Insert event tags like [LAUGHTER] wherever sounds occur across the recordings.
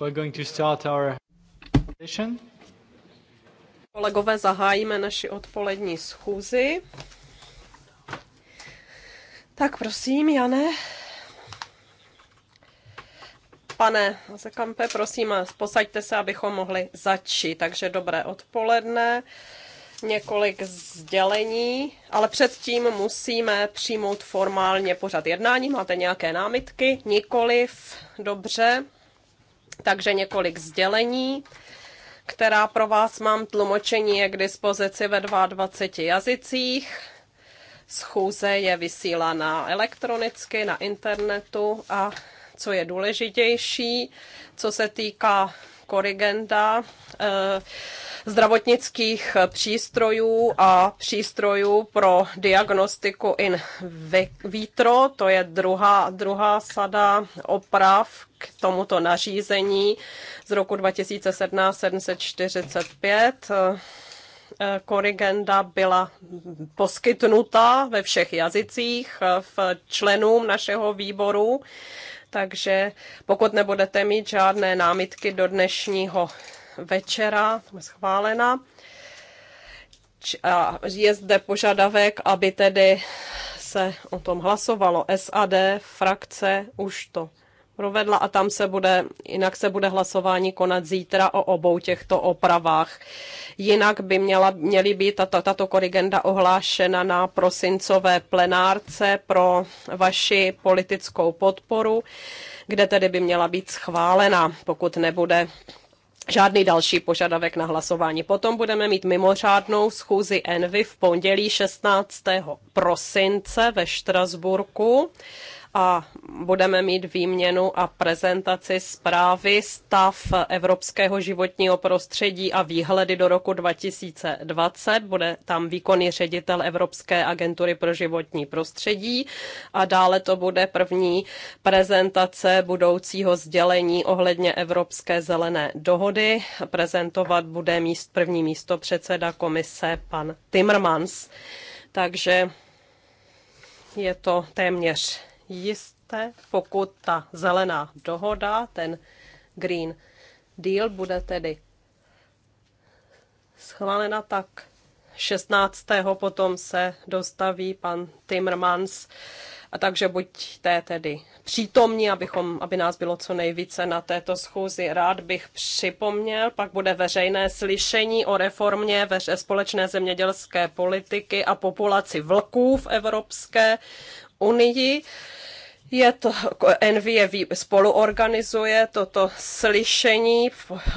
We're going to start our session. Kolegové, zahájíme naši odpolední schůzi. Tak prosím, Jane. Pane Zekampe, prosím, posaďte se, abychom mohli začít. Takže dobré odpoledne několik sdělení, ale předtím musíme přijmout formálně pořad jednání. Máte nějaké námitky? Nikoliv. Dobře. Takže několik sdělení která pro vás mám tlumočení je k dispozici ve 22 jazycích. Schůze je vysílána elektronicky na internetu a co je důležitější, co se týká korigenda eh, zdravotnických přístrojů a přístrojů pro diagnostiku in vitro. To je druhá, druhá sada oprav k tomuto nařízení z roku 2017 745 eh, korigenda byla poskytnuta ve všech jazycích eh, v členům našeho výboru takže pokud nebudete mít žádné námitky do dnešního večera, jsme schválena. A je zde požadavek, aby tedy se o tom hlasovalo. SAD, frakce, už to provedla a tam se bude, jinak se bude hlasování konat zítra o obou těchto opravách. Jinak by měla, měly být tato, tato korigenda ohlášena na prosincové plenárce pro vaši politickou podporu, kde tedy by měla být schválena, pokud nebude žádný další požadavek na hlasování. Potom budeme mít mimořádnou schůzi Envy v pondělí 16. prosince ve Štrasburku a budeme mít výměnu a prezentaci zprávy stav evropského životního prostředí a výhledy do roku 2020. Bude tam výkonný ředitel Evropské agentury pro životní prostředí a dále to bude první prezentace budoucího sdělení ohledně Evropské zelené dohody. Prezentovat bude míst, první místo předseda komise pan Timmermans. Takže je to téměř jisté, pokud ta zelená dohoda, ten Green Deal, bude tedy schválena, tak 16. potom se dostaví pan Timmermans. A takže buďte tedy přítomní, abychom, aby nás bylo co nejvíce na této schůzi. Rád bych připomněl, pak bude veřejné slyšení o reformě veře, společné zemědělské politiky a populaci vlků v Evropské unii. Je to, NV je, spoluorganizuje toto slyšení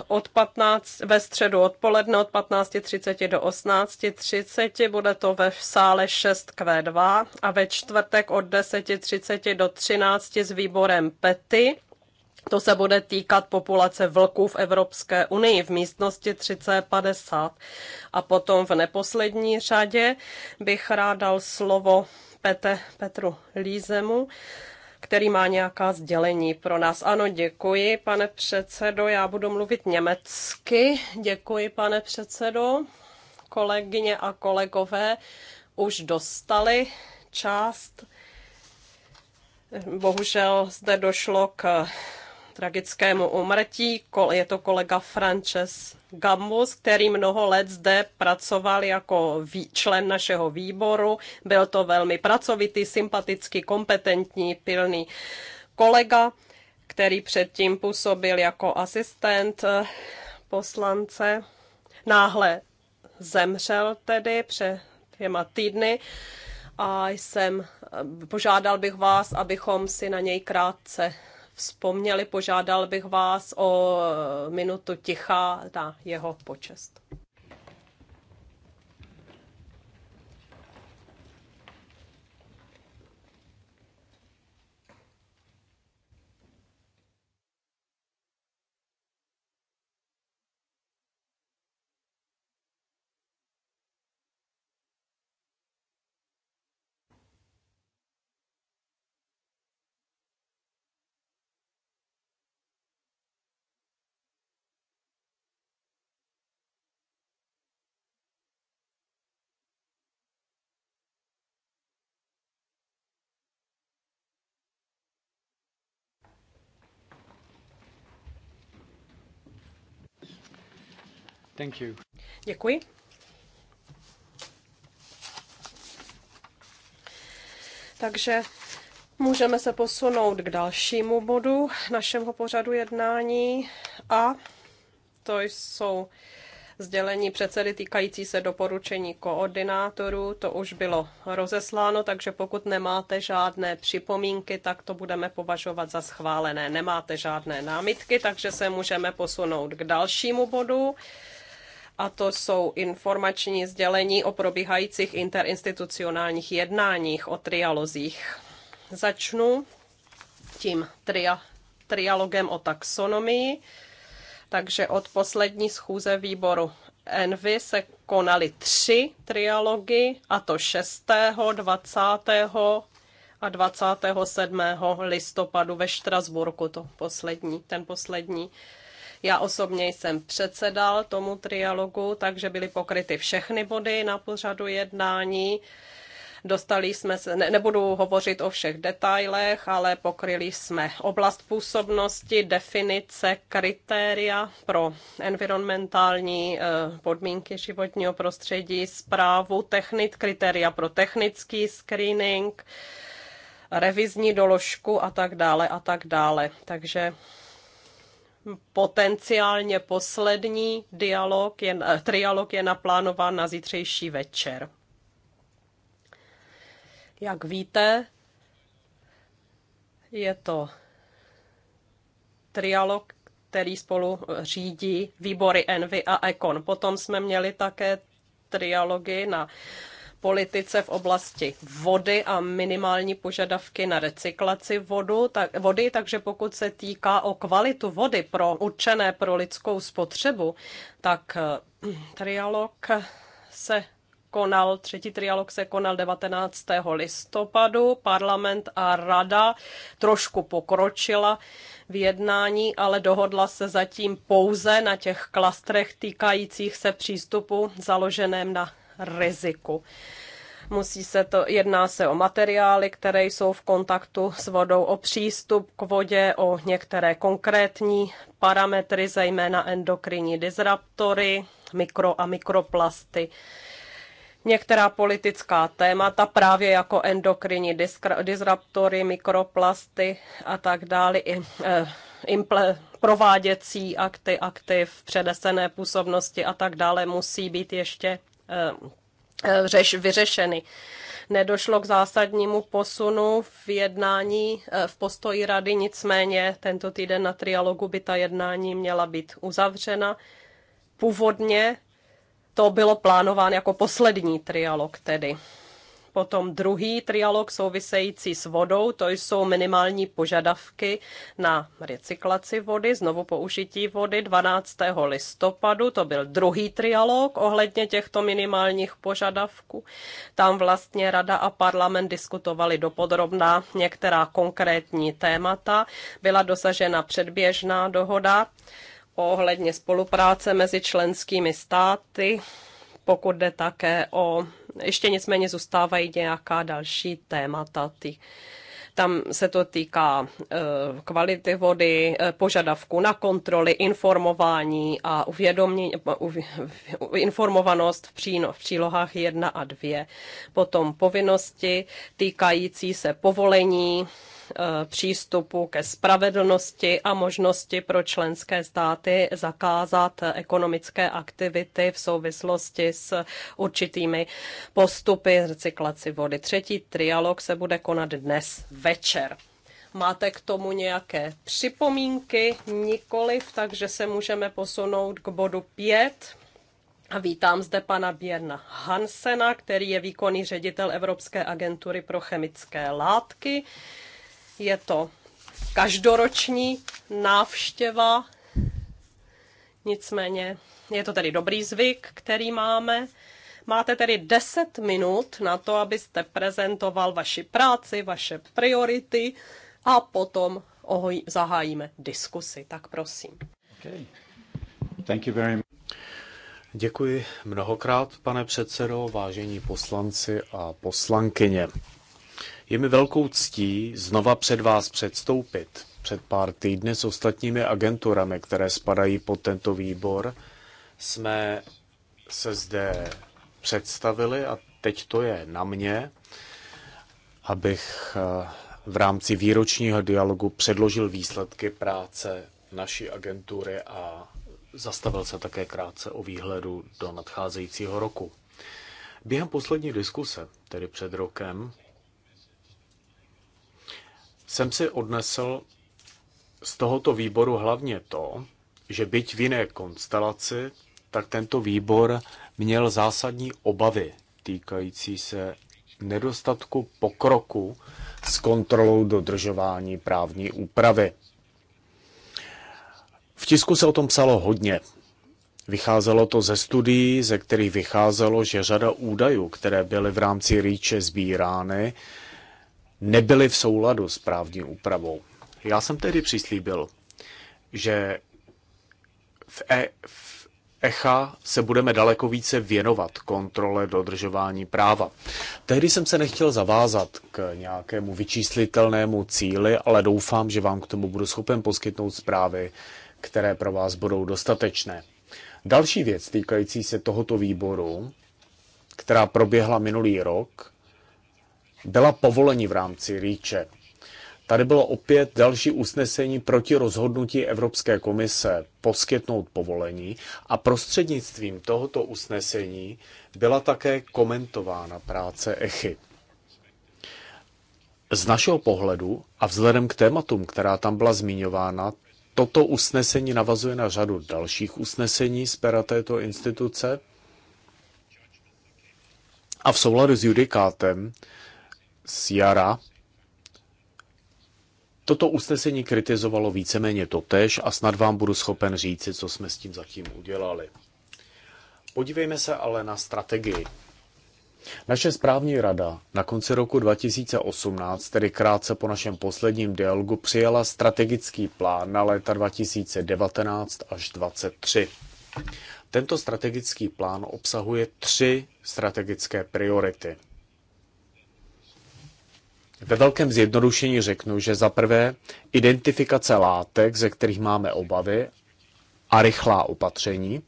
od 15, ve středu odpoledne od 15.30 do 18.30. Bude to ve sále 6Q2 a ve čtvrtek od 10.30 do 13 s výborem PETY. To se bude týkat populace vlků v Evropské unii v místnosti 3050. A potom v neposlední řadě bych rád dal slovo Pete, Petru Lízemu, který má nějaká sdělení pro nás. Ano, děkuji, pane předsedo. Já budu mluvit německy. Děkuji, pane předsedo. Kolegyně a kolegové už dostali část. Bohužel zde došlo k tragickému umrtí. Je to kolega Frances Gambus, který mnoho let zde pracoval jako člen našeho výboru. Byl to velmi pracovitý, sympatický, kompetentní, pilný kolega, který předtím působil jako asistent eh, poslance. Náhle zemřel tedy před dvěma týdny a jsem, eh, požádal bych vás, abychom si na něj krátce vzpomněli, požádal bych vás o minutu ticha na jeho počest. Thank you. Děkuji. Takže můžeme se posunout k dalšímu bodu našeho pořadu jednání a to jsou sdělení předsedy týkající se doporučení koordinátorů. To už bylo rozesláno, takže pokud nemáte žádné připomínky, tak to budeme považovat za schválené. Nemáte žádné námitky, takže se můžeme posunout k dalšímu bodu a to jsou informační sdělení o probíhajících interinstitucionálních jednáních o trialozích. Začnu tím tria, trialogem o taxonomii. Takže od poslední schůze výboru Envy se konaly tři trialogy, a to 6., 20. a 27. listopadu ve Štrasburku, to poslední, ten poslední já osobně jsem předsedal tomu trialogu, takže byly pokryty všechny body na pořadu jednání. Dostali jsme se, ne, nebudu hovořit o všech detailech, ale pokryli jsme oblast působnosti, definice, kritéria pro environmentální eh, podmínky životního prostředí, zprávu, technit, kritéria pro technický screening, revizní doložku a tak dále a tak dále. Takže Potenciálně poslední dialog je, eh, trialog je naplánován na zítřejší večer. Jak víte, je to trialog, který spolu eh, řídí výbory Envy a Econ. Potom jsme měli také trialogy na uh, politice v oblasti vody a minimální požadavky na recyklaci vodu, tak, vody, takže pokud se týká o kvalitu vody pro určené pro lidskou spotřebu, tak eh, trialog se konal, třetí trialog se konal 19. listopadu. Parlament a rada trošku pokročila v jednání, ale dohodla se zatím pouze na těch klastrech týkajících se přístupu založeném na riziku. Musí se to, jedná se o materiály, které jsou v kontaktu s vodou, o přístup k vodě, o některé konkrétní parametry, zejména endokrinní disruptory, mikro a mikroplasty některá politická témata, právě jako endokrinní disruptory, mikroplasty a tak dále, e, imple, prováděcí akty, aktiv, předesené působnosti a tak dále musí být ještě Eh, eh, řeš, vyřešeny. Nedošlo k zásadnímu posunu v jednání eh, v postoji rady, nicméně tento týden na trialogu by ta jednání měla být uzavřena. Původně to bylo plánováno jako poslední trialog tedy Potom druhý trialog související s vodou, to jsou minimální požadavky na recyklaci vody, znovu použití vody 12. listopadu, to byl druhý trialog ohledně těchto minimálních požadavků. Tam vlastně rada a parlament diskutovali dopodrobná některá konkrétní témata. Byla dosažena předběžná dohoda ohledně spolupráce mezi členskými státy, pokud jde také o ještě nicméně zůstávají nějaká další témata. Ty, tam se to týká eh, kvality vody, eh, požadavku na kontroly, informování a uvědomění, informovanost v, příno, v přílohách 1 a 2. Potom povinnosti týkající se povolení, Eh, přístupu ke spravedlnosti a možnosti pro členské státy zakázat ekonomické aktivity v souvislosti s určitými postupy recyklaci vody. Třetí trialog se bude konat dnes večer. Máte k tomu nějaké připomínky? Nikoliv, takže se můžeme posunout k bodu 5. A vítám zde pana Bjerna Hansena, který je výkonný ředitel Evropské agentury pro chemické látky. Je to každoroční návštěva, nicméně je to tedy dobrý zvyk, který máme. Máte tedy 10 minut na to, abyste prezentoval vaši práci, vaše priority a potom ohoj, zahájíme diskusi. Tak prosím. Okay. Thank you very much. Děkuji mnohokrát, pane předsedo, vážení poslanci a poslankyně. Je mi velkou ctí znova před vás předstoupit před pár týdny s ostatními agenturami, které spadají pod tento výbor, jsme se zde představili a teď to je na mě, abych eh, v rámci výročního dialogu předložil výsledky práce naší agentury a zastavil se také krátce o výhledu do nadcházejícího roku. Během poslední diskuse, tedy před rokem, jsem si odnesl z tohoto výboru hlavně to, že byť v jiné konstelaci, tak tento výbor měl zásadní obavy týkající se nedostatku pokroku s kontrolou dodržování právní úpravy. V tisku se o tom psalo hodně. Vycházelo to ze studií, ze kterých vycházelo, že řada údajů, které byly v rámci rýče sbírány, nebyly v souladu s právní úpravou. Já jsem tedy přislíbil, že v, e, v ECHA se budeme daleko více věnovat kontrole dodržování práva. Tehdy jsem se nechtěl zavázat k nějakému vyčíslitelnému cíli, ale doufám, že vám k tomu budu schopen poskytnout zprávy, které pro vás budou dostatečné. Další věc týkající se tohoto výboru, která proběhla minulý rok, byla povolení v rámci REACHe. Tady bylo opět další usnesení proti rozhodnutí Evropské komise poskytnout povolení a prostřednictvím tohoto usnesení byla také komentována práce ECHY. Z našeho pohledu a vzhledem k tématům, která tam byla zmiňována, toto usnesení navazuje na řadu dalších usnesení z pera této instituce a v souladu s judikátem Sierra, Toto usnesení kritizovalo víceméně totež, a snad vám budu schopen říci, co jsme s tím zatím udělali. Podívejme se ale na strategii. Naše správní rada na konci roku 2018, tedy krátce po našem posledním dialogu, přijala strategický plán na léta 2019 až 2023. Tento strategický plán obsahuje tři strategické priority. Ve velkém zjednodušení řeknu, že za prvé identifikace látek, ze kterých máme obavy a rychlá opatření.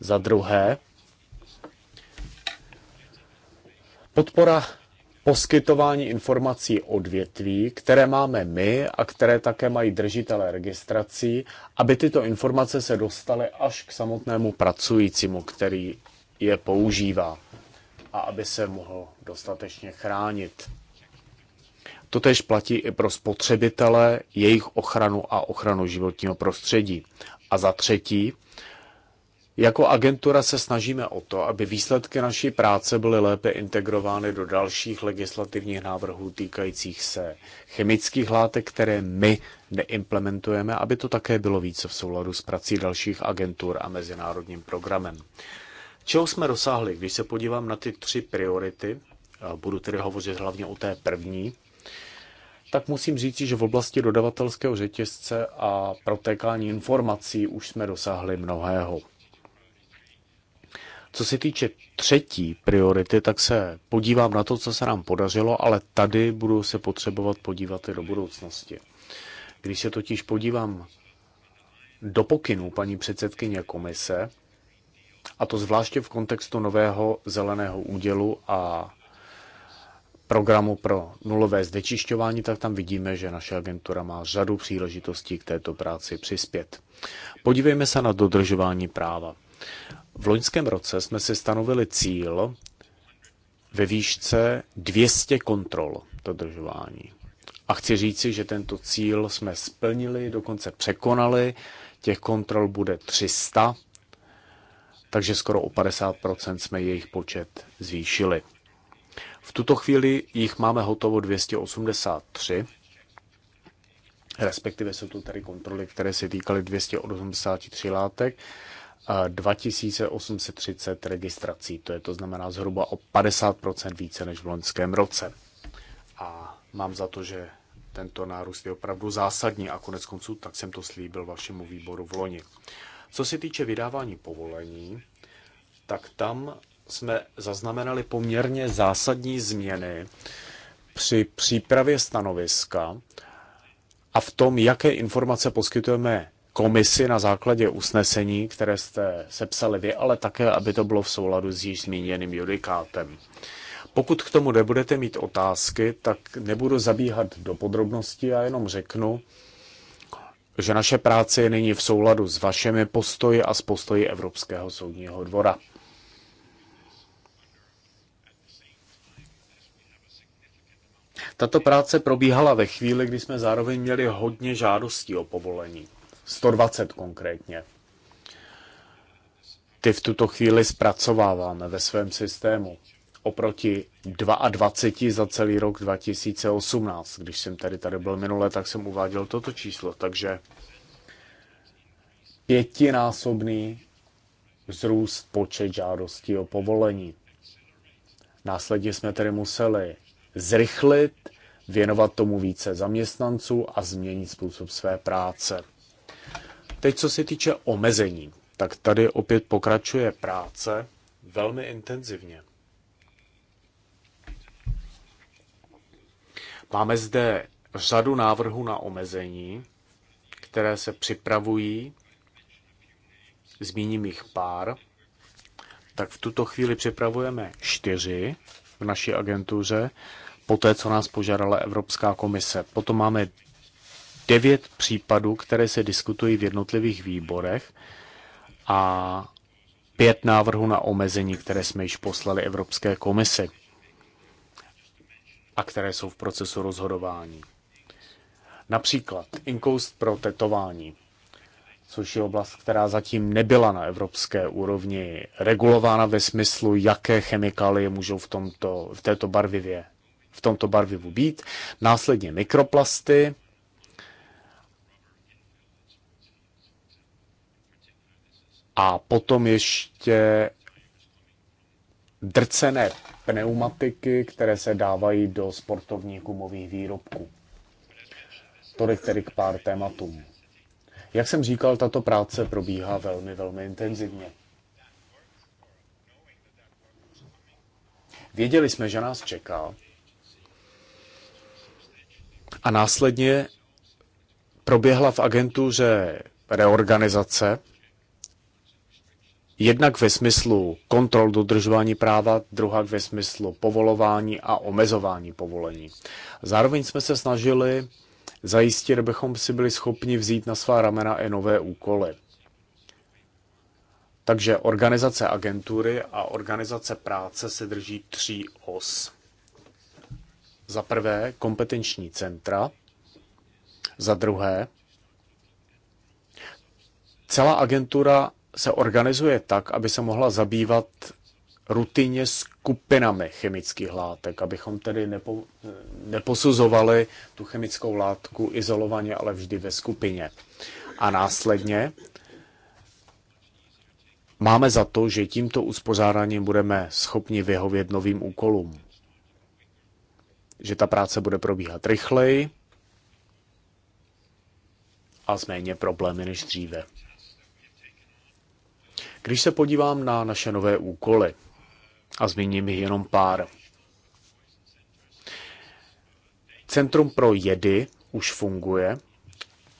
Za druhé podpora poskytování informací odvětví, které máme my a které také mají držitele registrací, aby tyto informace se dostaly až k samotnému pracujícímu, který je používá a aby se mohl dostatečně chránit. Totež platí i pro spotřebitele, jejich ochranu a ochranu životního prostředí. A za třetí, jako agentura se snažíme o to, aby výsledky naší práce byly lépe integrovány do dalších legislativních návrhů týkajících se chemických látek, které my neimplementujeme, aby to také bylo více v souladu s prací dalších agentur a mezinárodním programem. Čeho jsme dosáhli? Když se podívám na ty tři priority, budu tedy hovořit hlavně o té první, tak musím říci, že v oblasti dodavatelského řetězce a protékání informací už jsme dosáhli mnohého. Co se týče třetí priority, tak se podívám na to, co se nám podařilo, ale tady budu se potřebovat podívat i do budoucnosti. Když se totiž podívám do pokynů paní předsedkyně komise, a to zvláště v kontextu nového zeleného údělu a programu pro nulové zdečišťování, tak tam vidíme, že naše agentura má řadu příležitostí k této práci přispět. Podívejme se na dodržování práva. V loňském roce jsme si stanovili cíl ve výšce 200 kontrol dodržování. A chci říci, že tento cíl jsme splnili, dokonce překonali. Těch kontrol bude 300, takže skoro o 50% jsme jejich počet zvýšili. V tuto chvíli jich máme hotovo 283, respektive jsou tu tady kontroly, které se týkaly 283 látek, 2830 registrací, to je to znamená zhruba o 50% více než v loňském roce. A mám za to, že tento nárůst je opravdu zásadní a konec konců tak jsem to slíbil vašemu výboru v loni. Co se týče vydávání povolení, tak tam jsme zaznamenali poměrně zásadní změny při přípravě stanoviska a v tom, jaké informace poskytujeme komisi na základě usnesení, které jste sepsali vy, ale také, aby to bylo v souladu s již zmíněným judikátem. Pokud k tomu nebudete mít otázky, tak nebudu zabíhat do podrobností a jenom řeknu, že naše práce je nyní v souladu s vašimi postoji a s postoji Evropského soudního dvora. Tato práce probíhala ve chvíli, kdy jsme zároveň měli hodně žádostí o povolení. 120 konkrétně. Ty v tuto chvíli zpracováváme ve svém systému oproti 22 za celý rok 2018. Když jsem tady tady byl minule, tak jsem uváděl toto číslo, takže pětinásobný vzrůst počet žádostí o povolení. Následně jsme tedy museli zrychlit, věnovat tomu více zaměstnanců a změnit způsob své práce. Teď, co se týče omezení, tak tady opět pokračuje práce velmi intenzivně. Máme zde řadu návrhů na omezení, které se připravují. Zmíním jich pár. Tak v tuto chvíli připravujeme čtyři v naší agentuře po té, co nás požádala Evropská komise. Potom máme devět případů, které se diskutují v jednotlivých výborech a pět návrhů na omezení, které jsme již poslali Evropské komisi a které jsou v procesu rozhodování. Například inkoust pro tetování, což je oblast, která zatím nebyla na evropské úrovni regulována ve smyslu, jaké chemikálie můžou v, tomto, v této barvivě v tomto barvivu být. Následně mikroplasty, a potom ještě drcené pneumatiky, které se dávají do sportovních gumových výrobků. Tolik tedy k pár tématům. Jak jsem říkal, tato práce probíhá velmi, velmi intenzivně. Věděli jsme, že nás čeká a následně proběhla v agentuře reorganizace, jednak ve smyslu kontrol dodržování práva, druhá ve smyslu povolování a omezování povolení. Zároveň jsme se snažili zajistit, abychom si byli schopni vzít na svá ramena i nové úkoly. Takže organizace agentury a organizace práce se drží tří os za prvé kompetenční centra, za druhé celá agentura se organizuje tak, aby se mohla zabývat rutinně skupinami chemických látek, abychom tedy nepo, neposuzovali tu chemickou látku izolovaně, ale vždy ve skupině. A následně máme za to, že tímto uspořádáním budeme schopni vyhovět novým úkolům že ta práce bude probíhat rychleji a s méně problémy než dříve. Když se podívám na naše nové úkoly, a zmíním jich jenom pár. Centrum pro jedy už funguje.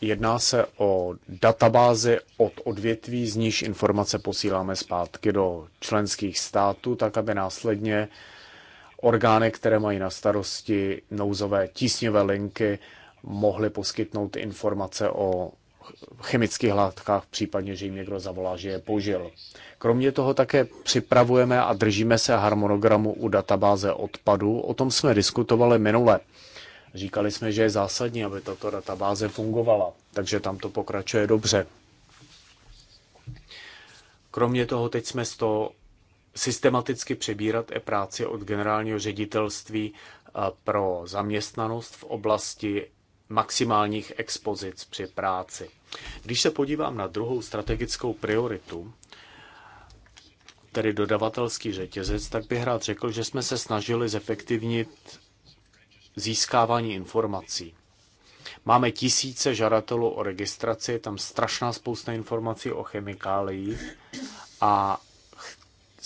Jedná se o databázi od odvětví, z níž informace posíláme zpátky do členských států, tak aby následně orgány, které mají na starosti nouzové tísňové linky, mohly poskytnout informace o chemických látkách, případně, že jim někdo zavolá, že je použil. Kromě toho také připravujeme a držíme se harmonogramu u databáze odpadu. O tom jsme diskutovali minule. Říkali jsme, že je zásadní, aby tato databáze fungovala, takže tam to pokračuje dobře. Kromě toho teď jsme z toho systematicky přebírat e práci od generálního ředitelství e, pro zaměstnanost v oblasti maximálních expozic při práci. Když se podívám na druhou strategickou prioritu, tedy dodavatelský řetězec, tak bych rád řekl, že jsme se snažili zefektivnit získávání informací. Máme tisíce žadatelů o registraci, je tam strašná spousta informací o chemikáliích a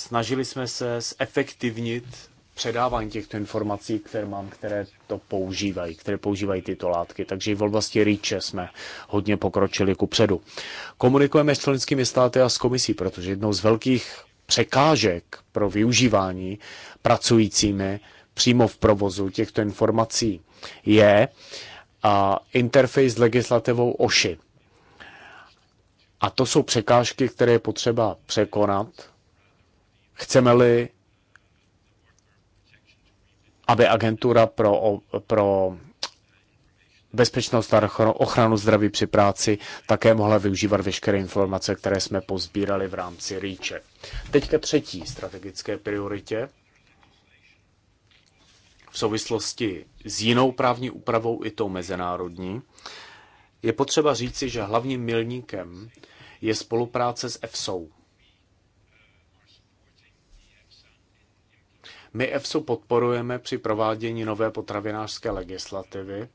Snažili jsme se zefektivnit předávání těchto informací k firmám, které to používají, které používají tyto látky. Takže i v oblasti REACHE jsme hodně pokročili ku předu. Komunikujeme s členskými státy a s komisí, protože jednou z velkých překážek pro využívání pracujícími přímo v provozu těchto informací je a interface s legislativou OSHI. A to jsou překážky, které je potřeba překonat, Chceme-li, aby agentura pro, pro bezpečnost a ochranu zdraví při práci také mohla využívat veškeré informace, které jsme pozbírali v rámci REACHE. Teďka třetí strategické prioritě v souvislosti s jinou právní úpravou, i tou mezinárodní, je potřeba říci, že hlavním milníkem je spolupráce s EFSOU. My EFSO podporujeme při provádění nové potravinářské legislativy,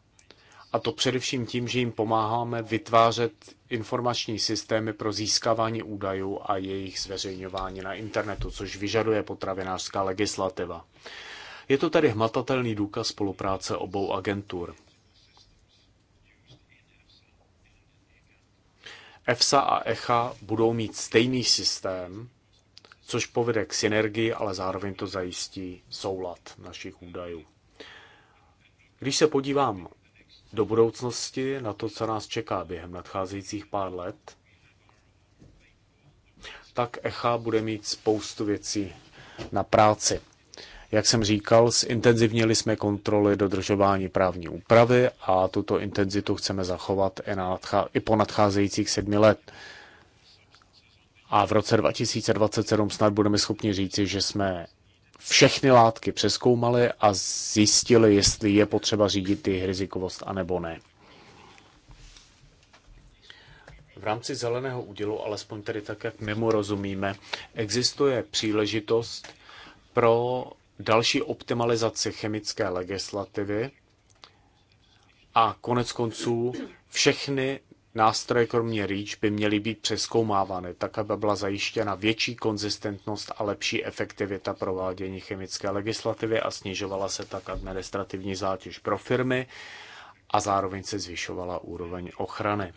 a to především tím, že jim pomáháme vytvářet informační systémy pro získávání údajů a jejich zveřejňování na internetu, což vyžaduje potravinářská legislativa. Je to tedy hmatatelný důkaz spolupráce obou agentur. EFSA a ECHA budou mít stejný systém, což povede k synergii, ale zároveň to zajistí soulad našich údajů. Když se podívám do budoucnosti, na to, co nás čeká během nadcházejících pár let, tak ECHA bude mít spoustu věcí na práci. Jak jsem říkal, zintenzivnili jsme kontroly dodržování právní úpravy a tuto intenzitu chceme zachovat i, na, i po nadcházejících sedmi let, a v roce 2027 snad budeme schopni říci, že jsme všechny látky přeskoumali a zjistili, jestli je potřeba řídit ty rizikovost anebo ne. V rámci zeleného údělu, alespoň tedy tak, jak my mu rozumíme, existuje příležitost pro další optimalizaci chemické legislativy a konec konců všechny nástroje kromě REACH by měly být přeskoumávány, tak aby byla zajištěna větší konzistentnost a lepší efektivita provádění chemické legislativy a snižovala se tak administrativní zátěž pro firmy a zároveň se zvyšovala úroveň ochrany.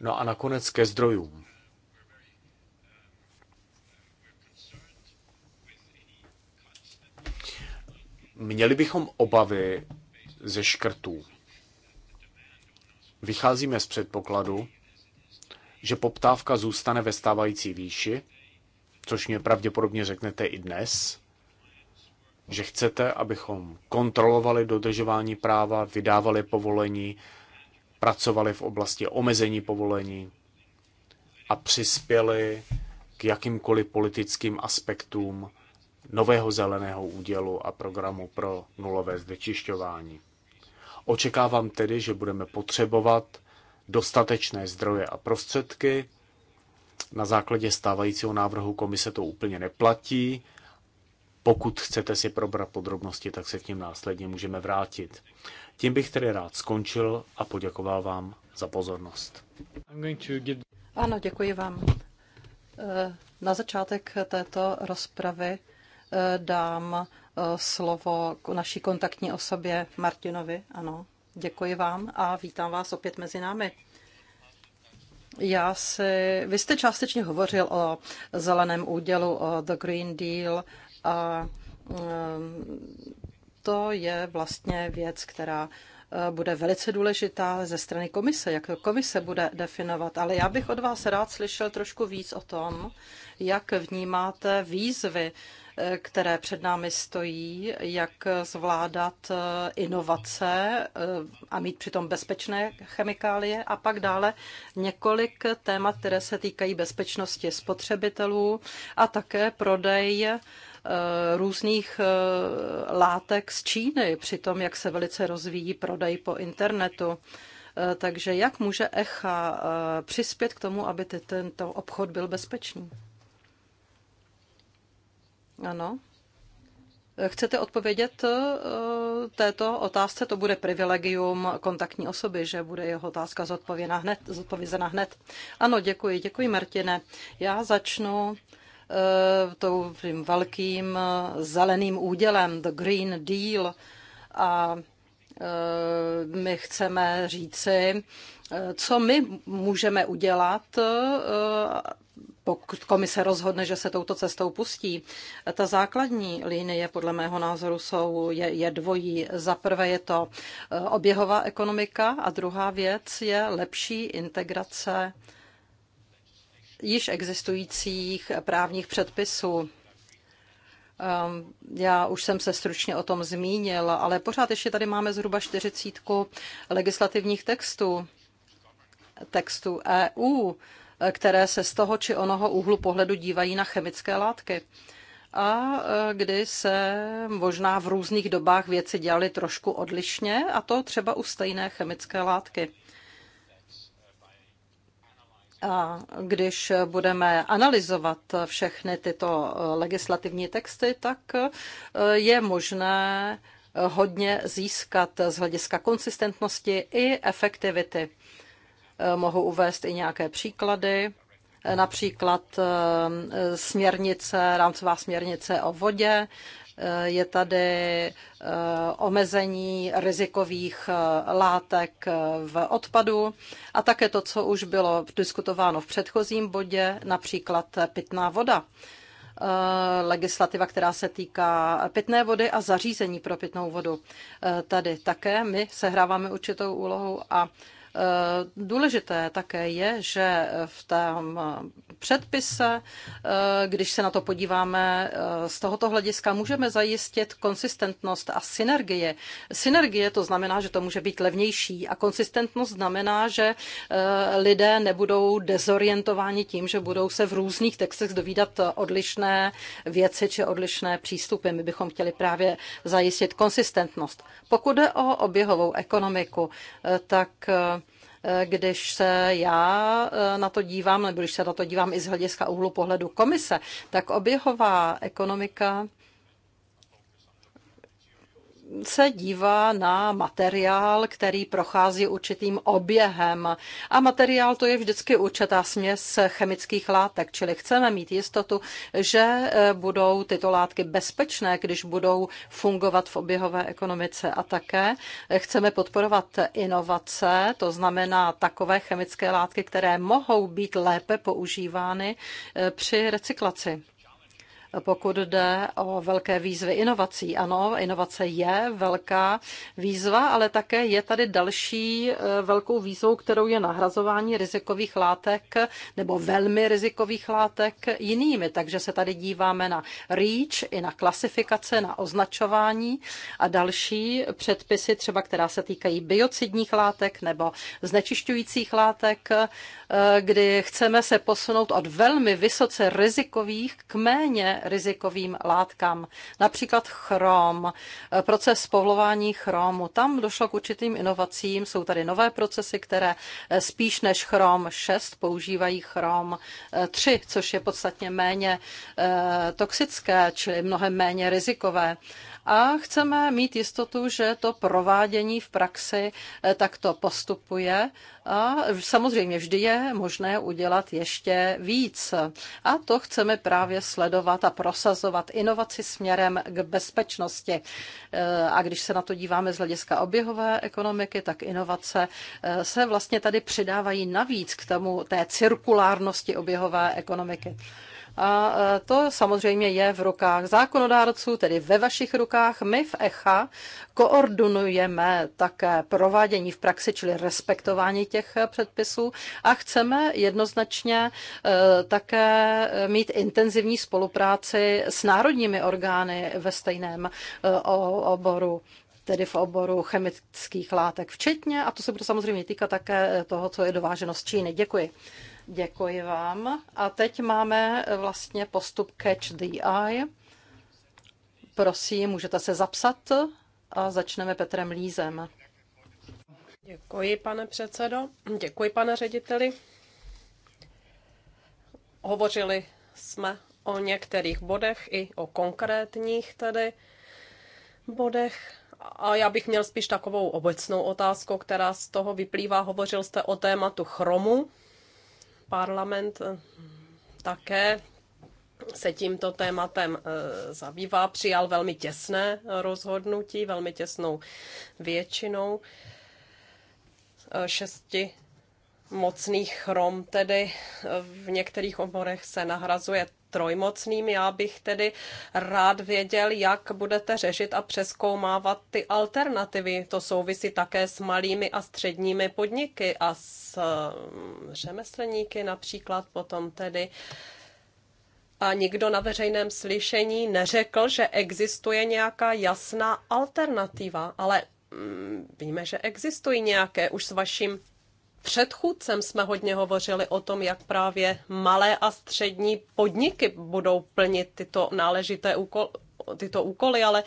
No a nakonec ke zdrojům. Měli bychom obavy ze škrtů vycházíme z předpokladu, že poptávka zůstane ve stávající výši, což mě pravděpodobně řeknete i dnes, že chcete, abychom kontrolovali dodržování práva, vydávali povolení, pracovali v oblasti omezení povolení a přispěli k jakýmkoliv politickým aspektům nového zeleného údělu a programu pro nulové zdečišťování. Očekávám tedy, že budeme potřebovat dostatečné zdroje a prostředky. Na základě stávajícího návrhu komise to úplně neplatí. Pokud chcete si probrat podrobnosti, tak se k ním následně můžeme vrátit. Tím bych tedy rád skončil a poděkoval vám za pozornost. Ano, děkuji vám. Eh, na začátek této rozpravy eh, dám Eh, slovo k naší kontaktní osobě Martinovi. Ano, děkuji vám a vítám vás opět mezi námi. Já si, vy jste částečně hovořil o zeleném údělu, o The Green Deal a eh, to je vlastně věc, která eh, bude velice důležitá ze strany komise, jak to komise bude definovat. Ale já bych od vás rád slyšel trošku víc o tom, jak vnímáte výzvy které před námi stojí, jak zvládat eh, inovace eh, a mít přitom bezpečné chemikálie a pak dále několik témat, které se týkají bezpečnosti spotřebitelů a také prodej eh, různých látek z Číny, přitom jak se velice rozvíjí prodej po internetu. Takže jak může ECHA přispět k tomu, aby tento obchod byl bezpečný? Ano. Chcete odpovědět eh, této otázce? To bude privilegium kontaktní osoby, že bude jeho otázka zodpovězena hned. Zodpovězena hned. Ano, děkuji, děkuji Martine. Já začnu eh, tou velkým eh, zeleným údělem, The Green Deal, a Eh, my chceme říci, eh, co my můžeme udělat, eh, pokud komise rozhodne, že se touto cestou pustí. Ta základní linie podle mého názoru jsou, je, je dvojí. Za prvé je to oběhová ekonomika a druhá věc je lepší integrace již existujících právních předpisů Ehm, já už jsem se stručně o tom zmínil, ale pořád ještě tady máme zhruba 40 legislativních textů, textů EU, které se z toho či onoho úhlu pohledu dívají na chemické látky. A eh, kdy se možná v různých dobách věci dělaly trošku odlišně, a to třeba u stejné chemické látky. A když budeme analyzovat všechny tyto legislativní texty, tak eh, je možné eh, hodně získat z hlediska konsistentnosti i efektivity. Eh, mohu uvést i nějaké příklady, například směrnice, rámcová směrnice o vodě, je tady eh, omezení rizikových eh, látek eh, v odpadu a také to, co už bylo diskutováno v předchozím bodě, například pitná voda. Legislativa, která se týká pitné vody a zařízení pro pitnou vodu. Tady také my sehráváme určitou úlohu a Eh, důležité také je, že v tom předpise, eh, když se na to podíváme eh, z tohoto hlediska, můžeme zajistit konsistentnost a synergie. Synergie to znamená, že to může být levnější a konsistentnost znamená, že lidé nebudou dezorientováni tím, že budou se v různých textech dovídat odlišné věci či odlišné přístupy. My bychom chtěli právě zajistit konsistentnost. Pokud jde o oběhovou ekonomiku, tak Eh, když se já eh, na to dívám, nebo když se na to dívám i z hlediska úhlu pohledu komise, tak oběhová ekonomika se dívá na materiál, který prochází určitým oběhem. A materiál to je vždycky určitá směs chemických látek, čili chceme mít jistotu, že e, budou tyto látky bezpečné, když budou fungovat v oběhové ekonomice. A také chceme podporovat inovace, to znamená takové chemické látky, které mohou být lépe používány e, při recyklaci pokud jde o velké výzvy inovací. Ano, inovace je velká výzva, ale také je tady další e, velkou výzvou, kterou je nahrazování rizikových látek nebo velmi rizikových látek jinými. Takže se tady díváme na REACH i na klasifikace, na označování a další předpisy, třeba která se týkají biocidních látek nebo znečišťujících látek, e, kdy chceme se posunout od velmi vysoce rizikových k méně rizikovým látkám, například chrom, eh, proces povolování chromu. Tam došlo k určitým inovacím, jsou tady nové procesy, které eh, spíš než chrom 6 používají chrom 3, eh, což je podstatně méně toxické, čili mnohem méně rizikové a chceme mít jistotu, že to provádění v praxi eh, takto postupuje a samozřejmě vždy je možné udělat ještě víc. A to chceme právě sledovat a prosazovat inovaci směrem k bezpečnosti. Eh, a když se na to díváme z hlediska oběhové ekonomiky, tak inovace eh, se vlastně tady přidávají navíc k tomu té cirkulárnosti oběhové ekonomiky. A e, to samozřejmě je v rukách zákonodárců, tedy ve vašich rukách. My v ECHA koordinujeme také provádění v praxi, čili respektování těch e, předpisů a chceme jednoznačně e, také mít intenzivní spolupráci s národními orgány ve stejném oboru tedy v oboru chemických látek včetně, a to se bude samozřejmě týkat také toho, co je dováženo z Číny. Děkuji. Děkuji vám. A teď máme eh, vlastně postup Catch the Eye. Prosím, můžete se zapsat a začneme Petrem Lízem. Děkuji, pane předsedo. Děkuji, pane řediteli. Hovořili jsme o některých bodech i o konkrétních tedy bodech. A já bych měl spíš takovou obecnou otázku, která z toho vyplývá. Hovořil jste o tématu chromu Parlament eh, také se tímto tématem eh, zabývá, přijal velmi těsné rozhodnutí, velmi těsnou většinou eh, šesti mocných chrom, tedy v některých oborech se nahrazuje trojmocným. Já bych tedy rád věděl, jak budete řešit a přeskoumávat ty alternativy. To souvisí také s malými a středními podniky a s mm, řemeslníky například potom tedy a nikdo na veřejném slyšení neřekl, že existuje nějaká jasná alternativa, ale mm, víme, že existují nějaké už s vaším předchůdcem jsme hodně hovořili o tom, jak právě malé a střední podniky budou plnit tyto náležité úkoly tyto úkoly, ale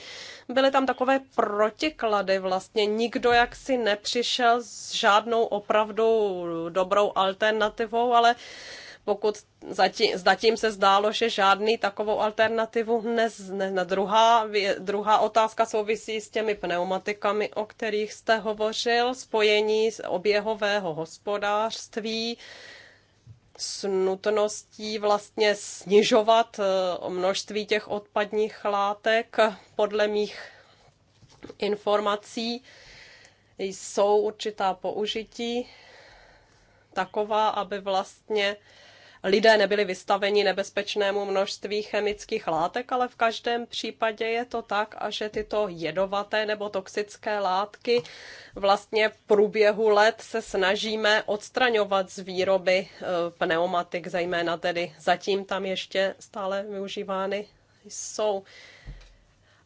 byly tam takové protiklady vlastně. Nikdo jaksi nepřišel s žádnou opravdu dobrou alternativou, ale pokud zatím, zatím se zdálo, že žádný takovou alternativu dnes ne. ne, druhá, druhá otázka souvisí s těmi pneumatikami, o kterých jste hovořil, spojení z oběhového hospodářství s nutností vlastně snižovat eh, množství těch odpadních látek podle mých informací jsou určitá použití taková, aby vlastně lidé nebyli vystaveni nebezpečnému množství chemických látek, ale v každém případě je to tak, a že tyto jedovaté nebo toxické látky vlastně v průběhu let se snažíme odstraňovat z výroby eh, pneumatik, zejména tedy zatím tam ještě stále využívány jsou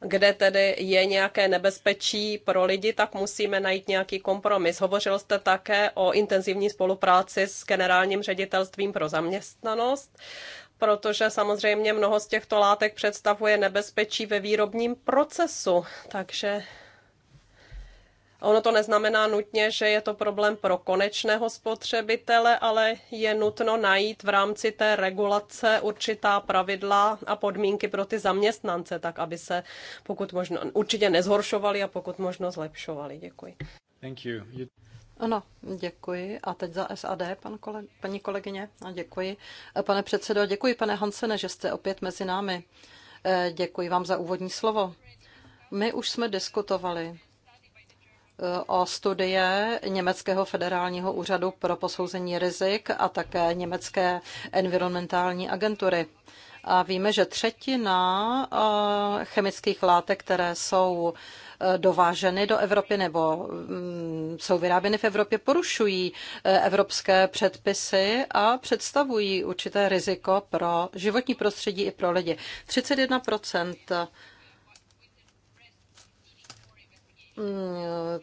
kde tedy je nějaké nebezpečí pro lidi, tak musíme najít nějaký kompromis. Hovořil jste také o intenzivní spolupráci s generálním ředitelstvím pro zaměstnanost protože samozřejmě mnoho z těchto látek představuje nebezpečí ve výrobním procesu. Takže Ono to neznamená nutně, že je to problém pro konečného spotřebitele, ale je nutno najít v rámci té regulace určitá pravidla a podmínky pro ty zaměstnance, tak aby se pokud možno určitě nezhoršovali a pokud možno zlepšovali. Děkuji. Thank you. you... Ano, děkuji. A teď za SAD, pan kole, paní kolegyně. A děkuji. E, pane předsedo, děkuji, pane Hansene, že jste opět mezi námi. E, děkuji vám za úvodní slovo. My už jsme diskutovali o studie Německého federálního úřadu pro posouzení rizik a také Německé environmentální agentury. A víme, že třetina eh, chemických látek, které jsou eh, dováženy do Evropy nebo mm, jsou vyráběny v Evropě, porušují eh, evropské předpisy a představují určité riziko pro životní prostředí i pro lidi. 31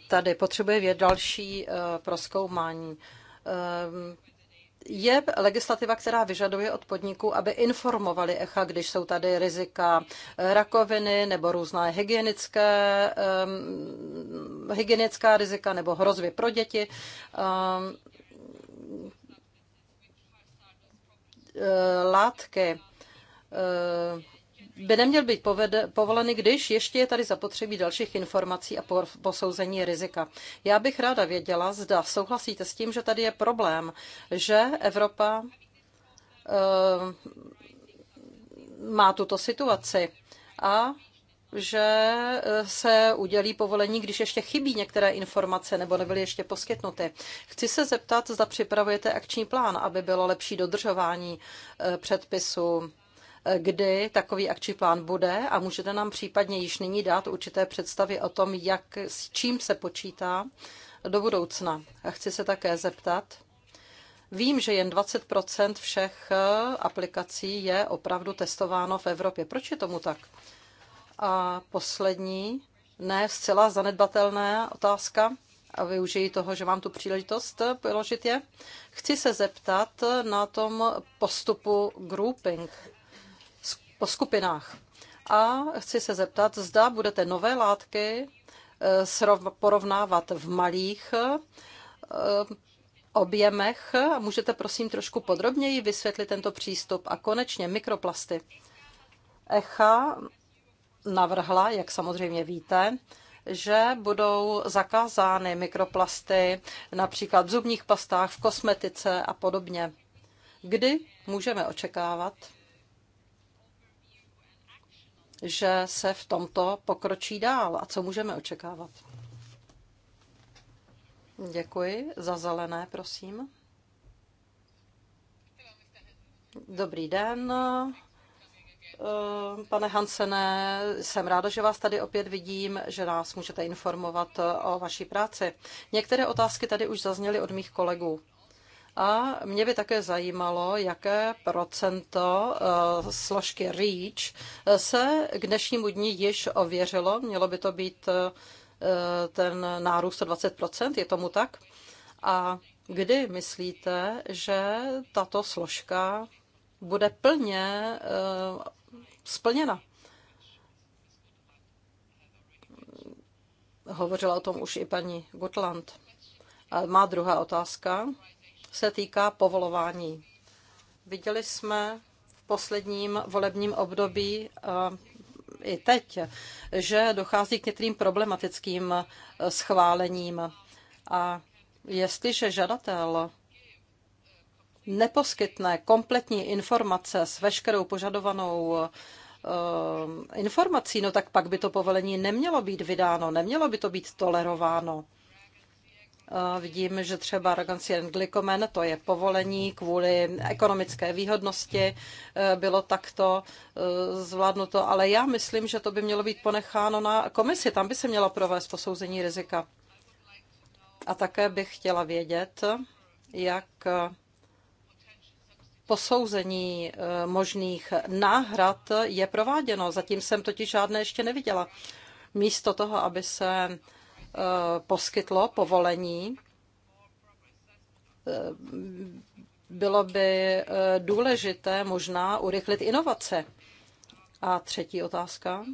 tady potřebuje další eh, proskoumání. Eh, je legislativa, která vyžaduje od podniků, aby informovali ECHA, když jsou tady rizika rakoviny nebo různá hygienické, um, hygienická rizika nebo hrozby pro děti. Um, látky, by neměl být povede, povoleny, když ještě je tady zapotřebí dalších informací a posouzení rizika. Já bych ráda věděla, zda souhlasíte s tím, že tady je problém, že Evropa uh, má tuto situaci a že eh, se udělí povolení, když ještě chybí některé informace nebo nebyly ještě poskytnuty. Chci se zeptat, zda připravujete akční plán, aby bylo lepší dodržování eh, předpisů kdy takový akční plán bude a můžete nám případně již nyní dát určité představy o tom, jak, s čím se počítá do budoucna. A chci se také zeptat, Vím, že jen 20 všech eh, aplikací je opravdu testováno v Evropě. Proč je tomu tak? A poslední, ne zcela zanedbatelná otázka, a využiji toho, že mám tu příležitost eh, položit je. Chci se zeptat na tom postupu grouping po skupinách. A chci se zeptat, zda budete nové látky eh, porovnávat v malých eh, objemech. Můžete prosím trošku podrobněji vysvětlit tento přístup a konečně mikroplasty. ECHA navrhla, jak samozřejmě víte, že budou zakázány mikroplasty například v zubních pastách, v kosmetice a podobně. Kdy můžeme očekávat, že se v tomto pokročí dál a co můžeme očekávat. Děkuji. Za zelené, prosím. Dobrý den. Eh, pane Hansene, jsem ráda, že vás tady opět vidím, že nás můžete informovat o vaší práci. Některé otázky tady už zazněly od mých kolegů. A mě by také zajímalo, jaké procento eh, složky REACH eh, se k dnešnímu dní již ověřilo. Mělo by to být eh, ten nárůst o 20%, je tomu tak? A kdy myslíte, že tato složka bude plně splněna? Hovořila o tom už i paní Gotland. A má druhá otázka se týká povolování. Viděli jsme v posledním volebním období eh, i teď, že dochází k některým problematickým eh, schválením. A jestliže žadatel neposkytne kompletní informace s veškerou požadovanou eh, informací, no tak pak by to povolení nemělo být vydáno, nemělo by to být tolerováno. Eh, vidím, že třeba Rogancien Glykomen, to je povolení kvůli ekonomické výhodnosti, eh, bylo takto eh, zvládnuto, ale já myslím, že to by mělo být ponecháno na komisi, tam by se mělo provést posouzení rizika. A také bych chtěla vědět, jak posouzení možných náhrad je prováděno. Zatím jsem totiž žádné ještě neviděla. Místo toho, aby se Eh, poskytlo povolení, eh, bylo by eh, důležité možná urychlit inovace. A třetí otázka.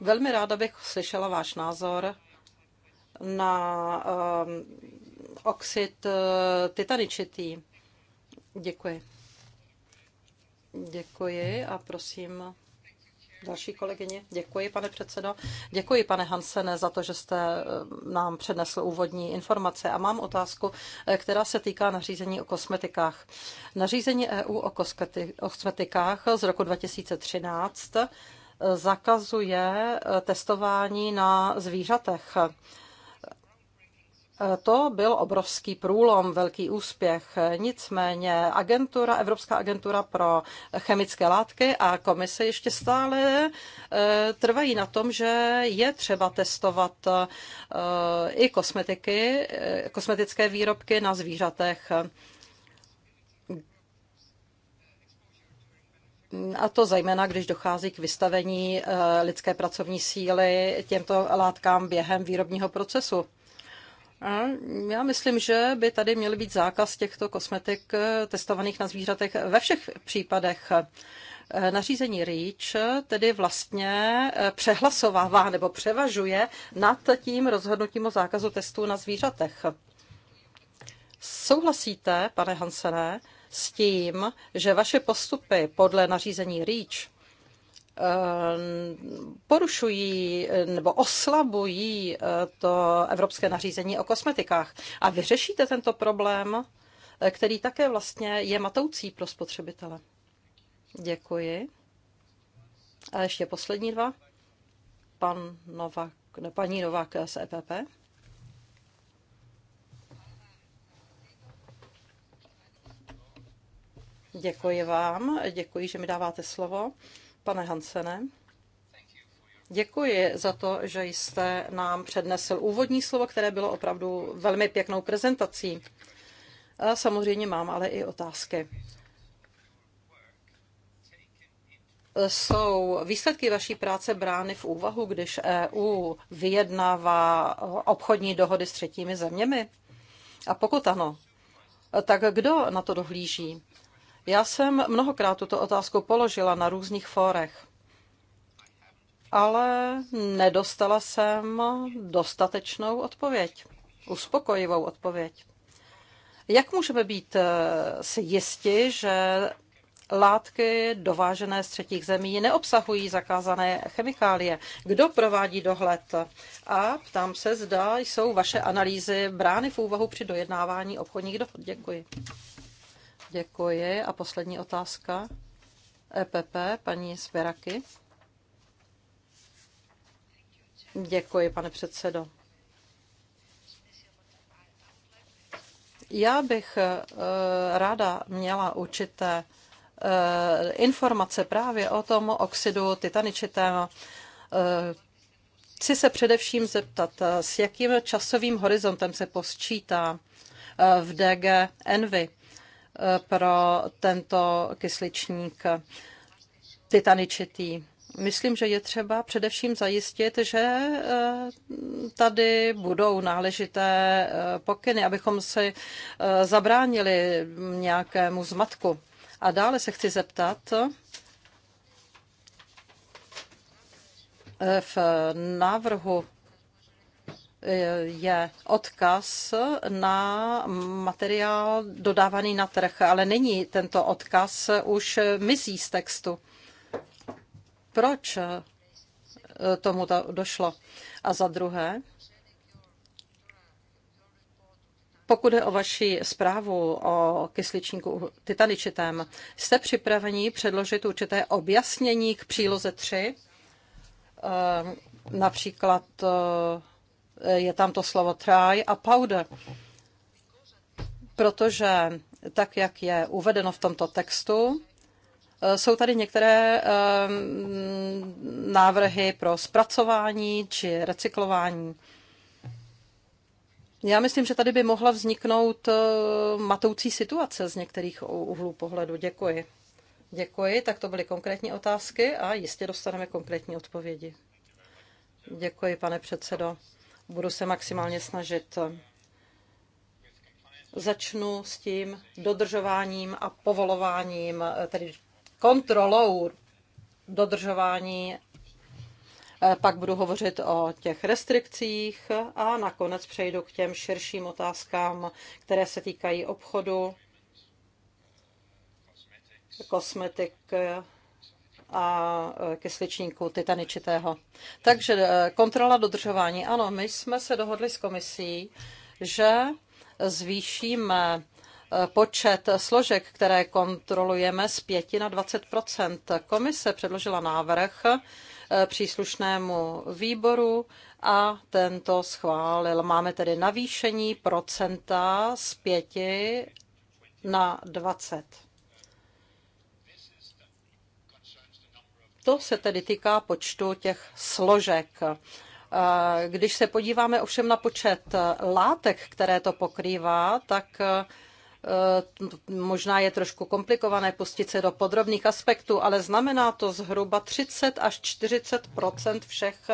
Velmi ráda bych slyšela váš názor na oxid titaničitý. Děkuji. Děkuji a prosím Další kolegyně. Děkuji, pane předsedo. Děkuji, pane Hansene, za to, že jste eh, nám přednesl úvodní informace. A mám otázku, eh, která se týká nařízení o kosmetikách. Nařízení EU o kosmetikách z roku 2013 eh, zakazuje testování na zvířatech. To byl obrovský průlom, velký úspěch. Nicméně agentura, Evropská agentura pro chemické látky a komise ještě stále e, trvají na tom, že je třeba testovat e, i kosmetiky, e, kosmetické výrobky na zvířatech. a to zejména, když dochází k vystavení lidské pracovní síly těmto látkám během výrobního procesu. A já myslím, že by tady měl být zákaz těchto kosmetik eh, testovaných na zvířatech ve všech případech. Eh, nařízení REACH tedy vlastně eh, přehlasovává nebo převažuje nad tím rozhodnutím o zákazu testů na zvířatech. Souhlasíte, pane Hansené, s tím, že vaše postupy podle nařízení REACH Eh, porušují nebo oslabují eh, to evropské nařízení o kosmetikách. A vyřešíte tento problém, eh, který také vlastně je matoucí pro spotřebitele. Děkuji. A ještě poslední dva. Pan Novak, ne, paní Novák z EPP. Děkuji vám, děkuji, že mi dáváte slovo. Pane Hansene, děkuji za to, že jste nám přednesl úvodní slovo, které bylo opravdu velmi pěknou prezentací. A samozřejmě mám ale i otázky. Jsou výsledky vaší práce brány v úvahu, když EU vyjednává obchodní dohody s třetími zeměmi? A pokud ano, tak kdo na to dohlíží? Já jsem mnohokrát tuto otázku položila na různých fórech, ale nedostala jsem dostatečnou odpověď, uspokojivou odpověď. Jak můžeme být eh, si jisti, že látky dovážené z třetích zemí neobsahují zakázané chemikálie. Kdo provádí dohled? A ptám se, zda jsou vaše analýzy brány v úvahu při dojednávání obchodních dohod. Děkuji. Děkuji. A poslední otázka. EPP, paní Svěraky. Děkuji, pane předsedo. Já bych e, ráda měla určité e, informace právě o tom oxidu titaničitého. E, chci se především zeptat, s jakým časovým horizontem se posčítá v DG Envy pro tento kysličník titaničitý. Myslím, že je třeba především zajistit, že eh, tady budou náležité eh, pokyny, abychom si eh, zabránili nějakému zmatku. A dále se chci zeptat, v návrhu je odkaz na materiál dodávaný na trh, ale není tento odkaz už mizí z textu. Proč tomu to došlo? A za druhé, pokud je o vaši zprávu o kysličníku titaničitém, jste připraveni předložit určité objasnění k příloze 3, ehm, například Eh, je tam to slovo try a powder, protože tak, jak je uvedeno v tomto textu, eh, jsou tady některé eh, návrhy pro zpracování či recyklování. Já myslím, že tady by mohla vzniknout matoucí situace z některých úhlů pohledu. Děkuji. Děkuji, tak to byly konkrétní otázky a jistě dostaneme konkrétní odpovědi. Děkuji, pane předsedo. Budu se maximálně snažit. Začnu s tím dodržováním a povolováním, tedy kontrolou dodržování. Pak budu hovořit o těch restrikcích a nakonec přejdu k těm širším otázkám, které se týkají obchodu, kosmetik a e, kysličníku titaničitého. Takže e, kontrola dodržování. Ano, my jsme se dohodli s komisí, že zvýšíme e, počet složek, které kontrolujeme z 5 na 20 Komise předložila návrh příslušnému výboru a tento schválil. Máme tedy navýšení procenta z 5 na 20. To se tedy týká počtu těch složek. Eh, když se podíváme ovšem na počet látek, které to pokrývá, tak eh, Eh, možná je trošku komplikované pustit se do podrobných aspektů, ale znamená to zhruba 30 až 40 všech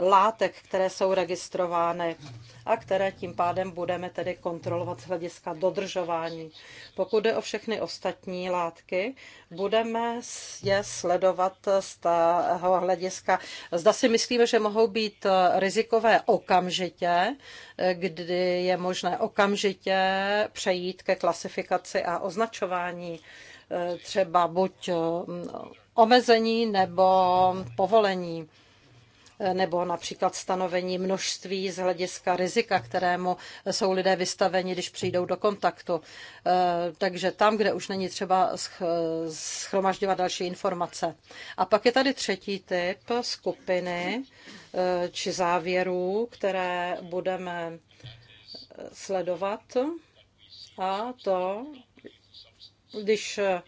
látek, které jsou registrovány a které tím pádem budeme tedy kontrolovat z hlediska dodržování. Pokud jde o všechny ostatní látky, budeme je sledovat z toho hlediska. Zda si myslíme, že mohou být rizikové okamžitě, kdy je možné okamžitě přejít ke klasifikaci a označování eh, třeba buď eh, omezení nebo povolení eh, nebo například stanovení množství z hlediska rizika, kterému jsou lidé vystaveni, když přijdou do kontaktu. Takže tam, kde už není třeba schromažďovat další informace. A pak je tady třetí typ skupiny či závěrů, které budeme sledovat a to, když eh,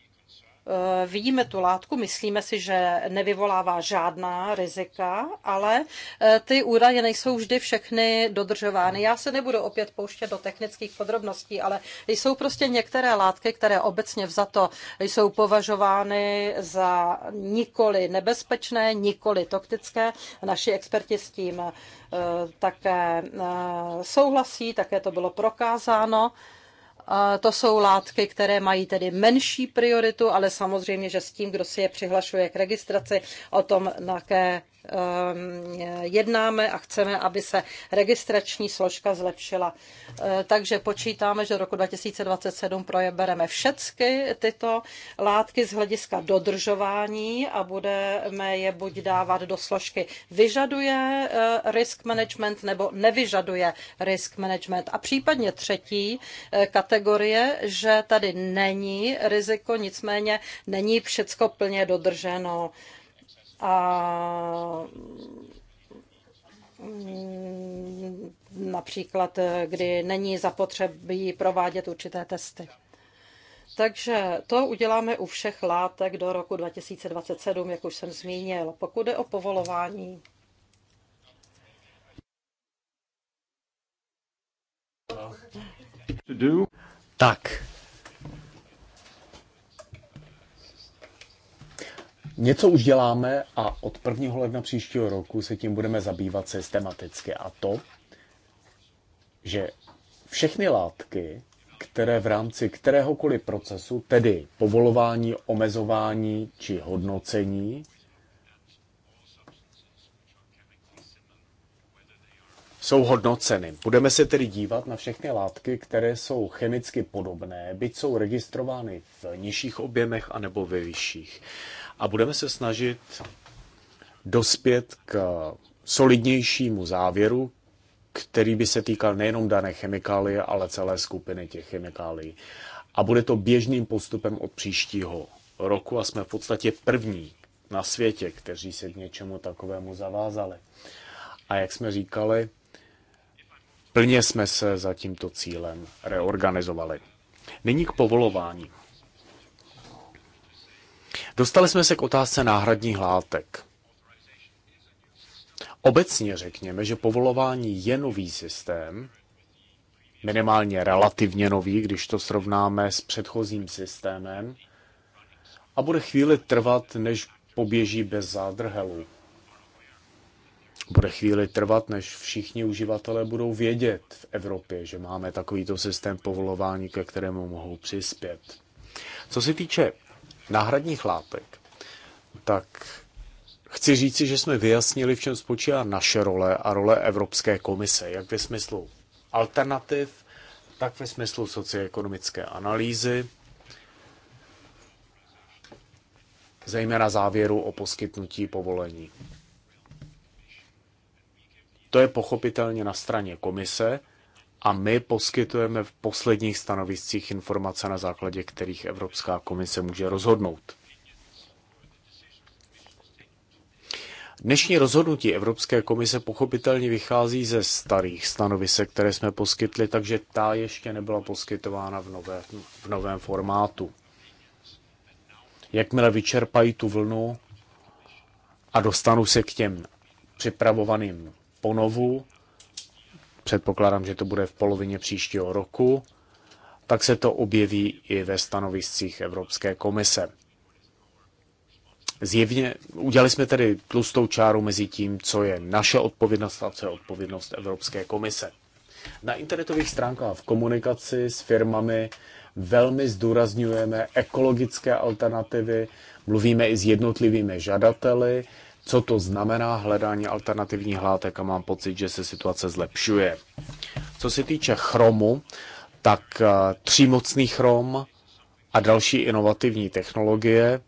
vidíme tu látku, myslíme si, že nevyvolává žádná rizika, ale eh, ty údaje nejsou vždy všechny dodržovány. Já se nebudu opět pouštět do technických podrobností, ale jsou prostě některé látky, které obecně vzato jsou považovány za nikoli nebezpečné, nikoli toktické. Naši experti s tím eh, také souhlasí, také to bylo prokázáno. To jsou látky, které mají tedy menší prioritu, ale samozřejmě, že s tím, kdo si je přihlašuje k registraci, o tom také Ehm, jednáme a chceme, aby se registrační složka zlepšila. Ehm, takže počítáme, že roku 2027 projebereme všechny tyto látky z hlediska dodržování a budeme je buď dávat do složky vyžaduje ehm, risk management nebo nevyžaduje risk management. A případně třetí kategorie, že tady není riziko, nicméně není všecko plně dodrženo a mm, například, kdy není zapotřebí provádět určité testy. Takže to uděláme u všech látek do roku 2027, jak už jsem zmínil. Pokud je o povolování, tak, Něco už děláme a od 1. ledna příštího roku se tím budeme zabývat systematicky. A to, že všechny látky, které v rámci kteréhokoliv procesu, tedy povolování, omezování či hodnocení, jsou hodnoceny. Budeme se tedy dívat na všechny látky, které jsou chemicky podobné, byť jsou registrovány v nižších objemech anebo ve vyšších a budeme se snažit dospět k solidnějšímu závěru, který by se týkal nejenom dané chemikálie, ale celé skupiny těch chemikálií. A bude to běžným postupem od příštího roku a jsme v podstatě první na světě, kteří se k něčemu takovému zavázali. A jak jsme říkali, plně jsme se za tímto cílem reorganizovali. Nyní k povolování. Dostali jsme se k otázce náhradních látek. Obecně řekněme, že povolování je nový systém, minimálně relativně nový, když to srovnáme s předchozím systémem, a bude chvíli trvat, než poběží bez zádrhelů. Bude chvíli trvat, než všichni uživatelé budou vědět v Evropě, že máme takovýto systém povolování, ke kterému mohou přispět. Co se týče náhradních látek, tak chci říci, že jsme vyjasnili, v čem spočívá naše role a role Evropské komise, jak ve smyslu alternativ, tak ve smyslu socioekonomické analýzy, zejména závěru o poskytnutí povolení. To je pochopitelně na straně komise, a my poskytujeme v posledních stanoviscích informace, na základě kterých Evropská komise může rozhodnout. Dnešní rozhodnutí Evropské komise pochopitelně vychází ze starých stanovisek, které jsme poskytli, takže ta ještě nebyla poskytována v, nové, v novém formátu. Jakmile vyčerpají tu vlnu a dostanu se k těm připravovaným ponovu, předpokládám, že to bude v polovině příštího roku, tak se to objeví i ve stanoviscích Evropské komise. Zjevně udělali jsme tedy tlustou čáru mezi tím, co je naše odpovědnost a co je odpovědnost Evropské komise. Na internetových stránkách v komunikaci s firmami velmi zdůrazňujeme ekologické alternativy, mluvíme i s jednotlivými žadateli, co to znamená hledání alternativních látek a mám pocit, že se situace zlepšuje. Co se týče chromu, tak eh, třímocný chrom a další inovativní technologie,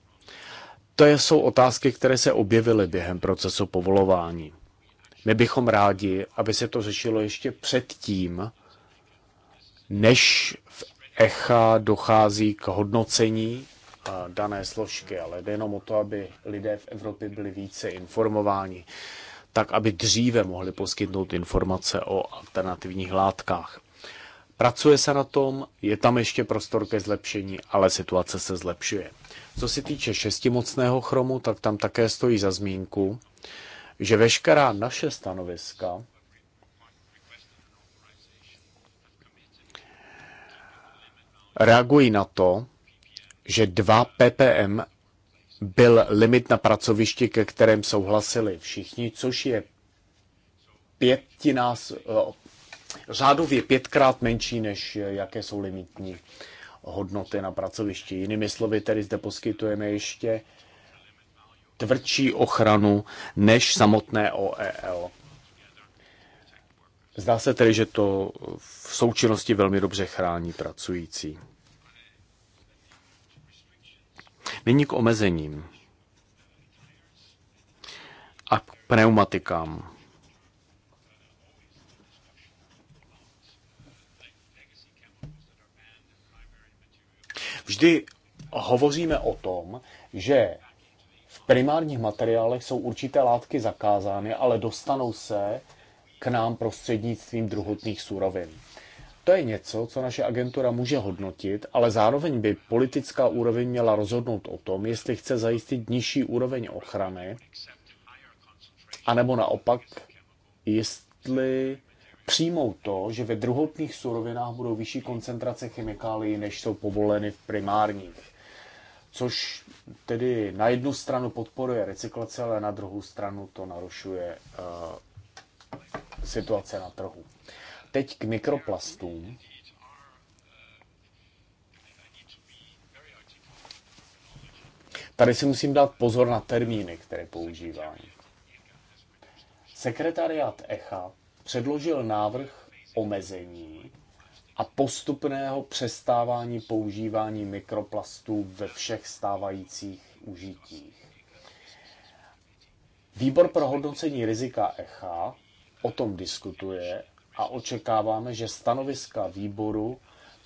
to jsou otázky, které se objevily během procesu povolování. My bychom rádi, aby se to řešilo ještě předtím, než v ECHA dochází k hodnocení dané složky, ale jde jenom o to, aby lidé v Evropě byli více informováni, tak aby dříve mohli poskytnout informace o alternativních látkách. Pracuje se na tom, je tam ještě prostor ke zlepšení, ale situace se zlepšuje. Co se týče šestimocného chromu, tak tam také stojí za zmínku, že veškerá naše stanoviska reagují na to, že 2 ppm byl limit na pracovišti, ke kterém souhlasili všichni, což je pětinás, řádově pětkrát menší, než jaké jsou limitní hodnoty na pracovišti. Jinými slovy, tedy zde poskytujeme ještě tvrdší ochranu než samotné OEL. Zdá se tedy, že to v součinnosti velmi dobře chrání pracující. Nyní k omezením a k pneumatikám. Vždy hovoříme o tom, že v primárních materiálech jsou určité látky zakázány, ale dostanou se k nám prostřednictvím druhotných surovin. To je něco, co naše agentura může hodnotit, ale zároveň by politická úroveň měla rozhodnout o tom, jestli chce zajistit nižší úroveň ochrany, anebo naopak, jestli přijmou to, že ve druhotných surovinách budou vyšší koncentrace chemikálií, než jsou povoleny v primárních. Což tedy na jednu stranu podporuje recyklace, ale na druhou stranu to narušuje uh, situace na trhu teď k mikroplastům. Tady si musím dát pozor na termíny, které používám. Sekretariát ECHA předložil návrh omezení a postupného přestávání používání mikroplastů ve všech stávajících užitích. Výbor pro hodnocení rizika ECHA o tom diskutuje a očekáváme, že stanoviska výboru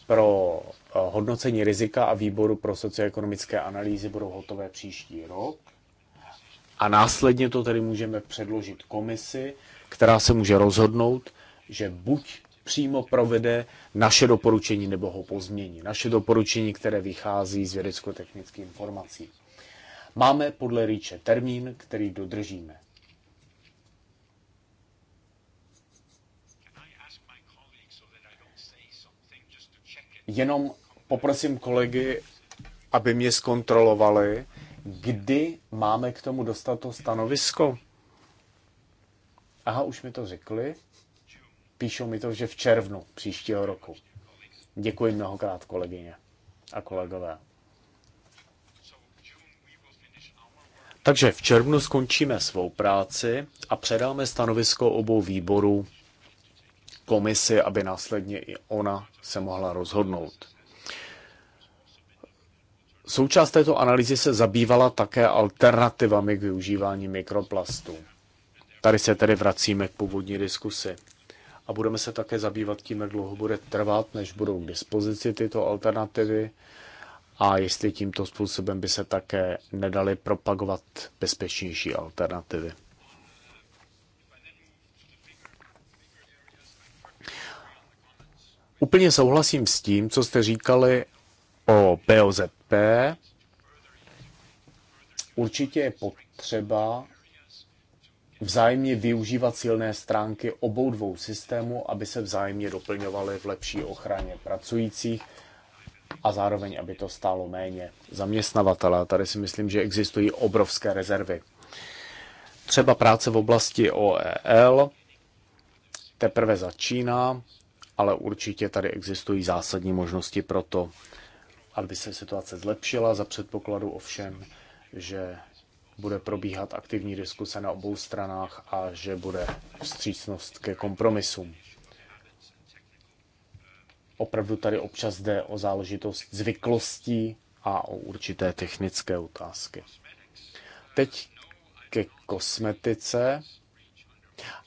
pro eh, hodnocení rizika a výboru pro socioekonomické analýzy budou hotové příští rok. A následně to tedy můžeme předložit komisi, která se může rozhodnout, že buď přímo provede naše doporučení nebo ho pozmění. Naše doporučení, které vychází z vědecko-technických informací. Máme podle rýče termín, který dodržíme. jenom poprosím kolegy, aby mě zkontrolovali, kdy máme k tomu dostat to stanovisko. Aha, už mi to řekli. Píšou mi to, že v červnu příštího roku. Děkuji mnohokrát, kolegyně a kolegové. Takže v červnu skončíme svou práci a předáme stanovisko obou výborů komisi, aby následně i ona se mohla rozhodnout. Součást této analýzy se zabývala také alternativami k využívání mikroplastů. Tady se tedy vracíme k původní diskusi. A budeme se také zabývat tím, jak dlouho bude trvat, než budou k dispozici tyto alternativy a jestli tímto způsobem by se také nedaly propagovat bezpečnější alternativy. Úplně souhlasím s tím, co jste říkali o BOZP. Určitě je potřeba vzájemně využívat silné stránky obou dvou systémů, aby se vzájemně doplňovaly v lepší ochraně pracujících a zároveň, aby to stálo méně zaměstnavatele. Tady si myslím, že existují obrovské rezervy. Třeba práce v oblasti OEL teprve začíná, ale určitě tady existují zásadní možnosti pro to, aby se situace zlepšila za předpokladu ovšem, že bude probíhat aktivní diskuse na obou stranách a že bude vstřícnost ke kompromisům. Opravdu tady občas jde o záležitost zvyklostí a o určité technické otázky. Teď ke kosmetice.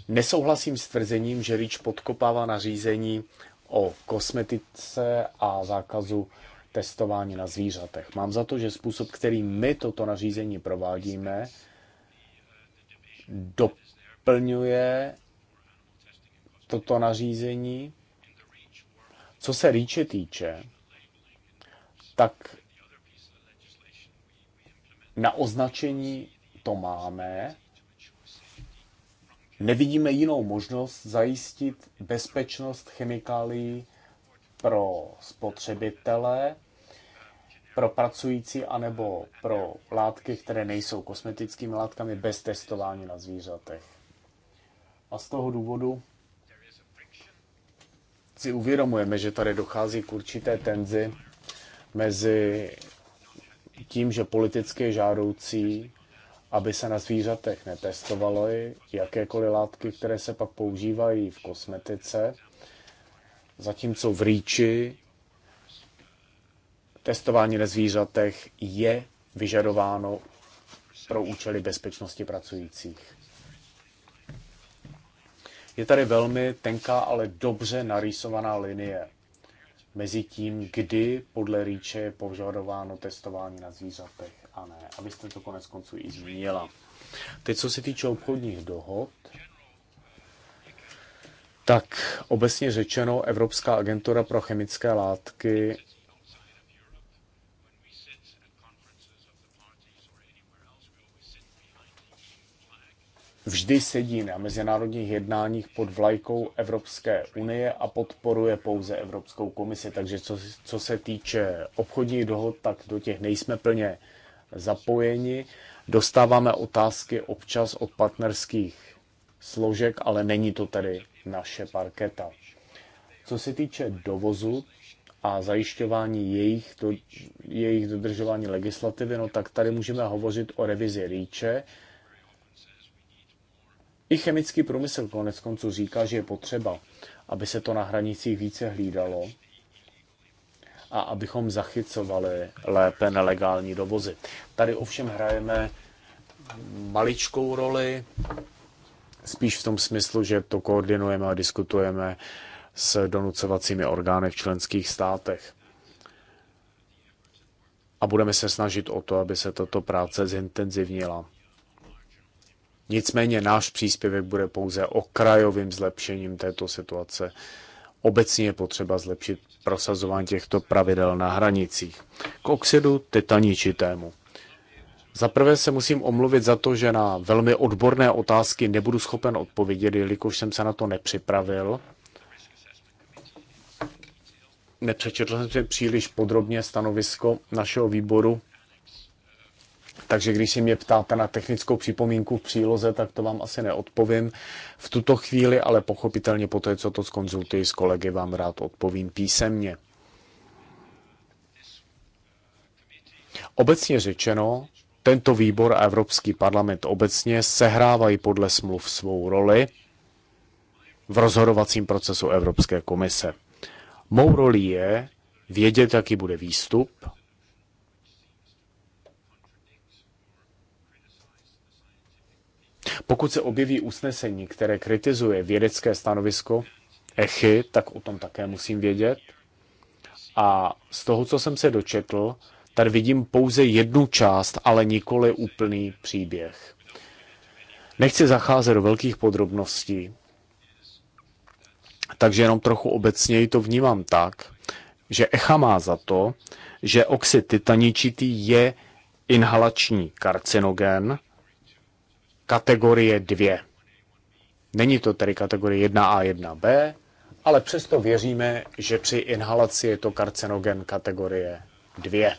Nesouhlasím s tvrzením, že Rich podkopává nařízení o kosmetice a zákazu testování na zvířatech. Mám za to, že způsob, který my toto nařízení provádíme, doplňuje toto nařízení. Co se rýče týče, tak na označení to máme, Nevidíme jinou možnost zajistit bezpečnost chemikálií pro spotřebitele, pro pracující anebo pro látky, které nejsou kosmetickými látkami bez testování na zvířatech. A z toho důvodu si uvědomujeme, že tady dochází k určité tenzi mezi tím, že politicky žádoucí aby se na zvířatech netestovaly jakékoliv látky, které se pak používají v kosmetice, zatímco v rýči testování na zvířatech je vyžadováno pro účely bezpečnosti pracujících. Je tady velmi tenká, ale dobře narýsovaná linie mezi tím, kdy podle rýče je požadováno testování na zvířatech a ne. abyste to konec konců i zmínila. Teď, co se týče obchodních dohod, tak obecně řečeno, Evropská agentura pro chemické látky vždy sedí na mezinárodních jednáních pod vlajkou Evropské unie a podporuje pouze Evropskou komisi. Takže co, co se týče obchodních dohod, tak do těch nejsme plně zapojeni. Dostáváme otázky občas od partnerských složek, ale není to tedy naše parketa. Co se týče dovozu a zajišťování jejich, do, jejich dodržování legislativy, no tak tady můžeme hovořit o revizi REACHe. I chemický průmysl konec konců říká, že je potřeba, aby se to na hranicích více hlídalo, a abychom zachycovali lépe nelegální dovozy. Tady ovšem hrajeme maličkou roli, spíš v tom smyslu, že to koordinujeme a diskutujeme s donucovacími orgány v členských státech. A budeme se snažit o to, aby se tato práce zintenzivnila. Nicméně náš příspěvek bude pouze okrajovým zlepšením této situace Obecně je potřeba zlepšit prosazování těchto pravidel na hranicích. K oxidu titaničitému. Za prvé se musím omluvit za to, že na velmi odborné otázky nebudu schopen odpovědět, jelikož jsem se na to nepřipravil. Nepřečetl jsem si příliš podrobně stanovisko našeho výboru takže když se mě ptáte na technickou připomínku v příloze, tak to vám asi neodpovím v tuto chvíli, ale pochopitelně po té, co to skonzultuji s kolegy, vám rád odpovím písemně. Obecně řečeno, tento výbor a Evropský parlament obecně sehrávají podle smluv svou roli v rozhodovacím procesu Evropské komise. Mou roli je vědět, jaký bude výstup, Pokud se objeví usnesení, které kritizuje vědecké stanovisko ECHY, tak o tom také musím vědět. A z toho, co jsem se dočetl, tady vidím pouze jednu část, ale nikoli úplný příběh. Nechci zacházet do velkých podrobností, takže jenom trochu obecněji to vnímám tak, že ECHA má za to, že oxid titaničitý je inhalační karcinogen, kategorie 2. Není to tedy kategorie 1A, 1B, ale přesto věříme, že při inhalaci je to karcinogen kategorie 2.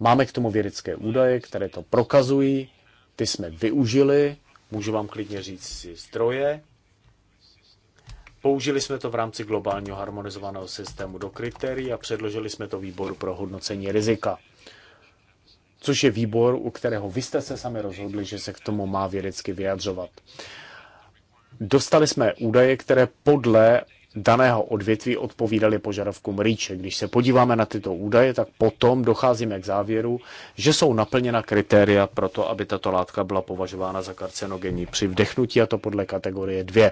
Máme k tomu vědecké údaje, které to prokazují, ty jsme využili, můžu vám klidně říct si zdroje. Použili jsme to v rámci globálního harmonizovaného systému do kritérií a předložili jsme to výboru pro hodnocení rizika což je výbor, u kterého vy jste se sami rozhodli, že se k tomu má vědecky vyjadřovat. Dostali jsme údaje, které podle daného odvětví odpovídaly požadavkům REACHE. Když se podíváme na tyto údaje, tak potom docházíme k závěru, že jsou naplněna kritéria pro to, aby tato látka byla považována za karcinogenní při vdechnutí, a to podle kategorie 2.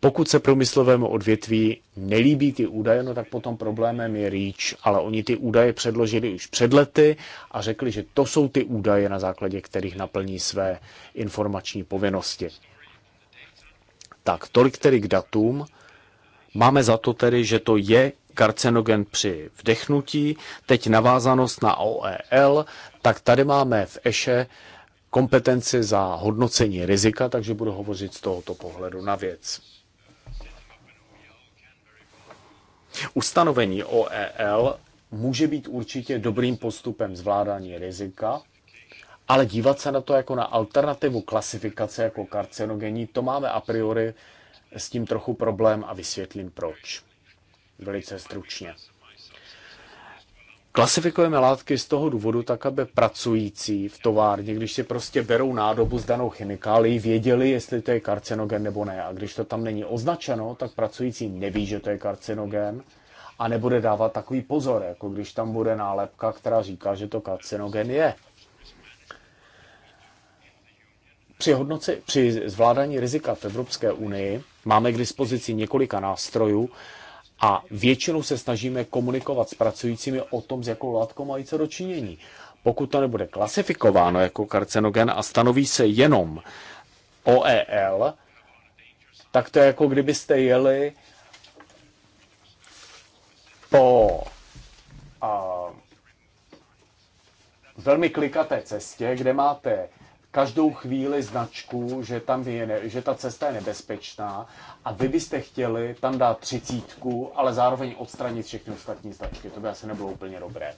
Pokud se průmyslovému odvětví nelíbí ty údaje, no tak potom problémem je REACH, ale oni ty údaje předložili už před lety a řekli, že to jsou ty údaje, na základě kterých naplní své informační povinnosti. Tak, tolik tedy k datům. Máme za to tedy, že to je karcinogen při vdechnutí, teď navázanost na OEL, tak tady máme v EŠE kompetenci za hodnocení rizika, takže budu hovořit z tohoto pohledu na věc. Ustanovení OEL může být určitě dobrým postupem zvládání rizika, ale dívat se na to jako na alternativu klasifikace jako karcinogenní, to máme a priori s tím trochu problém a vysvětlím proč. Velice stručně. Klasifikujeme látky z toho důvodu tak, aby pracující v továrně, když si prostě berou nádobu s danou chemikálií, věděli, jestli to je karcinogen nebo ne. A když to tam není označeno, tak pracující neví, že to je karcinogen a nebude dávat takový pozor, jako když tam bude nálepka, která říká, že to karcinogen je. Při, hodnoci, při zvládání rizika v Evropské unii Máme k dispozici několika nástrojů a většinou se snažíme komunikovat s pracujícími o tom, s jakou látkou mají co dočinění. Pokud to nebude klasifikováno jako karcinogen a stanoví se jenom OEL, tak to je jako kdybyste jeli po a, velmi klikaté cestě, kde máte každou chvíli značku, že, tam je ne, že ta cesta je nebezpečná a vy byste chtěli tam dát třicítku, ale zároveň odstranit všechny ostatní značky. To by asi nebylo úplně dobré.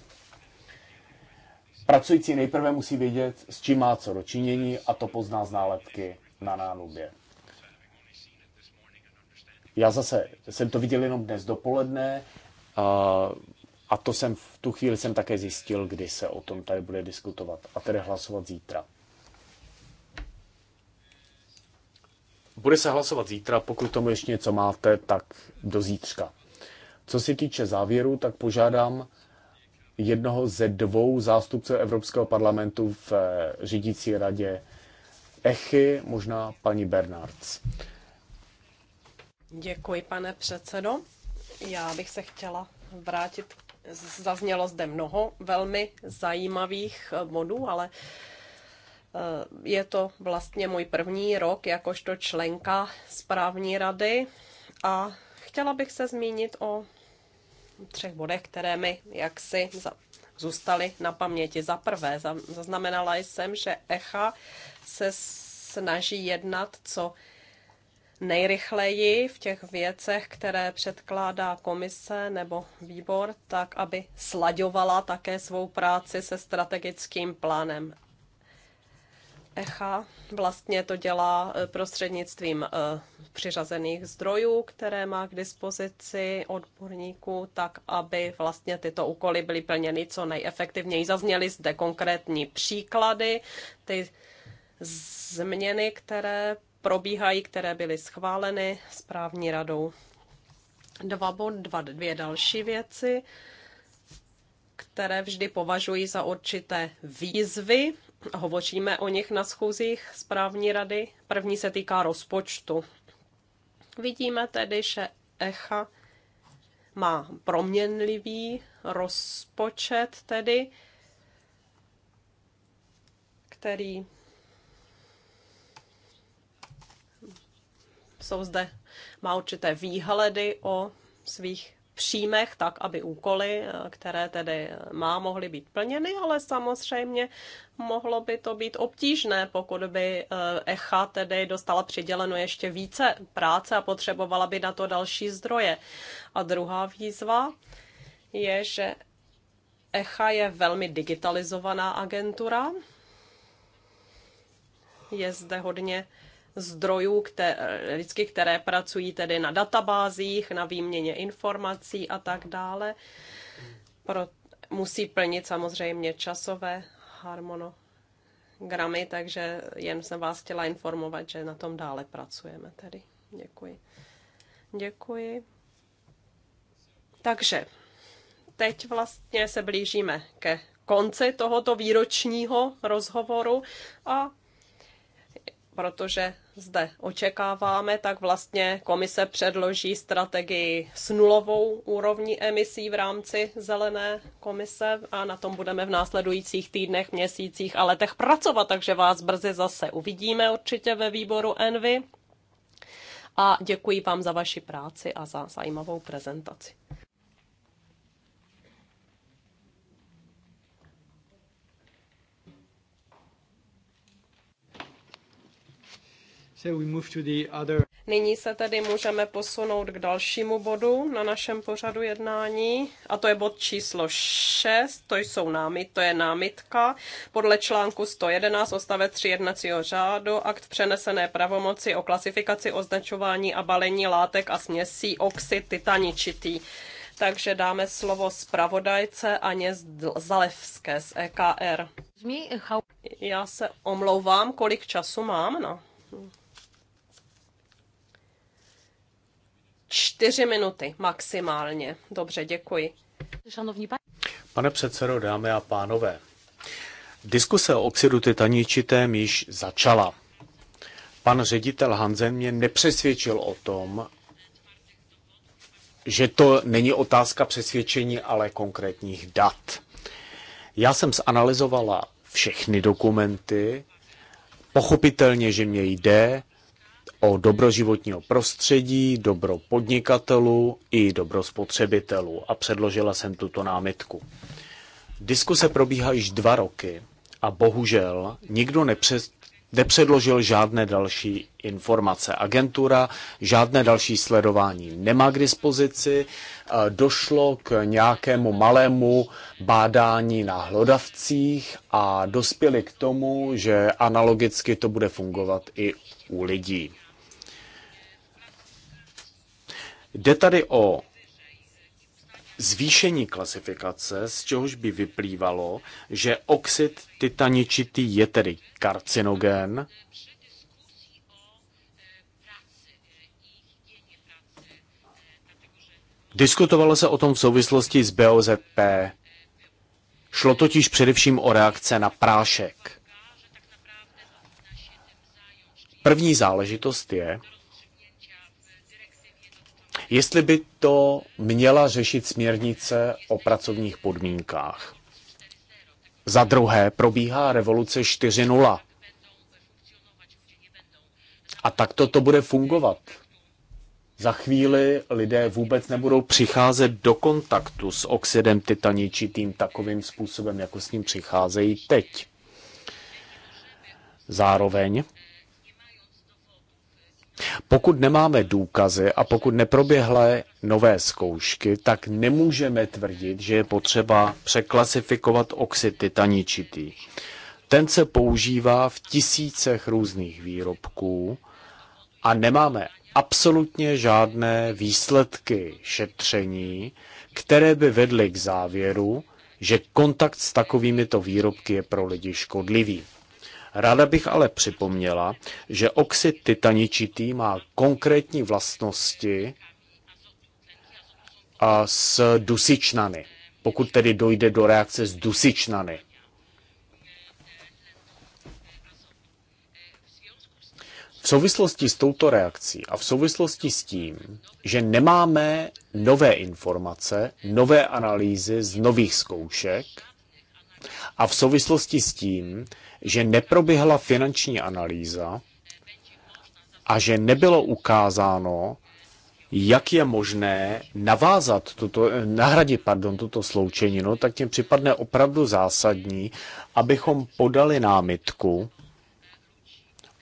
Pracující nejprve musí vědět, s čím má co dočinění a to pozná z nálepky na nánubě. Já zase jsem to viděl jenom dnes dopoledne a, a to jsem v tu chvíli jsem také zjistil, kdy se o tom tady bude diskutovat a tedy hlasovat zítra. Bude se hlasovat zítra, pokud tomu ještě něco máte, tak do zítřka. Co se týče závěru, tak požádám jednoho ze dvou zástupců Evropského parlamentu v eh, řídící radě Echy, možná paní Bernards. Děkuji, pane předsedo. Já bych se chtěla vrátit. Zaznělo zde mnoho velmi zajímavých modů, eh, ale Eh, je to vlastně můj první rok jakožto členka správní rady a chtěla bych se zmínit o třech bodech, které mi jaksi zůstaly na paměti. Za prvé, zaznamenala jsem, že ECHA se snaží jednat co nejrychleji v těch věcech, které předkládá komise nebo výbor, tak aby slaďovala také svou práci se strategickým plánem ECHA vlastně to dělá eh, prostřednictvím eh, přiřazených zdrojů, které má k dispozici odborníků, tak aby vlastně tyto úkoly byly plněny co nejefektivněji. Zazněly zde konkrétní příklady, ty změny, které probíhají, které byly schváleny správní radou. Dva bod, dva, dvě další věci, které vždy považuji za určité výzvy Hovoříme o nich na schůzích správní rady. První se týká rozpočtu. Vidíme tedy, že ECHA má proměnlivý rozpočet tedy, který jsou zde, má určité výhledy o svých příjmech, tak aby úkoly, eh, které tedy eh, má, mohly být plněny, ale samozřejmě mohlo by to být obtížné, pokud by eh, ECHA tedy dostala přiděleno ještě více práce a potřebovala by na to další zdroje. A druhá výzva je, že ECHA je velmi digitalizovaná agentura. Je zde hodně zdrojů které, lidsky, které pracují tedy na databázích, na výměně informací a tak dále. Pro, musí plnit samozřejmě časové harmonogramy, takže jen jsem vás chtěla informovat, že na tom dále pracujeme tedy. Děkuji. Děkuji. Takže teď vlastně se blížíme ke konci tohoto výročního rozhovoru a protože zde očekáváme, tak vlastně komise předloží strategii s nulovou úrovní emisí v rámci zelené komise a na tom budeme v následujících týdnech, měsících a letech pracovat, takže vás brzy zase uvidíme určitě ve výboru Envy. A děkuji vám za vaši práci a za zajímavou prezentaci. Nyní se tedy můžeme posunout k dalšímu bodu na našem pořadu jednání, a to je bod číslo 6, to, jsou námi, to je námitka. Podle článku 111 ostave 3 jednacího řádu akt přenesené pravomoci o klasifikaci, označování a balení látek a směsí oxid titaničitý. Takže dáme slovo zpravodajce Aně Zalevské z EKR. Eh, Já se omlouvám, kolik času mám na no čtyři minuty maximálně. Dobře, děkuji. Pane předsedo, dámy a pánové, diskuse o oxidu titaničitém již začala. Pan ředitel Hanzen mě nepřesvědčil o tom, že to není otázka přesvědčení, ale konkrétních dat. Já jsem zanalizovala všechny dokumenty, pochopitelně, že mě jde o dobro životního prostředí, dobro podnikatelů i dobro spotřebitelů a předložila jsem tuto námitku. Diskuse probíhá již dva roky a bohužel nikdo nepřes, nepředložil žádné další informace. Agentura žádné další sledování nemá k dispozici. E, došlo k nějakému malému bádání na hlodavcích a dospěli k tomu, že analogicky to bude fungovat i u lidí. Jde tady o zvýšení klasifikace, z čehož by vyplývalo, že oxid titaničitý je tedy karcinogen, Diskutovalo se o tom v souvislosti s BOZP. Šlo totiž především o reakce na prášek. První záležitost je, jestli by to měla řešit směrnice o pracovních podmínkách. Za druhé, probíhá revoluce 4.0. A takto to bude fungovat. Za chvíli lidé vůbec nebudou přicházet do kontaktu s oxidem titaničitým takovým způsobem, jako s ním přicházejí teď. Zároveň pokud nemáme důkazy a pokud neproběhly nové zkoušky, tak nemůžeme tvrdit, že je potřeba překlasifikovat oxid titaničitý. Ten se používá v tisícech různých výrobků a nemáme absolutně žádné výsledky šetření, které by vedly k závěru, že kontakt s takovýmito výrobky je pro lidi škodlivý. Ráda bych ale připomněla, že oxid titaničitý má konkrétní vlastnosti s dusičnany, pokud tedy dojde do reakce s dusičnany. V souvislosti s touto reakcí a v souvislosti s tím, že nemáme nové informace, nové analýzy z nových zkoušek, a v souvislosti s tím, že neproběhla finanční analýza a že nebylo ukázáno, jak je možné navázat tuto, nahradit pardon, tuto sloučeninu, tak tím připadne opravdu zásadní, abychom podali námitku,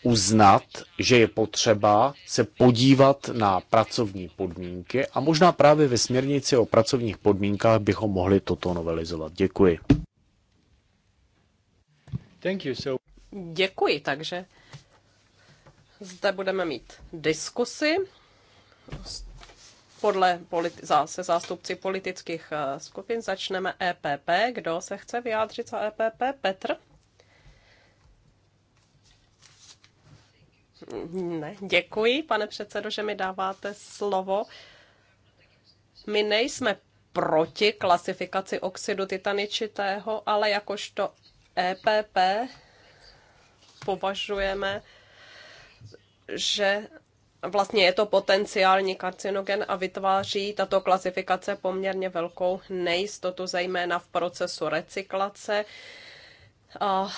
uznat, že je potřeba se podívat na pracovní podmínky a možná právě ve směrnici o pracovních podmínkách bychom mohli toto novelizovat. Děkuji. Thank you, so... Děkuji, takže zde budeme mít diskusy podle politi- se zástupci politických eh, skupin. Začneme EPP. Kdo se chce vyjádřit za EPP? Petr? Ne, děkuji, pane předsedo, že mi dáváte slovo. My nejsme proti klasifikaci oxidu titaničitého, ale jakožto EPP považujeme, že vlastně je to potenciální karcinogen a vytváří tato klasifikace poměrně velkou nejistotu, zejména v procesu recyklace. A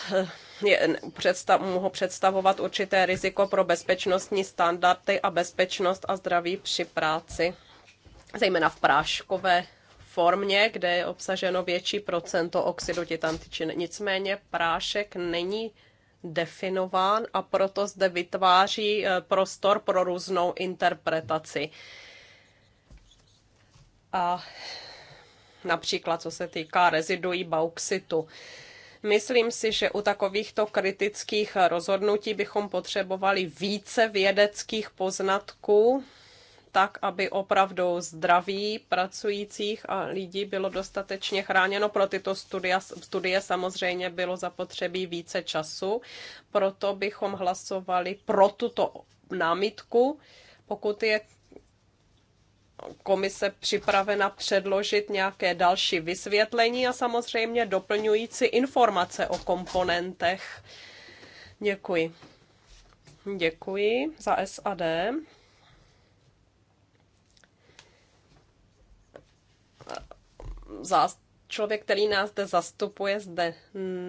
je, představ, mohu představovat určité riziko pro bezpečnostní standardy a bezpečnost a zdraví při práci, zejména v práškové formě, kde je obsaženo větší procento oxidu titantičin. Nicméně prášek není definován a proto zde vytváří eh, prostor pro různou interpretaci. A například co se týká reziduí bauxitu. Myslím si, že u takovýchto kritických rozhodnutí bychom potřebovali více vědeckých poznatků, tak, aby opravdu zdraví pracujících a lidí bylo dostatečně chráněno. Pro tyto studia, studie samozřejmě bylo zapotřebí více času, proto bychom hlasovali pro tuto námitku, pokud je komise připravena předložit nějaké další vysvětlení a samozřejmě doplňující informace o komponentech. Děkuji. Děkuji za SAD. zást člověk, který nás zde zastupuje, zde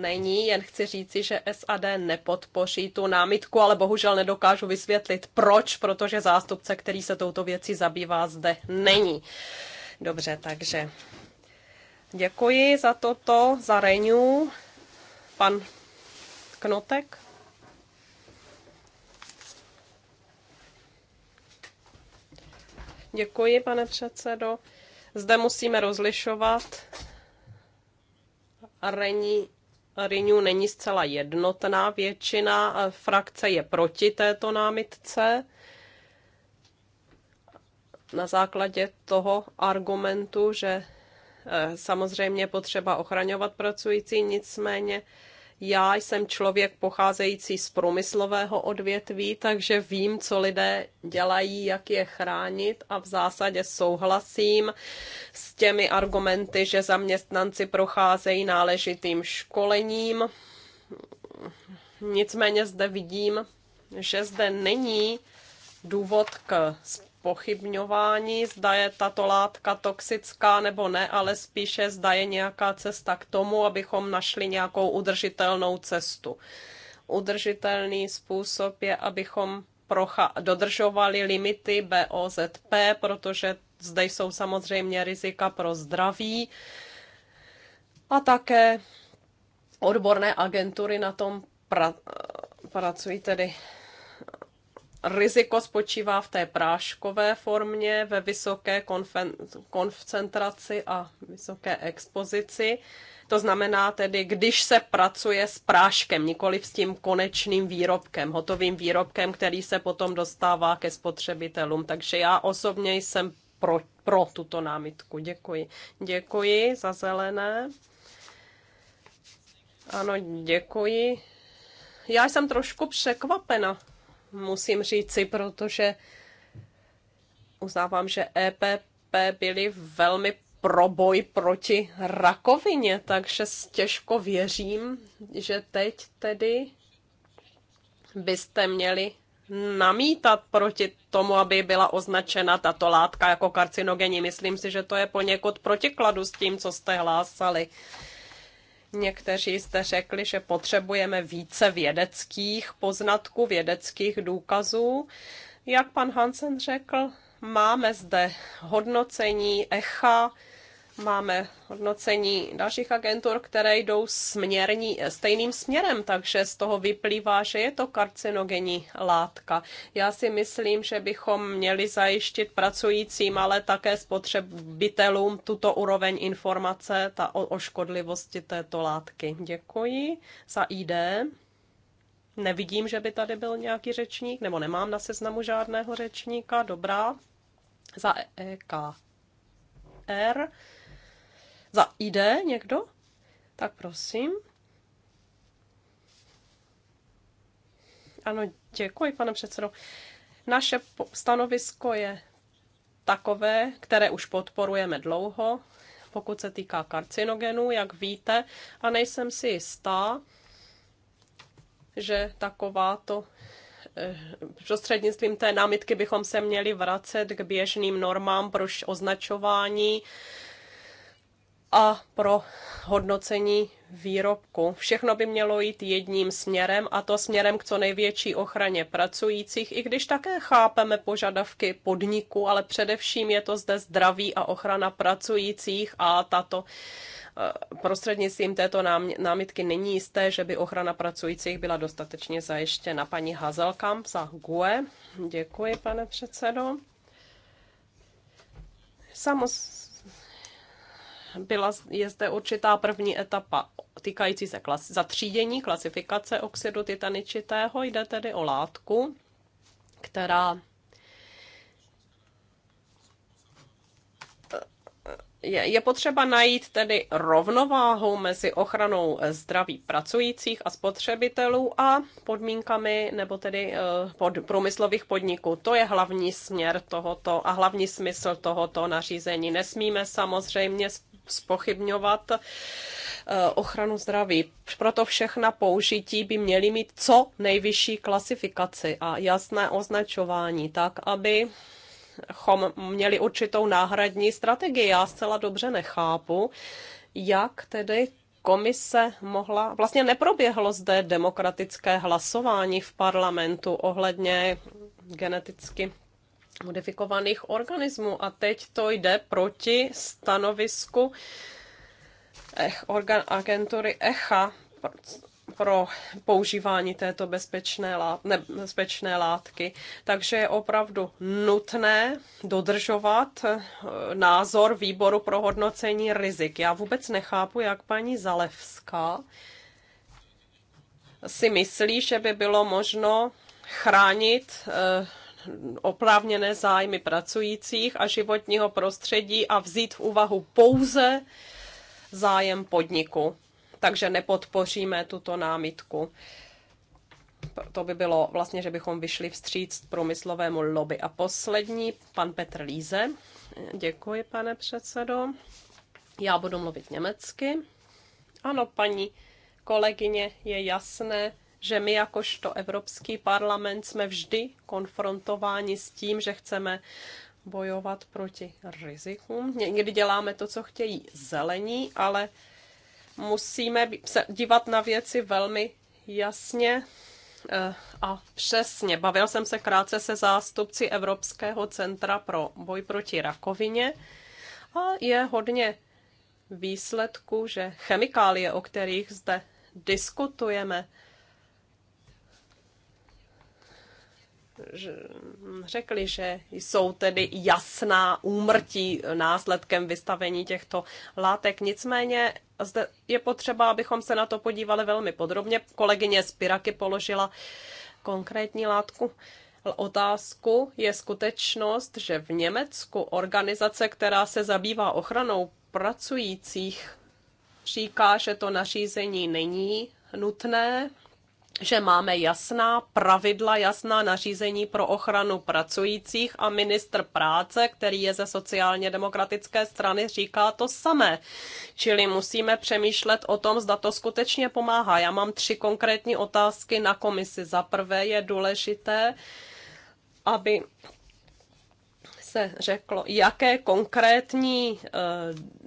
není. Jen chci říci, že SAD nepodpoří tu námitku, ale bohužel nedokážu vysvětlit, proč, protože zástupce, který se touto věcí zabývá, zde není. Dobře, takže děkuji za toto, za Reňu. Pan Knotek. Děkuji, pane předsedo. Zde musíme rozlišovat. renu. Rinu není zcela jednotná většina, frakce je proti této námitce. Na základě toho argumentu, že eh, samozřejmě potřeba ochraňovat pracující, nicméně já jsem člověk pocházející z průmyslového odvětví, takže vím, co lidé dělají, jak je chránit a v zásadě souhlasím s těmi argumenty, že zaměstnanci procházejí náležitým školením. Nicméně zde vidím, že zde není důvod k pochybňování, zda je tato látka toxická nebo ne, ale spíše zda je nějaká cesta k tomu, abychom našli nějakou udržitelnou cestu. Udržitelný způsob je, abychom dodržovali limity BOZP, protože zde jsou samozřejmě rizika pro zdraví a také odborné agentury na tom pra- pracují tedy Riziko spočívá v té práškové formě, ve vysoké koncentraci a vysoké expozici. To znamená tedy, když se pracuje s práškem, nikoli s tím konečným výrobkem, hotovým výrobkem, který se potom dostává ke spotřebitelům. Takže já osobně jsem pro, pro tuto námitku. Děkuji. Děkuji za zelené. Ano, děkuji. Já jsem trošku překvapena musím říci, protože uznávám, že EPP byli velmi proboj proti rakovině, takže těžko věřím, že teď tedy byste měli namítat proti tomu, aby byla označena tato látka jako karcinogenní. Myslím si, že to je poněkud protikladu s tím, co jste hlásali. Někteří jste řekli, že potřebujeme více vědeckých poznatků, vědeckých důkazů. Jak pan Hansen řekl, máme zde hodnocení ECHA, máme hodnocení dalších agentur, které jdou směrní, stejným směrem, takže z toho vyplývá, že je to karcinogenní látka. Já si myslím, že bychom měli zajištit pracujícím, ale také spotřebitelům tuto úroveň informace ta o, o škodlivosti této látky. Děkuji za ID. Nevidím, že by tady byl nějaký řečník, nebo nemám na seznamu žádného řečníka. Dobrá. Za EKR. Za ID někdo? Tak prosím. Ano, děkuji, pane předsedo. Naše stanovisko je takové, které už podporujeme dlouho, pokud se týká karcinogenů, jak víte, a nejsem si jistá, že takováto eh, prostřednictvím té námitky bychom se měli vracet k běžným normám pro označování a pro hodnocení výrobku. Všechno by mělo jít jedním směrem a to směrem k co největší ochraně pracujících, i když také chápeme požadavky podniku, ale především je to zde zdraví a ochrana pracujících a tato eh, prostřednictvím této námitky není jisté, že by ochrana pracujících byla dostatečně zajištěna. Paní Hazelkamp za GUE. Děkuji, pane předsedo. Samozřejmě byla, je zde určitá první etapa týkající se klas, zatřídění, klasifikace oxidu titaničitého. Jde tedy o látku, která je, je potřeba najít tedy rovnováhu mezi ochranou zdraví pracujících a spotřebitelů a podmínkami nebo tedy eh, pod průmyslových podniků. To je hlavní směr tohoto a hlavní smysl tohoto nařízení. Nesmíme samozřejmě spochybňovat eh, ochranu zdraví. Proto všechna použití by měly mít co nejvyšší klasifikaci a jasné označování, tak aby chom měli určitou náhradní strategii. Já zcela dobře nechápu, jak tedy komise mohla, vlastně neproběhlo zde demokratické hlasování v parlamentu ohledně geneticky modifikovaných organismů. A teď to jde proti stanovisku Ech, organ, agentury ECHA pro používání této bezpečné, lát, nebezpečné látky. Takže je opravdu nutné dodržovat eh, názor výboru pro hodnocení rizik. Já vůbec nechápu, jak paní Zalevská si myslí, že by bylo možno chránit eh, oprávněné zájmy pracujících a životního prostředí a vzít v úvahu pouze zájem podniku. Takže nepodpoříme tuto námitku. To by bylo vlastně, že bychom vyšli vstříc průmyslovému lobby. A poslední, pan Petr Líze. Děkuji, pane předsedo. Já budu mluvit německy. Ano, paní kolegyně, je jasné, že my jakožto Evropský parlament jsme vždy konfrontováni s tím, že chceme bojovat proti rizikům. Někdy děláme to, co chtějí zelení, ale musíme se dívat na věci velmi jasně eh, a přesně. Bavil jsem se krátce se zástupci Evropského centra pro boj proti rakovině a je hodně výsledku, že chemikálie, o kterých zde diskutujeme, Hm, řekli, že jsou tedy jasná úmrtí následkem vystavení těchto látek. Nicméně zde je potřeba, abychom se na to podívali velmi podrobně. Kolegyně Spiraky položila konkrétní látku otázku je skutečnost, že v Německu organizace, která se zabývá ochranou pracujících, říká, že to nařízení není nutné že máme jasná pravidla, jasná nařízení pro ochranu pracujících a ministr práce, který je ze sociálně demokratické strany, říká to samé. Čili musíme přemýšlet o tom, zda to skutečně pomáhá. Já mám tři konkrétní otázky na komisi. Za prvé je důležité, aby se řeklo, jaké konkrétní eh,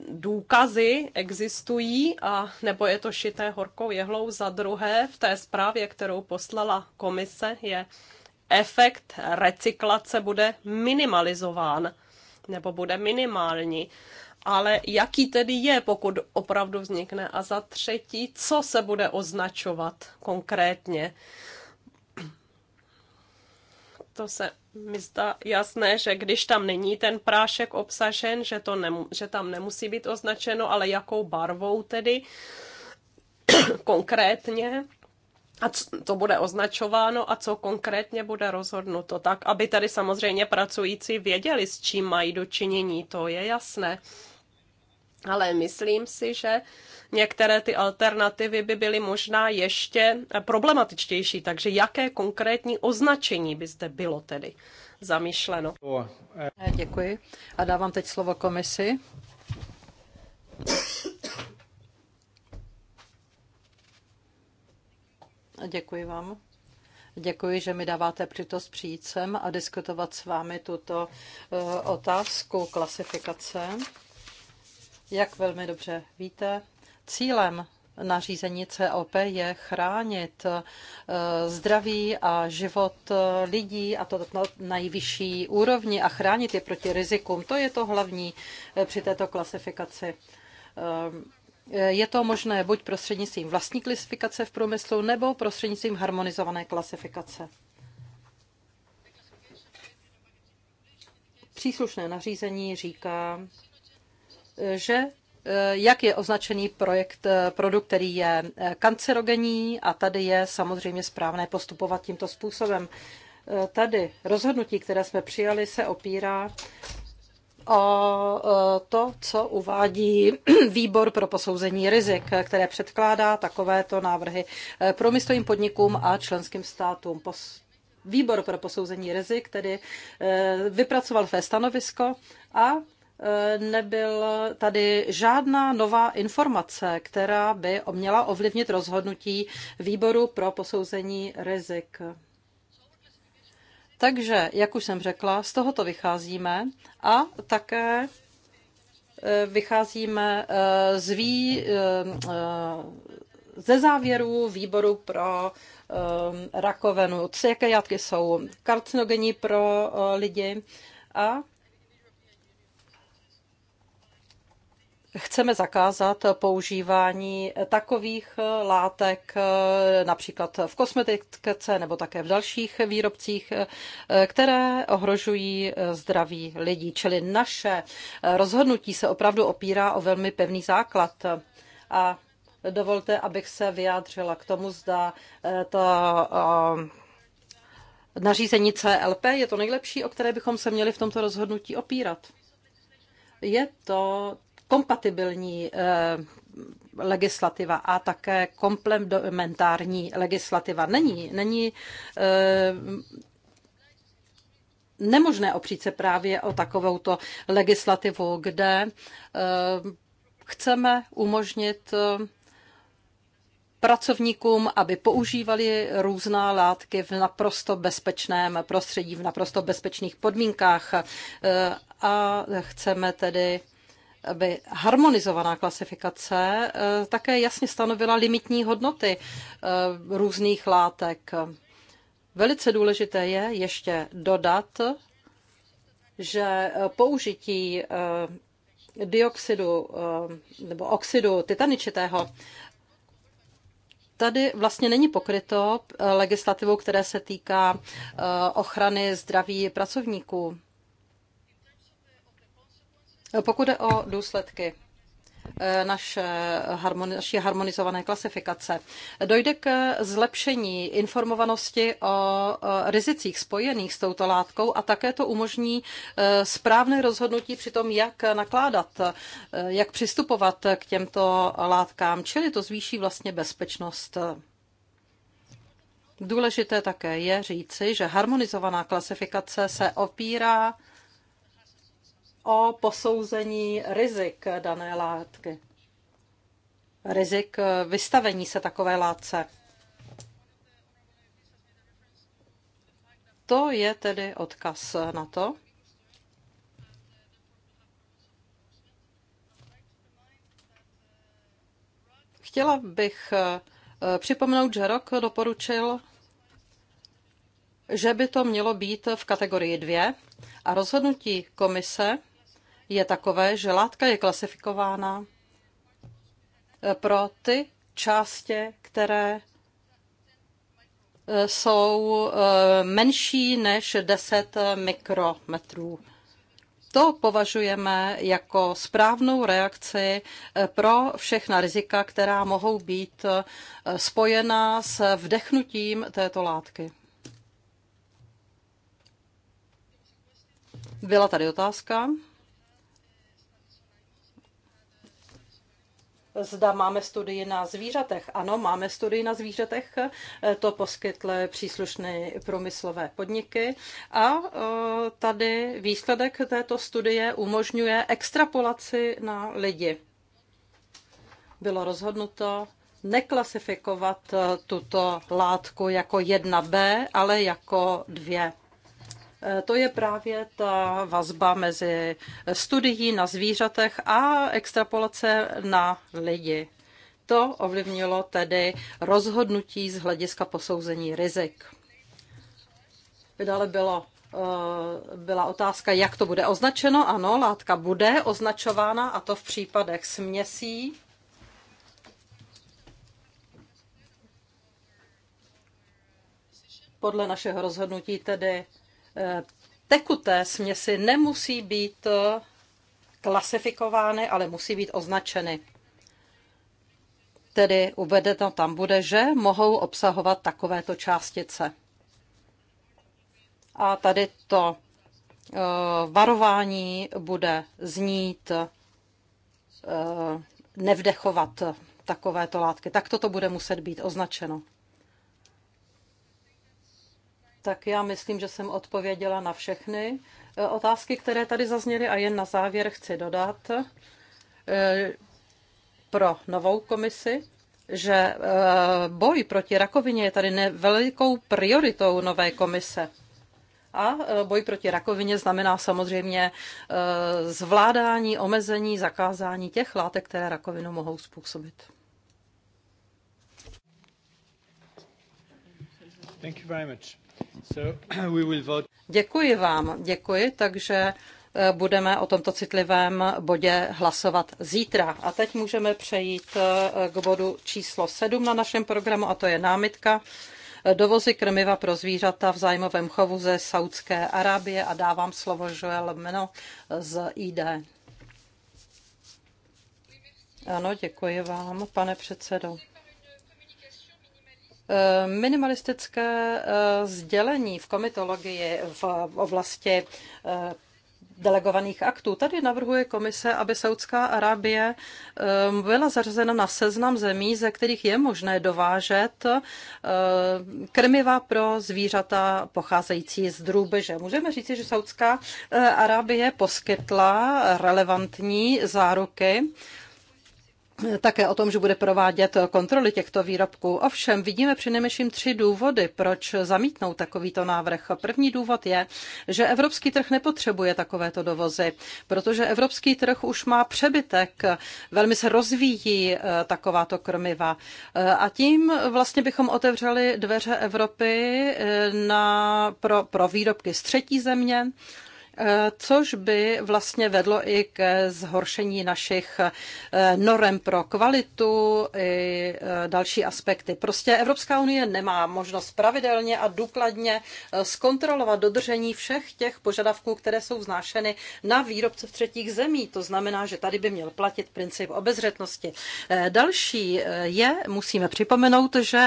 důkazy existují, a nebo je to šité horkou jehlou. Za druhé, v té zprávě, kterou poslala komise, je efekt recyklace bude minimalizován nebo bude minimální. Ale jaký tedy je, pokud opravdu vznikne? A za třetí, co se bude označovat konkrétně? to se mi zdá jasné, že když tam není ten prášek obsažen, že, to nemu, že tam nemusí být označeno, ale jakou barvou tedy [CLEARS THROAT] konkrétně a co to bude označováno a co konkrétně bude rozhodnuto. Tak, aby tady samozřejmě pracující věděli, s čím mají dočinění, to je jasné ale myslím si, že některé ty alternativy by byly možná ještě problematičtější. Takže jaké konkrétní označení by zde bylo tedy zamýšleno? Eh, děkuji. A dávám teď slovo komisi. Děkuji vám. Děkuji, že mi dáváte přitost přijít sem a diskutovat s vámi tuto eh, otázku klasifikace. Jak velmi dobře víte, cílem nařízení COP je chránit eh, zdraví a život eh, lidí a to na nejvyšší úrovni a chránit je proti rizikům. To je to hlavní eh, při této klasifikaci. Je to možné buď prostřednictvím vlastní klasifikace v průmyslu nebo prostřednictvím harmonizované klasifikace. Příslušné nařízení říká, že eh, jak je označený projekt, eh, produkt, který je eh, kancerogenní a tady je samozřejmě správné postupovat tímto způsobem. Tady rozhodnutí, které jsme přijali, se opírá o to, co uvádí [CLEARS THROAT] výbor pro posouzení rizik, které předkládá takovéto návrhy promyslovým podnikům a členským státům. Výbor pro posouzení rizik tedy vypracoval své stanovisko a Eh, nebyla tady žádná nová informace, která by měla ovlivnit rozhodnutí výboru pro posouzení rizik. Takže, jak už jsem řekla, z tohoto vycházíme a také eh, vycházíme eh, z vý, ze závěrů výboru pro rakovinu. Jaké játky jsou karcinogenní pro lidi a chceme zakázat používání takových látek například v kosmetice nebo také v dalších výrobcích, které ohrožují zdraví lidí. Čili naše rozhodnutí se opravdu opírá o velmi pevný základ. A dovolte, abych se vyjádřila k tomu, zda eh, ta eh, nařízení CLP je to nejlepší, o které bychom se měli v tomto rozhodnutí opírat. Je to kompatibilní eh, legislativa a také komplementární legislativa. Není, není eh, nemožné opřít se právě o takovouto legislativu, kde eh, chceme umožnit pracovníkům, aby používali různá látky v naprosto bezpečném prostředí, v naprosto bezpečných podmínkách. A chceme tedy aby harmonizovaná klasifikace eh, také jasně stanovila limitní hodnoty eh, různých látek. Velice důležité je ještě dodat, že eh, použití dioxidu nebo oxidu titaničitého tady vlastně není pokryto legislativou, které se týká ochrany zdraví pracovníků. Eh, pokud jde o důsledky, eh, naše naší harmonizované klasifikace. Dojde k zlepšení informovanosti o rizicích spojených s touto látkou a také to umožní eh, správné rozhodnutí při tom, jak nakládat, jak přistupovat k těmto látkám, čili to zvýší vlastně bezpečnost. Důležité také je říci, že harmonizovaná klasifikace se opírá o posouzení rizik dané látky. Rizik vystavení se takové látce. To je tedy odkaz na to, Chtěla bych eh, připomenout, že rok doporučil, že by to mělo být v kategorii 2 a rozhodnutí komise je takové, že látka je klasifikována eh, pro ty části, které eh, jsou eh, menší než 10 mikrometrů. To považujeme jako správnou reakci pro všechna rizika, která mohou být spojena s vdechnutím této látky. Byla tady otázka. zda máme studii na zvířatech. Ano, máme studii na zvířatech, to poskytly příslušné průmyslové podniky a e, tady výsledek této studie umožňuje extrapolaci na lidi. Bylo rozhodnuto neklasifikovat e, tuto látku jako 1B, ale jako 2 to je právě ta vazba mezi studií na zvířatech a extrapolace na lidi. To ovlivnilo tedy rozhodnutí z hlediska posouzení rizik. Dále bylo eh, byla otázka, jak to bude označeno. Ano, látka bude označována a to v případech směsí. Podle našeho rozhodnutí tedy Eh, tekuté směsi nemusí být eh, klasifikovány, ale musí být označeny. Tedy uvedeno tam bude, že mohou obsahovat takovéto částice. A tady to eh, varování bude znít nevdechovat takovéto látky. Tak toto bude muset být označeno. Tak já myslím, že jsem odpověděla na všechny eh, otázky, které tady zazněly a jen na závěr chci dodat eh, pro novou komisi, že eh, boj proti rakovině je tady velikou prioritou nové komise. A boj proti rakovině znamená samozřejmě zvládání, omezení, zakázání těch látek, které rakovinu mohou způsobit. Thank you very much. Děkuji vám, děkuji, takže eh, budeme o tomto citlivém bodě hlasovat zítra. A teď můžeme přejít eh, k bodu číslo 7 na našem programu, a to je námitka dovozy krmiva pro zvířata v zájmovém chovu ze Saudské Arábie a dávám slovo Joel Meno z ID. Ano, děkuji vám, pane předsedo. Eh, minimalistické eh, sdělení v komitologii v oblasti eh, delegovaných aktů. Tady navrhuje komise, aby Saudská Arábie byla zařazena na seznam zemí, ze kterých je možné dovážet krmiva pro zvířata pocházející z drůbeže. Můžeme říci, že Saudská Arábie poskytla relevantní záruky také o tom, že bude provádět kontroly těchto výrobků. Ovšem vidíme přinejmenším tři důvody, proč zamítnou takovýto návrh. První důvod je, že evropský trh nepotřebuje takovéto dovozy, protože evropský trh už má přebytek, velmi se rozvíjí eh, takováto krmiva. Eh, a tím vlastně bychom otevřeli dveře Evropy eh, na, pro, pro výrobky z třetí země, Eh, což by vlastně vedlo i ke zhoršení našich eh, norem pro kvalitu i eh, další aspekty. Prostě Evropská unie nemá možnost pravidelně a důkladně zkontrolovat dodržení všech těch požadavků, které jsou vznášeny na výrobce v třetích zemí. To znamená, že tady by měl platit princip obezřetnosti. Další je, musíme připomenout, že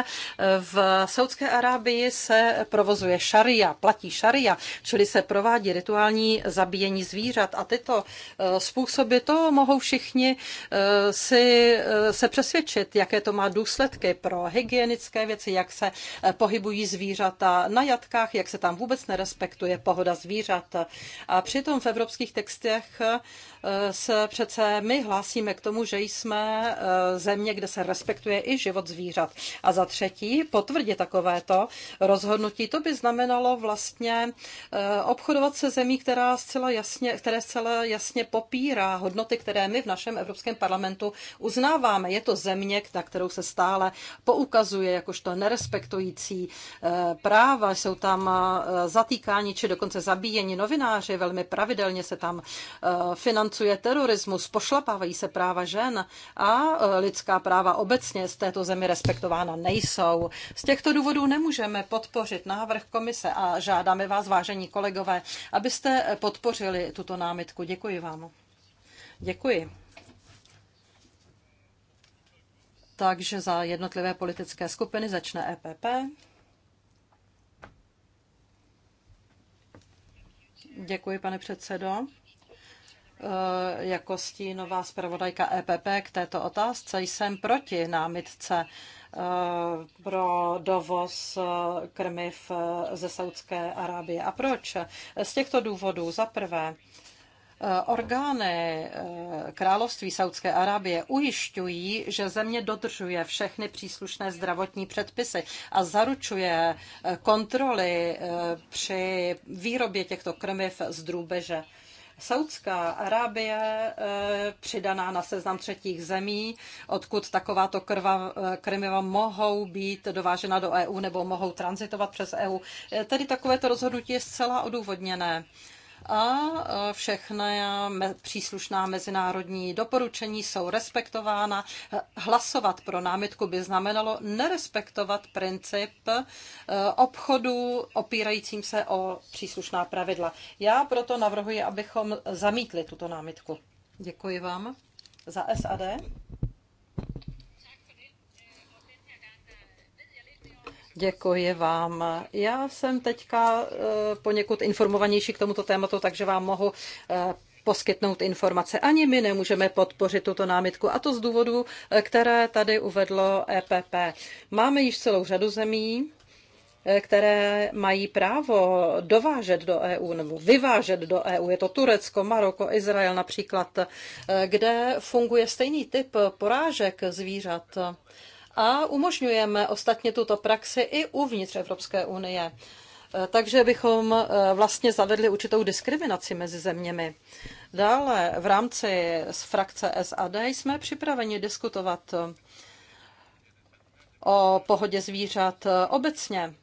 v Saudské Arábii se provozuje šaria, platí šaria, čili se provádí rituální nelegální zabíjení zvířat a tyto eh, způsoby, to mohou všichni eh, si eh, se přesvědčit, jaké to má důsledky pro hygienické věci, jak se pohybují zvířata na jatkách, jak se tam vůbec nerespektuje pohoda zvířat. A přitom v evropských textech se přece my hlásíme k tomu, že jsme eh, země, kde se respektuje i život zvířat. A za třetí, potvrdit takovéto rozhodnutí, to by znamenalo vlastně eh, obchodovat se zemí, která zcela jasně, které zcela jasně popírá hodnoty, které my v našem Evropském parlamentu uznáváme. Je to země, na kterou se stále poukazuje jakožto nerespektující eh, práva. Jsou tam zatýkáni či dokonce zabíjeni novináři, velmi pravidelně se tam financují podněcuje terorismus, pošlapávají se práva žen a e, lidská práva obecně z této zemi respektována nejsou. Z těchto důvodů nemůžeme podpořit návrh komise a žádáme vás, vážení kolegové, abyste e, podpořili tuto námitku. Děkuji vám. Děkuji. Takže za jednotlivé politické skupiny začne EPP. Děkuji, pane předsedo. Eh, jako stínová zpravodajka EPP k této otázce jsem proti námitce eh, pro dovoz eh, krmiv ze Saudské Arábie. A proč? Z těchto důvodů. Za prvé, Orgány Království Saudské Arábie ujišťují, že země dodržuje všechny příslušné zdravotní předpisy a zaručuje kontroly při výrobě těchto krmiv z drůbeže. Saudská Arábie eh, přidaná na seznam třetích zemí, odkud takováto krva, eh, krmiva mohou být dovážena do EU nebo mohou transitovat přes EU. Eh, tedy takovéto rozhodnutí je zcela odůvodněné a e, všechna příslušná mezinárodní doporučení jsou respektována. E, hlasovat pro námitku by znamenalo nerespektovat princip e, obchodu opírajícím se o příslušná pravidla. Já proto navrhuji, abychom zamítli tuto námitku. Děkuji vám za SAD. Děkuji vám. Já jsem teďka eh, poněkud informovanější k tomuto tématu, takže vám mohu eh, poskytnout informace. Ani my nemůžeme podpořit tuto námitku, a to z důvodu, eh, které tady uvedlo EPP. Máme již celou řadu zemí, které mají právo dovážet do EU nebo vyvážet do EU. Je to Turecko, Maroko, Izrael například, kde funguje stejný typ porážek zvířat a umožňujeme ostatně tuto praxi i uvnitř Evropské unie. E, takže bychom e, vlastně zavedli určitou diskriminaci mezi zeměmi. Dále v rámci z frakce SAD jsme připraveni diskutovat e, o pohodě zvířat obecně.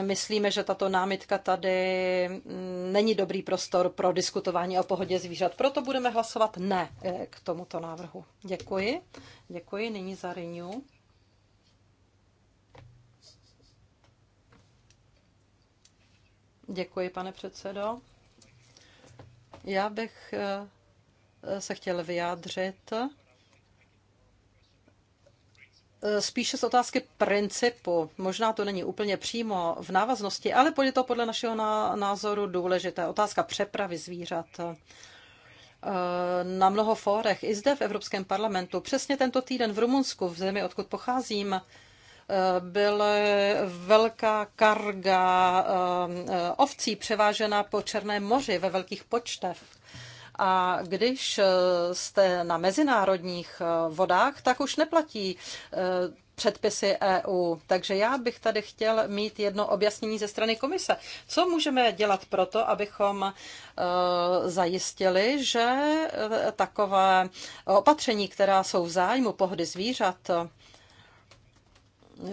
Myslíme, že tato námitka tady mm, není dobrý prostor pro diskutování o pohodě zvířat, proto budeme hlasovat ne k tomuto návrhu. Děkuji. Děkuji nyní za Renew. Děkuji, pane předsedo. Já bych eh, se chtěl vyjádřit eh, spíše z otázky principu. Možná to není úplně přímo v návaznosti, ale je to podle našeho názoru důležité. Otázka přepravy zvířat eh, na mnoho fórech, i zde v Evropském parlamentu. Přesně tento týden v Rumunsku, v zemi, odkud pocházím, byla velká karga eh, ovcí převážena po Černém moři ve velkých počtech. A když eh, jste na mezinárodních eh, vodách, tak už neplatí předpisy EU. Takže já bych tady chtěl mít jedno objasnění ze strany komise. Co můžeme dělat proto, abychom zajistili, že takové opatření, která jsou v zájmu pohody zvířat,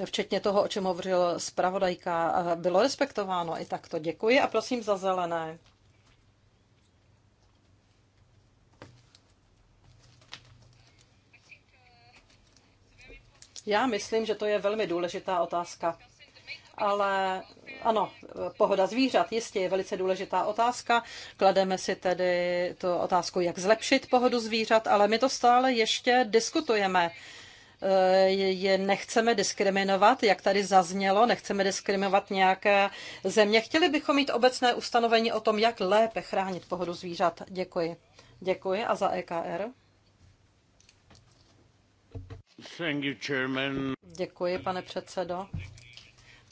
včetně toho, o čem hovořil zpravodajka, bylo respektováno i takto. Děkuji a prosím za zelené. Já myslím, že to je velmi důležitá otázka. Ale ano, pohoda zvířat jistě je velice důležitá otázka. Klademe si tedy tu otázku, jak zlepšit pohodu zvířat, ale my to stále ještě diskutujeme. Eh, je nechceme diskriminovat, jak tady zaznělo, nechceme diskriminovat nějaké země. Chtěli bychom mít obecné ustanovení o tom, jak lépe chránit pohodu zvířat. Děkuji. Děkuji a za EKR. You, Děkuji, pane předsedo.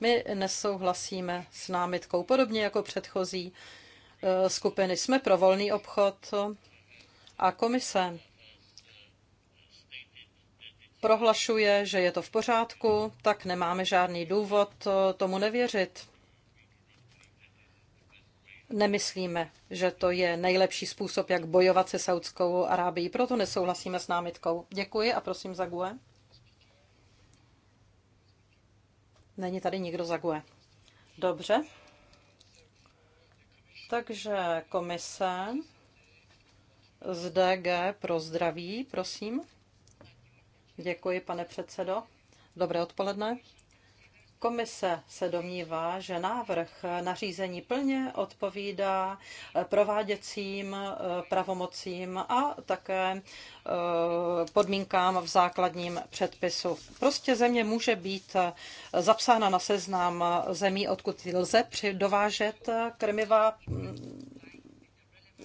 My nesouhlasíme s námitkou, podobně jako předchozí eh, skupiny. Jsme pro volný obchod a komise prohlašuje, že je to v pořádku, tak nemáme žádný důvod eh, tomu nevěřit. Nemyslíme, že to je nejlepší způsob, jak bojovat se Saudskou Arábií, proto nesouhlasíme s námitkou. Děkuji a prosím za GUE. Není tady nikdo za GUE. Dobře. Takže komise z DG pro zdraví, prosím. Děkuji, pane předsedo. Dobré odpoledne. Komise se domnívá, že návrh nařízení plně odpovídá prováděcím eh, pravomocím a také eh, podmínkám v základním předpisu. Prostě země může být eh, zapsána na seznam zemí, odkud lze dovážet krmiva mm,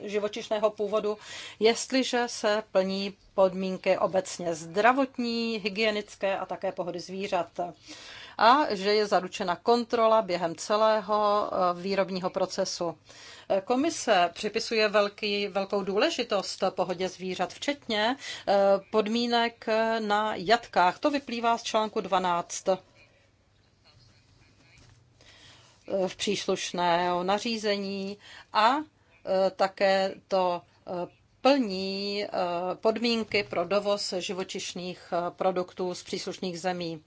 živočišného původu, jestliže se plní podmínky obecně zdravotní, hygienické a také pohody zvířat a že je zaručena kontrola během celého eh, výrobního procesu. Eh, komise připisuje velký, velkou důležitost pohodě zvířat, včetně eh, podmínek na jatkách. To vyplývá z článku 12 v příslušného nařízení a Eh, také to eh, plní eh, podmínky pro dovoz živočišných produktů z příslušných zemí.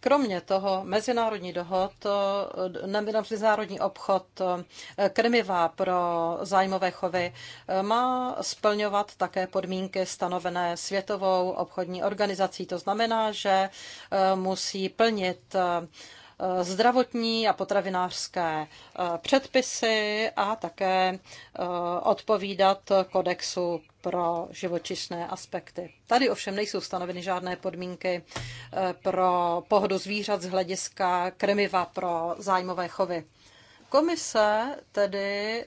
Kromě toho mezinárodní dohod, mezinárodní obchod krmiva pro zájmové chovy má splňovat také podmínky stanovené Světovou obchodní organizací. To znamená, že musí plnit Eh, zdravotní a potravinářské eh, předpisy a také eh, odpovídat kodexu pro živočišné aspekty. Tady ovšem nejsou stanoveny žádné podmínky pro pohodu zvířat z hlediska krmiva pro zájmové chovy. Komise tedy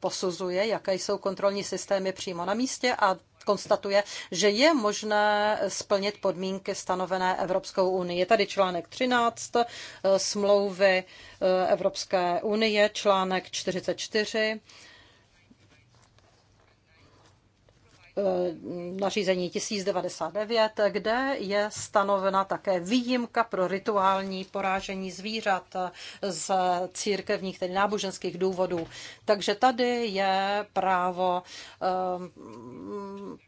posuzuje, jaké jsou kontrolní systémy přímo na místě a konstatuje, že je možné splnit podmínky stanovené Evropskou unii. Je tady článek 13 eh, smlouvy eh, Evropské unie, článek 44 Eh, nařízení 1099, kde je stanovena také výjimka pro rituální porážení zvířat z církevních, tedy náboženských důvodů. Takže tady je právo eh,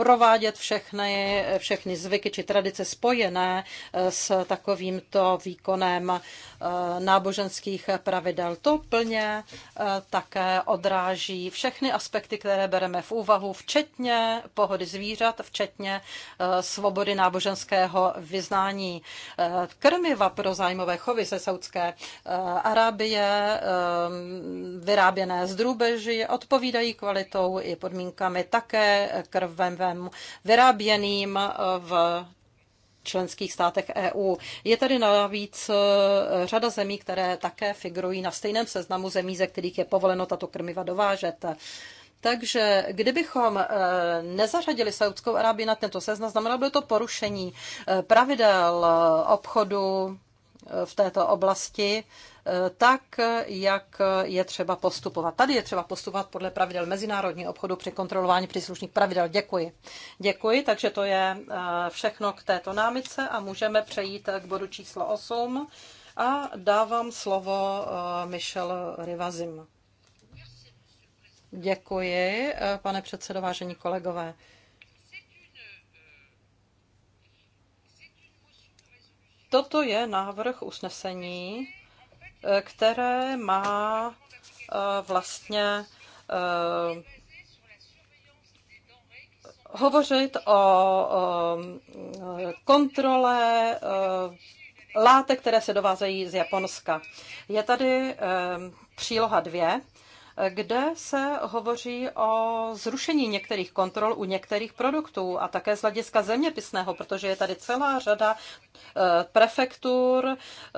provádět všechny, všechny zvyky či tradice spojené eh, s takovýmto výkonem eh, náboženských pravidel. To plně eh, také odráží všechny aspekty, které bereme v úvahu, včetně pohody zvířat, včetně svobody náboženského vyznání. Krmiva pro zájmové chovy ze Saudské Arábie, vyráběné z drůbeži, odpovídají kvalitou i podmínkami také krvem způsobem vyráběným eh, v členských státech EU. Je tady navíc eh, řada zemí, které také figurují na stejném seznamu zemí, ze kterých je povoleno tato krmiva dovážet. Takže kdybychom eh, nezařadili Saudskou Arábii na tento seznam, znamenalo by to porušení pravidel obchodu v této oblasti, eh, tak jak je třeba postupovat. Tady je třeba postupovat podle pravidel mezinárodního obchodu při kontrolování příslušných pravidel. Děkuji. Děkuji, takže to je eh, všechno k této námice a můžeme přejít k bodu číslo 8 a dávám slovo eh, Michel Rivazim. Děkuji, pane předsedo, vážení kolegové. Toto je návrh usnesení, eh, které má eh, vlastně eh, hovořit o kontrole látek, které se dovázejí z Japonska. Je tady příloha dvě kde se hovoří o zrušení některých kontrol u některých produktů a také z hlediska zeměpisného, protože je tady celá řada eh, prefektur,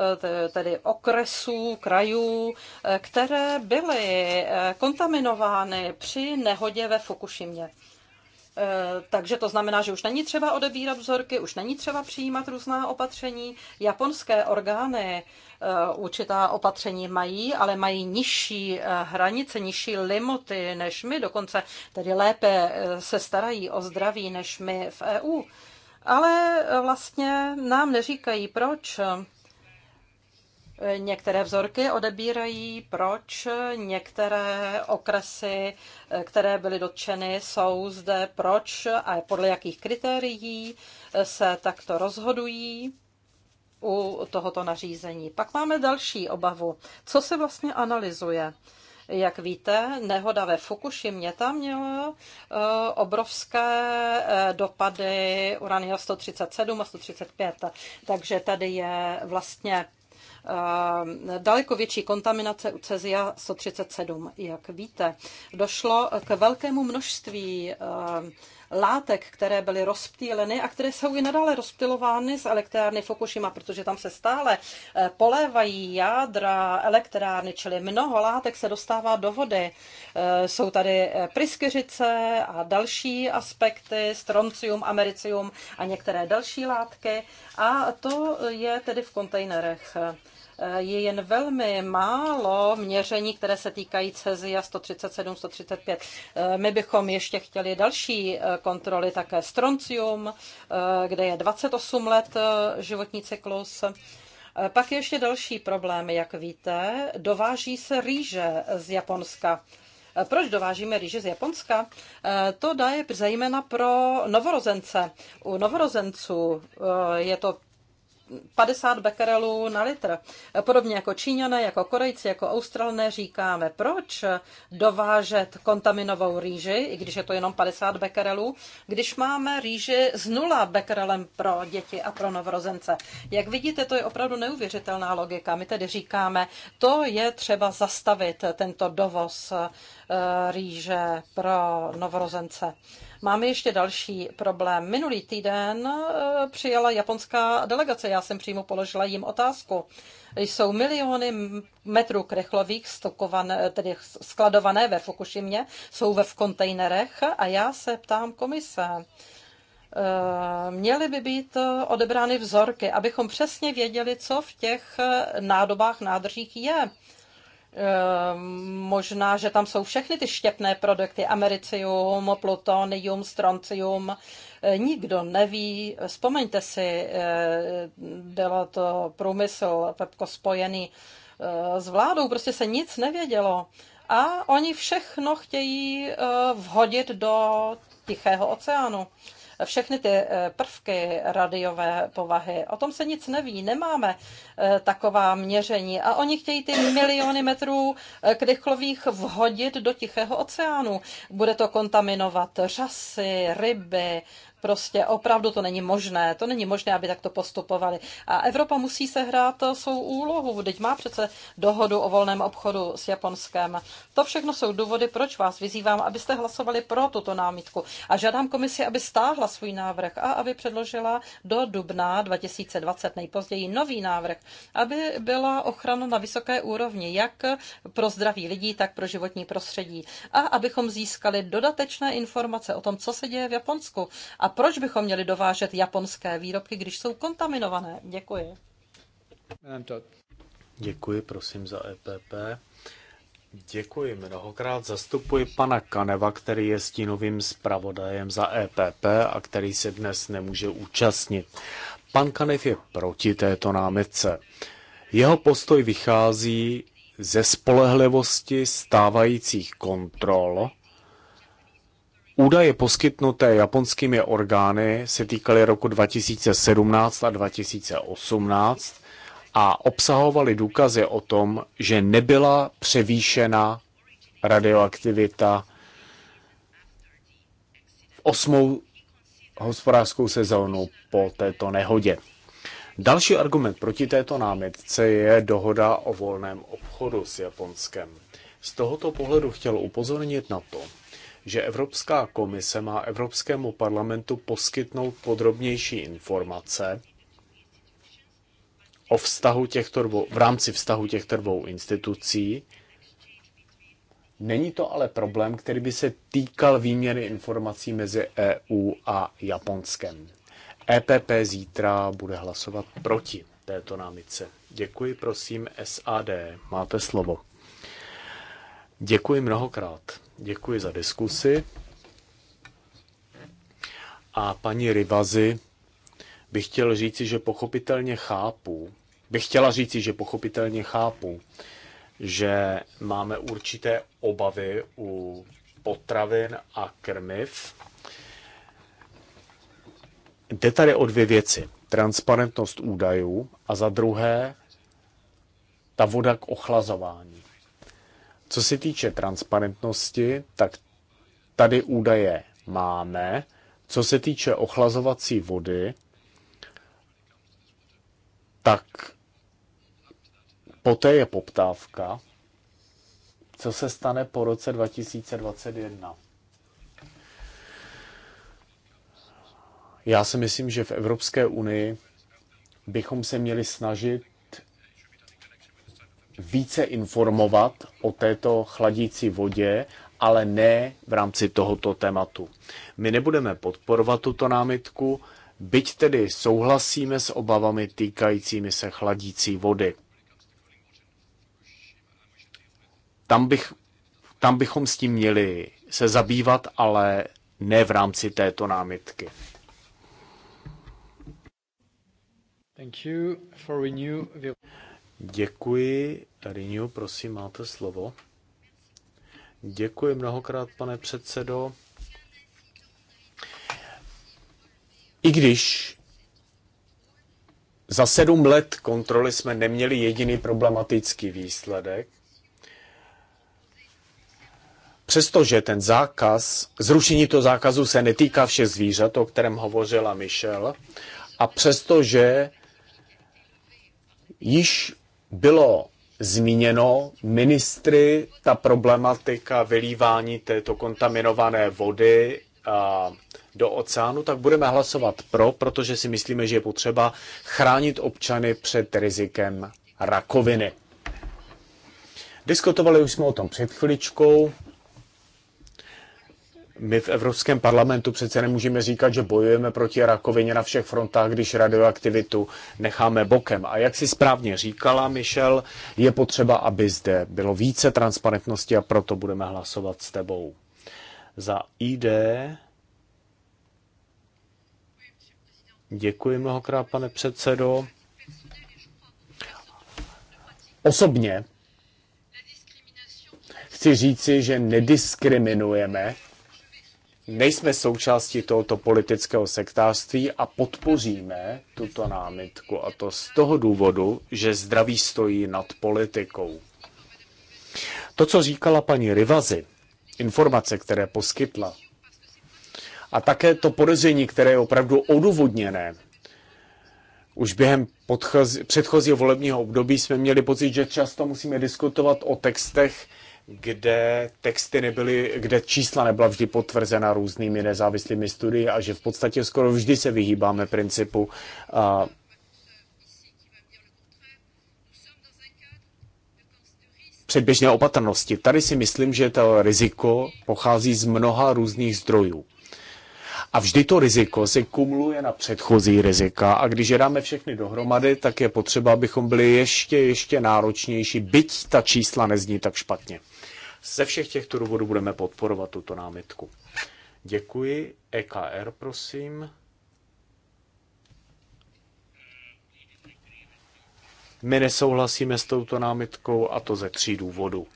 eh, tedy okresů, krajů, eh, které byly kontaminovány při nehodě ve Fukušimě. Eh, takže to znamená, že už není třeba odebírat vzorky, už není třeba přijímat různá opatření. Japonské orgány eh, určitá opatření mají, ale mají nižší eh, hranice, nižší limity než my, dokonce tedy lépe se starají o zdraví než my v EU. Ale vlastně nám neříkají proč. Některé vzorky odebírají, proč některé okresy, které byly dotčeny, jsou zde, proč a podle jakých kritérií se takto rozhodují u tohoto nařízení. Pak máme další obavu. Co se vlastně analyzuje? Jak víte, nehoda ve Fukushimě tam měla eh, obrovské eh, dopady urania 137 a 135. Takže tady je vlastně Eh, daleko větší kontaminace u cezia 137. Jak víte, došlo k velkému množství eh, látek, které byly rozptýleny a které jsou i nadále rozptylovány z elektrárny Fukushima, protože tam se stále eh, polévají jádra elektrárny, čili mnoho látek se dostává do vody. Jsou tady pryskyřice a další aspekty, stroncium, americium a některé další látky a to je tedy v kontejnerech. Eh, je jen velmi málo měření, které se týkají Cezia 137-135. Eh, my bychom ještě chtěli další eh, kontroly, také stroncium, kde je 28 let životní cyklus. Pak je ještě další problém, jak víte. Dováží se rýže z Japonska. Proč dovážíme rýži z Japonska? To dá je zejména pro novorozence. U novorozenců je to 50 bekerelů na litr. Podobně jako Číňané, jako Korejci, jako Australné říkáme, proč dovážet kontaminovou rýži, i když je to jenom 50 bekerelů, když máme rýži z nula bekerelem pro děti a pro novorozence. Jak vidíte, to je opravdu neuvěřitelná logika. My tedy říkáme, to je třeba zastavit tento dovoz eh, rýže pro novorozence. Máme ještě další problém. Minulý týden eh, přijala japonská delegace, já jsem přímo položila jim otázku. Jsou miliony metrů krychlových eh, tedy skladované ve Fukushimě, jsou ve v kontejnerech a já se ptám komise, eh, měly by být odebrány vzorky, abychom přesně věděli, co v těch nádobách, nádržích je Ehm, možná, že tam jsou všechny ty štěpné produkty, americium, plutonium, stroncium, eh, nikdo neví. Vzpomeňte si, bylo eh, to průmysl Pepko spojený eh, s vládou, prostě se nic nevědělo. A oni všechno chtějí vhodit do Tichého oceánu všechny ty eh, prvky radiové povahy. O tom se nic neví, nemáme eh, taková měření a oni chtějí ty miliony metrů eh, krychlových vhodit do Tichého oceánu. Bude to kontaminovat řasy, ryby, Prostě opravdu to není možné. To není možné, aby takto postupovali. A Evropa musí sehrát svou úlohu. Teď má přece dohodu o volném obchodu s Japonskem. To všechno jsou důvody, proč vás vyzývám, abyste hlasovali pro tuto námitku. A žádám komisi, aby stáhla svůj návrh a aby předložila do dubna 2020 nejpozději nový návrh, aby byla ochrana na vysoké úrovni, jak pro zdraví lidí, tak pro životní prostředí. A abychom získali dodatečné informace o tom, co se děje v Japonsku a proč bychom měli dovážet japonské výrobky, když jsou kontaminované? Děkuji. Děkuji, prosím, za EPP. Děkuji mnohokrát. Zastupuji pana Kaneva, který je stínovým zpravodajem za EPP a který se dnes nemůže účastnit. Pan Kanev je proti této námitce. Jeho postoj vychází ze spolehlivosti stávajících kontrol Údaje poskytnuté japonskými orgány se týkaly roku 2017 a 2018 a obsahovaly důkazy o tom, že nebyla převýšena radioaktivita v osmou hospodářskou sezónu po této nehodě. Další argument proti této námitce je dohoda o volném obchodu s Japonskem. Z tohoto pohledu chtěl upozornit na to, že Evropská komise má Evropskému parlamentu poskytnout podrobnější informace o vztahu těchto dvou, v rámci vztahu těchto dvou institucí. Není to ale problém, který by se týkal výměny informací mezi EU a Japonskem. EPP zítra bude hlasovat proti této námice. Děkuji, prosím, SAD. Máte slovo. Děkuji mnohokrát. Děkuji za diskusi. A paní Rybazy, bych chtěl říci, že pochopitelně chápu, bych chtěla říci, že pochopitelně chápu, že máme určité obavy u potravin a krmiv. Jde tady o dvě věci. Transparentnost údajů a za druhé ta voda k ochlazování. Co se týče transparentnosti, tak tady údaje máme. Co se týče ochlazovací vody, tak poté je poptávka. Co se stane po roce 2021? Já si myslím, že v Evropské unii bychom se měli snažit více informovat o této chladící vodě, ale ne v rámci tohoto tématu. My nebudeme podporovat tuto námitku, byť tedy souhlasíme s obavami týkajícími se chladící vody. Tam, bych, tam bychom s tím měli se zabývat, ale ne v rámci této námitky. Děkuji Darinio, prosím, máte slovo. Děkuji mnohokrát, pane předsedo. I když za sedm let kontroly jsme neměli jediný problematický výsledek, přestože ten zákaz, zrušení toho zákazu se netýká všech zvířat, o kterém hovořila Michelle, a přestože již bylo zmíněno ministry, ta problematika vylívání této kontaminované vody a do oceánu, tak budeme hlasovat pro, protože si myslíme, že je potřeba chránit občany před rizikem rakoviny. Diskutovali už jsme o tom před chviličkou. My v Evropském parlamentu přece nemůžeme říkat, že bojujeme proti rakovině na všech frontách, když radioaktivitu necháme bokem. A jak si správně říkala Michel, je potřeba, aby zde bylo více transparentnosti a proto budeme hlasovat s tebou. Za ID Děkuji mnohokrát, pane předsedo. Osobně chci říci, že nediskriminujeme nejsme součástí tohoto politického sektářství a podpoříme tuto námitku. A to z toho důvodu, že zdraví stojí nad politikou. To, co říkala paní Rivazi, informace, které poskytla, a také to podezření, které je opravdu odůvodněné. Už během předchozího volebního období jsme měli pocit, že často musíme diskutovat o textech, kde texty nebyly, kde čísla nebyla vždy potvrzena různými nezávislými studii a že v podstatě skoro vždy se vyhýbáme principu a, předběžné opatrnosti. Tady si myslím, že to riziko pochází z mnoha různých zdrojů. A vždy to riziko se kumuluje na předchozí rizika a když je dáme všechny dohromady, tak je potřeba, abychom byli ještě, ještě náročnější, byť ta čísla nezní tak špatně. Ze všech těchto důvodů budeme podporovat tuto námitku. Děkuji. EKR, prosím. My nesouhlasíme s touto námitkou a to ze tří důvodů.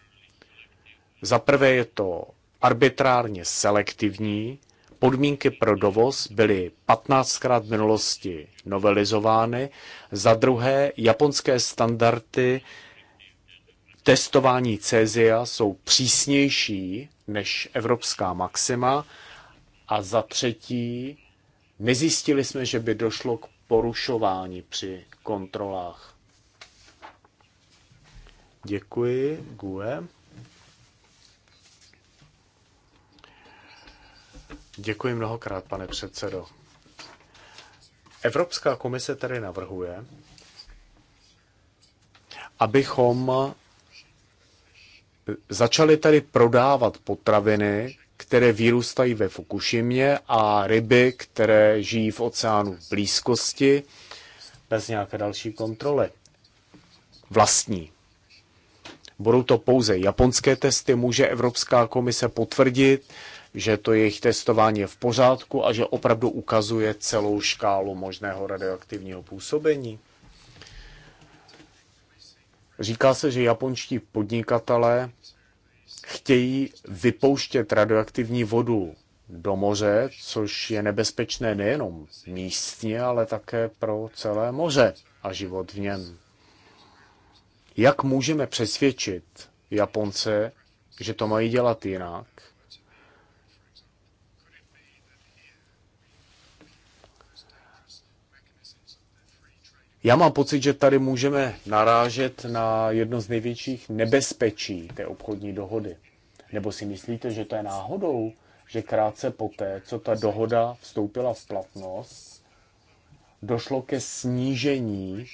Za prvé je to arbitrárně selektivní. Podmínky pro dovoz byly 15krát v minulosti novelizovány. Za druhé, japonské standardy testování cezia jsou přísnější než evropská maxima a za třetí nezjistili jsme, že by došlo k porušování při kontrolách. Děkuji, Gue. Děkuji mnohokrát, pane předsedo. Evropská komise tady navrhuje, abychom začali tady prodávat potraviny, které vyrůstají ve Fukušimě a ryby, které žijí v oceánu v blízkosti, bez nějaké další kontroly. Vlastní. Budou to pouze japonské testy, může Evropská komise potvrdit, že to jejich testování je v pořádku a že opravdu ukazuje celou škálu možného radioaktivního působení? Říká se, že japonští podnikatelé chtějí vypouštět radioaktivní vodu do moře, což je nebezpečné nejenom místně, ale také pro celé moře a život v něm. Jak můžeme přesvědčit Japonce, že to mají dělat jinak, Já mám pocit, že tady můžeme narážet na jedno z největších nebezpečí té obchodní dohody. Nebo si myslíte, že to je náhodou, že krátce poté, co ta dohoda vstoupila v platnost, došlo ke snížení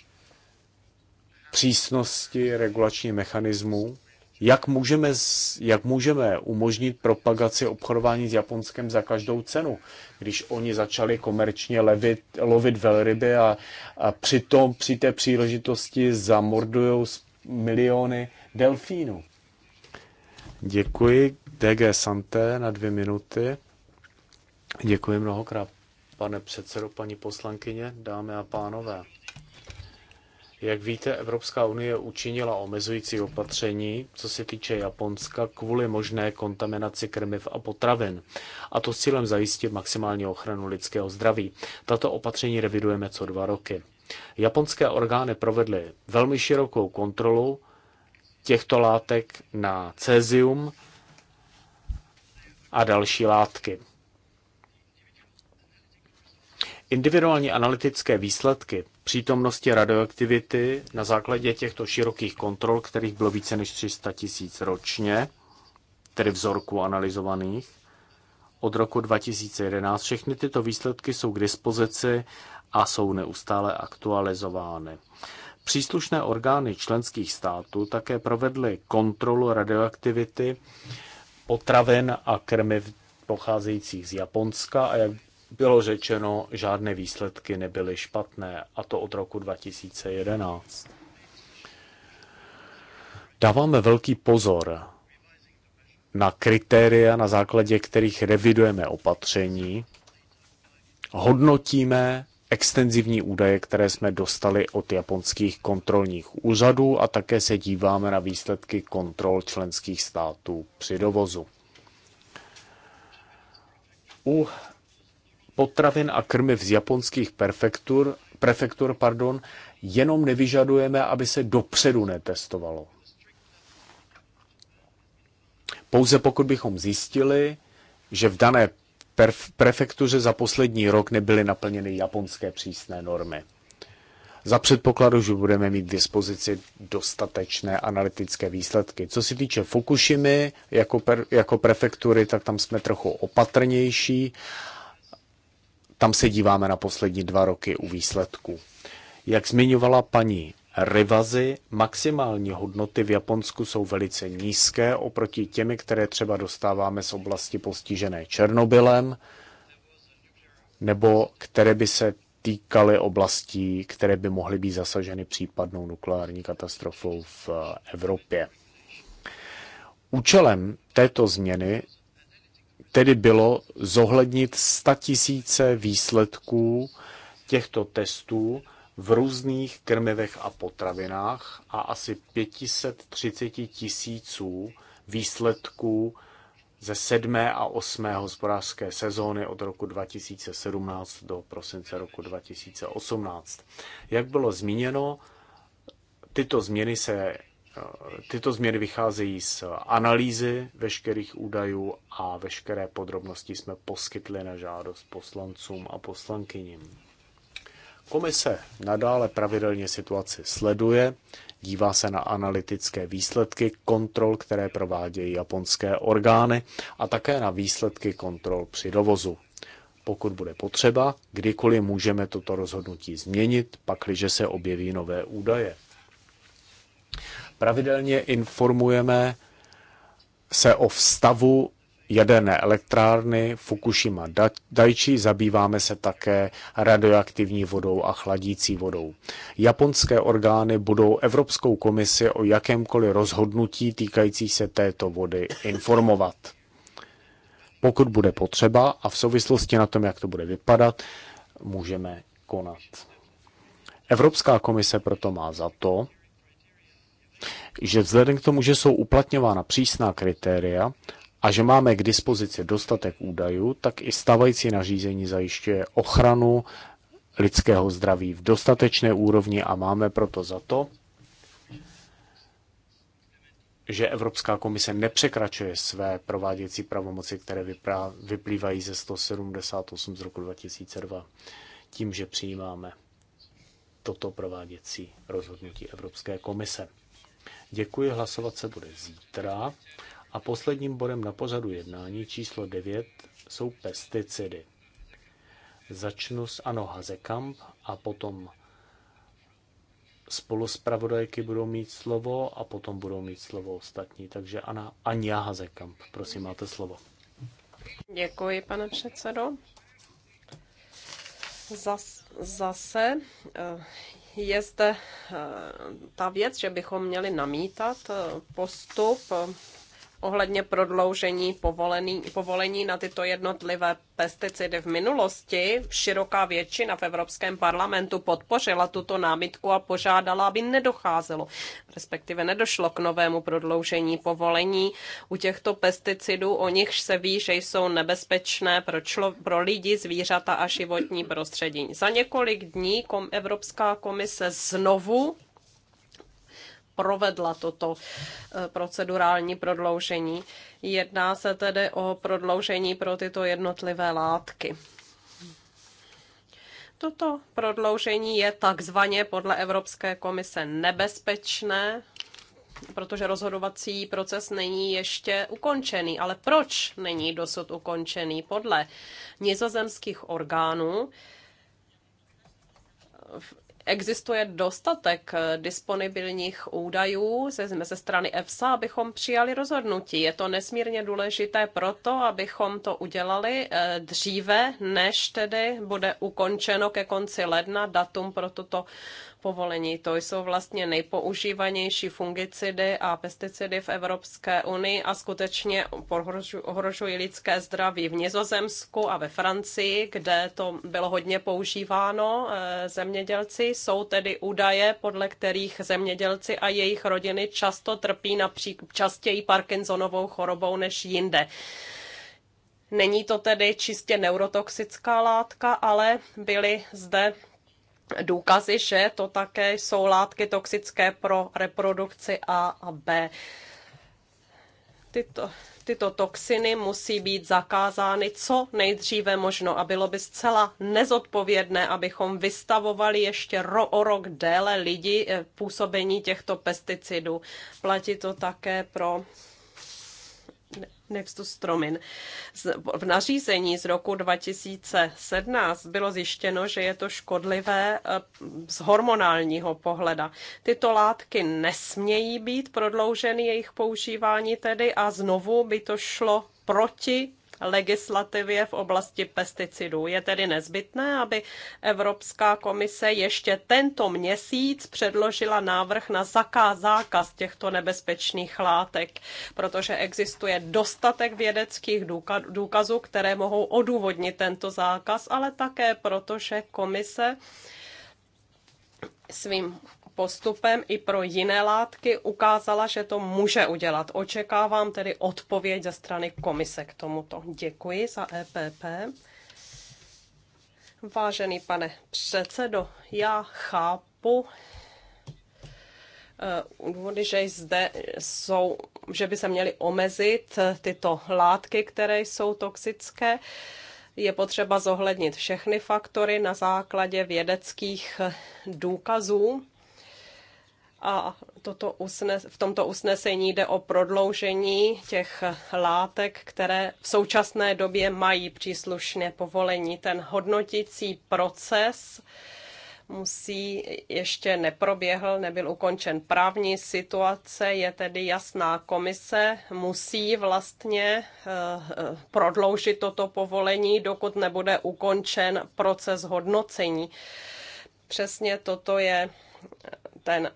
přísnosti regulačních mechanismů jak můžeme, jak můžeme umožnit propagaci obchodování s Japonskem za každou cenu, když oni začali komerčně levit, lovit velryby a, a přitom při té příležitosti zamordují miliony delfínů? Děkuji DG Santé na dvě minuty. Děkuji mnohokrát, pane předsedo, paní poslankyně, dámy a pánové. Jak víte, Evropská unie učinila omezující opatření, co se týče Japonska, kvůli možné kontaminaci krmiv a potravin. A to s cílem zajistit maximální ochranu lidského zdraví. Tato opatření revidujeme co dva roky. Japonské orgány provedly velmi širokou kontrolu těchto látek na cézium a další látky. Individuální analytické výsledky přítomnosti radioaktivity na základě těchto širokých kontrol, kterých bylo více než 300 tisíc ročně, tedy vzorků analyzovaných, od roku 2011. Všechny tyto výsledky jsou k dispozici a jsou neustále aktualizovány. Příslušné orgány členských států také provedly kontrolu radioaktivity potravin a krmiv pocházejících z Japonska a jak bylo řečeno, žádné výsledky nebyly špatné, a to od roku 2011. Dáváme velký pozor na kritéria, na základě kterých revidujeme opatření, hodnotíme extenzivní údaje, které jsme dostali od japonských kontrolních úřadů a také se díváme na výsledky kontrol členských států při dovozu. U potravin a krmiv z japonských prefektur, prefektur pardon, jenom nevyžadujeme, aby se dopředu netestovalo. Pouze pokud bychom zjistili, že v dané prefektuře za poslední rok nebyly naplněny japonské přísné normy. Za předpokladu, že budeme mít k dispozici dostatečné analytické výsledky. Co se týče Fukushimy jako, per, jako prefektury, tak tam jsme trochu opatrnější tam se díváme na poslední dva roky u výsledků. Jak zmiňovala paní Rivazy, maximální hodnoty v Japonsku jsou velice nízké oproti těmi, které třeba dostáváme z oblasti postižené Černobylem, nebo které by se týkaly oblastí, které by mohly být zasaženy případnou nukleární katastrofou v eh, Evropě. Účelem této změny tedy bylo zohlednit tisíce výsledků těchto testů v různých krmivech a potravinách a asi 530 tisíců výsledků ze sedmé a 8. hospodářské sezóny od roku 2017 do prosince roku 2018. Jak bylo zmíněno, tyto změny se tyto změny vycházejí z analýzy veškerých údajů a veškeré podrobnosti jsme poskytli na žádost poslancům a poslankyním. Komise nadále pravidelně situaci sleduje, dívá se na analytické výsledky kontrol, které provádějí japonské orgány a také na výsledky kontrol při dovozu. Pokud bude potřeba, kdykoliv můžeme toto rozhodnutí změnit, pakliže se objeví nové údaje. Pravidelně informujeme se o vstavu jaderné elektrárny Fukushima Daiichi, zabýváme se také radioaktivní vodou a chladící vodou. Japonské orgány budou Evropskou komisi o jakémkoliv rozhodnutí týkající se této vody informovat. Pokud bude potřeba a v souvislosti na tom, jak to bude vypadat, můžeme konat. Evropská komise proto má za to, že vzhledem k tomu, že jsou uplatňována přísná kritéria a že máme k dispozici dostatek údajů, tak i stavající nařízení zajišťuje ochranu lidského zdraví v dostatečné úrovni a máme proto za to, že Evropská komise nepřekračuje své prováděcí pravomoci, které vyplývají ze 178 z roku 2002, tím, že přijímáme toto prováděcí rozhodnutí Evropské komise. Děkuji, hlasovat se bude zítra. A posledním bodem na pořadu jednání číslo 9 jsou pesticidy. Začnu s Ano Hazekamp a potom spolu pravodajky budou mít slovo a potom budou mít slovo ostatní. Takže Ana Anja Hazekamp, prosím, máte slovo. Děkuji, pane předsedo. Zas, zase eh, je zde eh, ta věc, že bychom měli namítat eh, postup ohledně prodloužení povolení, povolení na tyto jednotlivé pesticidy v minulosti široká většina v Evropském parlamentu podpořila tuto námitku a požádala, aby nedocházelo, respektive nedošlo k novému prodloužení povolení u těchto pesticidů, o nichž se ví, že jsou nebezpečné pro, člo, pro lidi, zvířata a životní prostředí. Za několik dní kom, Evropská komise znovu provedla toto eh, procedurální prodloužení. Jedná se tedy o prodloužení pro tyto jednotlivé látky. Toto prodloužení je takzvaně podle Evropské komise nebezpečné, protože rozhodovací proces není ještě ukončený. Ale proč není dosud ukončený? Podle nizozemských orgánů existuje dostatek eh, disponibilních údajů ze, ze strany EFSA, abychom přijali rozhodnutí. Je to nesmírně důležité proto, abychom to udělali eh, dříve, než tedy bude ukončeno ke konci ledna datum pro toto povolení. To jsou vlastně nejpoužívanější fungicidy a pesticidy v Evropské unii a skutečně ohrožují lidské zdraví v Nizozemsku a ve Francii, kde to bylo hodně používáno eh, zemědělci. Jsou tedy údaje, podle kterých zemědělci a jejich rodiny často trpí například častěji Parkinsonovou chorobou než jinde. Není to tedy čistě neurotoxická látka, ale byly zde důkazy, že to také jsou látky toxické pro reprodukci A a B. Tyto, tyto toxiny musí být zakázány co nejdříve možno a bylo by zcela nezodpovědné, abychom vystavovali ještě ro, o rok déle lidi eh, působení těchto pesticidů. Platí to také pro Nextu Stromin. V nařízení z roku 2017 bylo zjištěno, že je to škodlivé eh, z hormonálního pohleda. Tyto látky nesmějí být prodlouženy jejich používání tedy a znovu by to šlo proti legislativě v oblasti pesticidů. Je tedy nezbytné, aby Evropská komise ještě tento měsíc předložila návrh na zákaz těchto nebezpečných látek, protože existuje dostatek vědeckých důkazů, které mohou odůvodnit tento zákaz, ale také proto, že komise svým postupem i pro jiné látky ukázala, že to může udělat. Očekávám tedy odpověď ze strany komise k tomuto. Děkuji za EPP. Vážený pane předsedo, já chápu, důvody, eh, že zde jsou, že by se měly omezit eh, tyto látky, které jsou toxické. Je potřeba zohlednit všechny faktory na základě vědeckých eh, důkazů a toto usnes, v tomto usnesení jde o prodloužení těch látek, které v současné době mají příslušné povolení. Ten hodnotící proces musí, ještě neproběhl, nebyl ukončen. Právní situace je tedy jasná. Komise musí vlastně eh, prodloužit toto povolení, dokud nebude ukončen proces hodnocení. Přesně toto je ten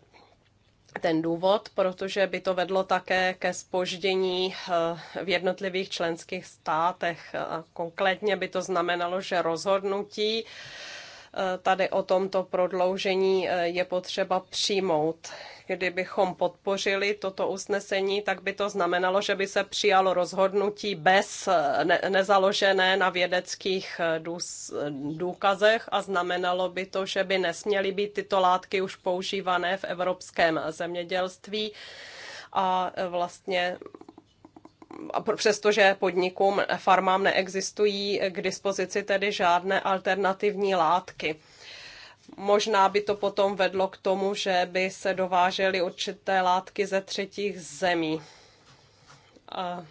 ten důvod, protože by to vedlo také ke spoždění eh, v jednotlivých členských státech. Konkrétně by to znamenalo, že rozhodnutí tady o tomto prodloužení eh, je potřeba přijmout. Kdybychom podpořili toto usnesení, tak by to znamenalo, že by se přijalo rozhodnutí bez eh, ne- nezaložené na vědeckých eh, důkazech a znamenalo by to, že by nesměly být tyto látky už používané v evropském zemědělství a vlastně přestože podnikům, farmám neexistují k dispozici tedy žádné alternativní látky. Možná by to potom vedlo k tomu, že by se dovážely určité látky ze třetích zemí. A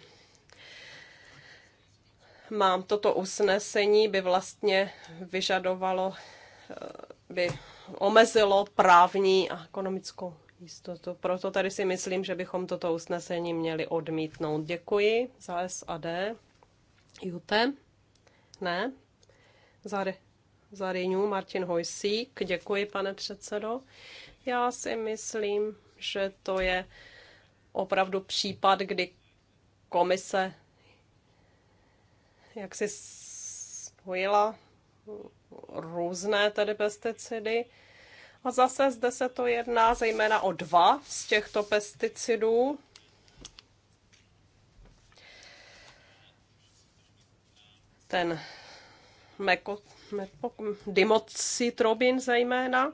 mám toto usnesení, by vlastně vyžadovalo, eh, by omezilo právní a ekonomickou jistotu. Proto tady si myslím, že bychom toto usnesení měli odmítnout. Děkuji za SAD. Jute? Ne? Za, za Rinu Martin Hojsík. Děkuji, pane předsedo. Já si myslím, že to je opravdu případ, kdy komise jak si spojila různé tedy pesticidy a zase zde se to jedná zejména o dva z těchto pesticidů. Ten meko, meko, dimocitrobin zejména,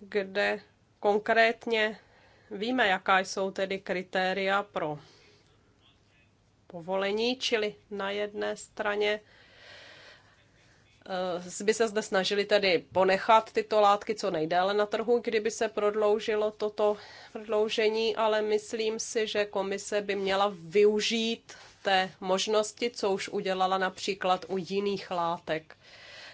kde konkrétně víme, jaká jsou tedy kritéria pro povolení, čili na jedné straně Eh, by se zde snažili tedy ponechat tyto látky co nejdéle na trhu, kdyby se prodloužilo toto prodloužení, ale myslím si, že komise by měla využít té možnosti, co už udělala například u jiných látek.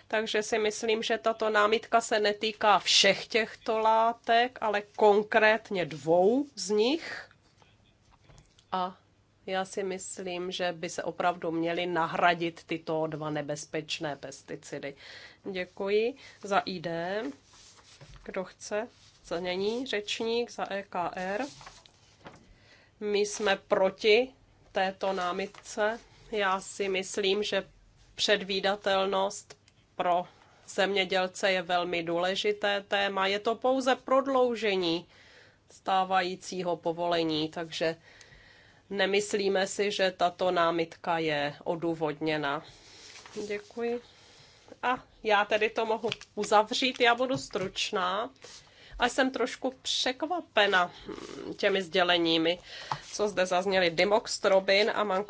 Takže si myslím, že tato námitka se netýká všech těchto látek, ale konkrétně dvou z nich. A já si myslím, že by se opravdu měly nahradit tyto dva nebezpečné pesticidy. Děkuji za ID. Kdo chce? Co není řečník za EKR? My jsme proti této námitce. Já si myslím, že předvídatelnost pro zemědělce je velmi důležité téma. Je to pouze prodloužení stávajícího povolení, takže Nemyslíme si, že tato námitka je odůvodněna. Děkuji. A já tedy to mohu uzavřít, já budu stručná. A jsem trošku překvapena těmi sděleními, co zde zazněly. Dimoxtrobin a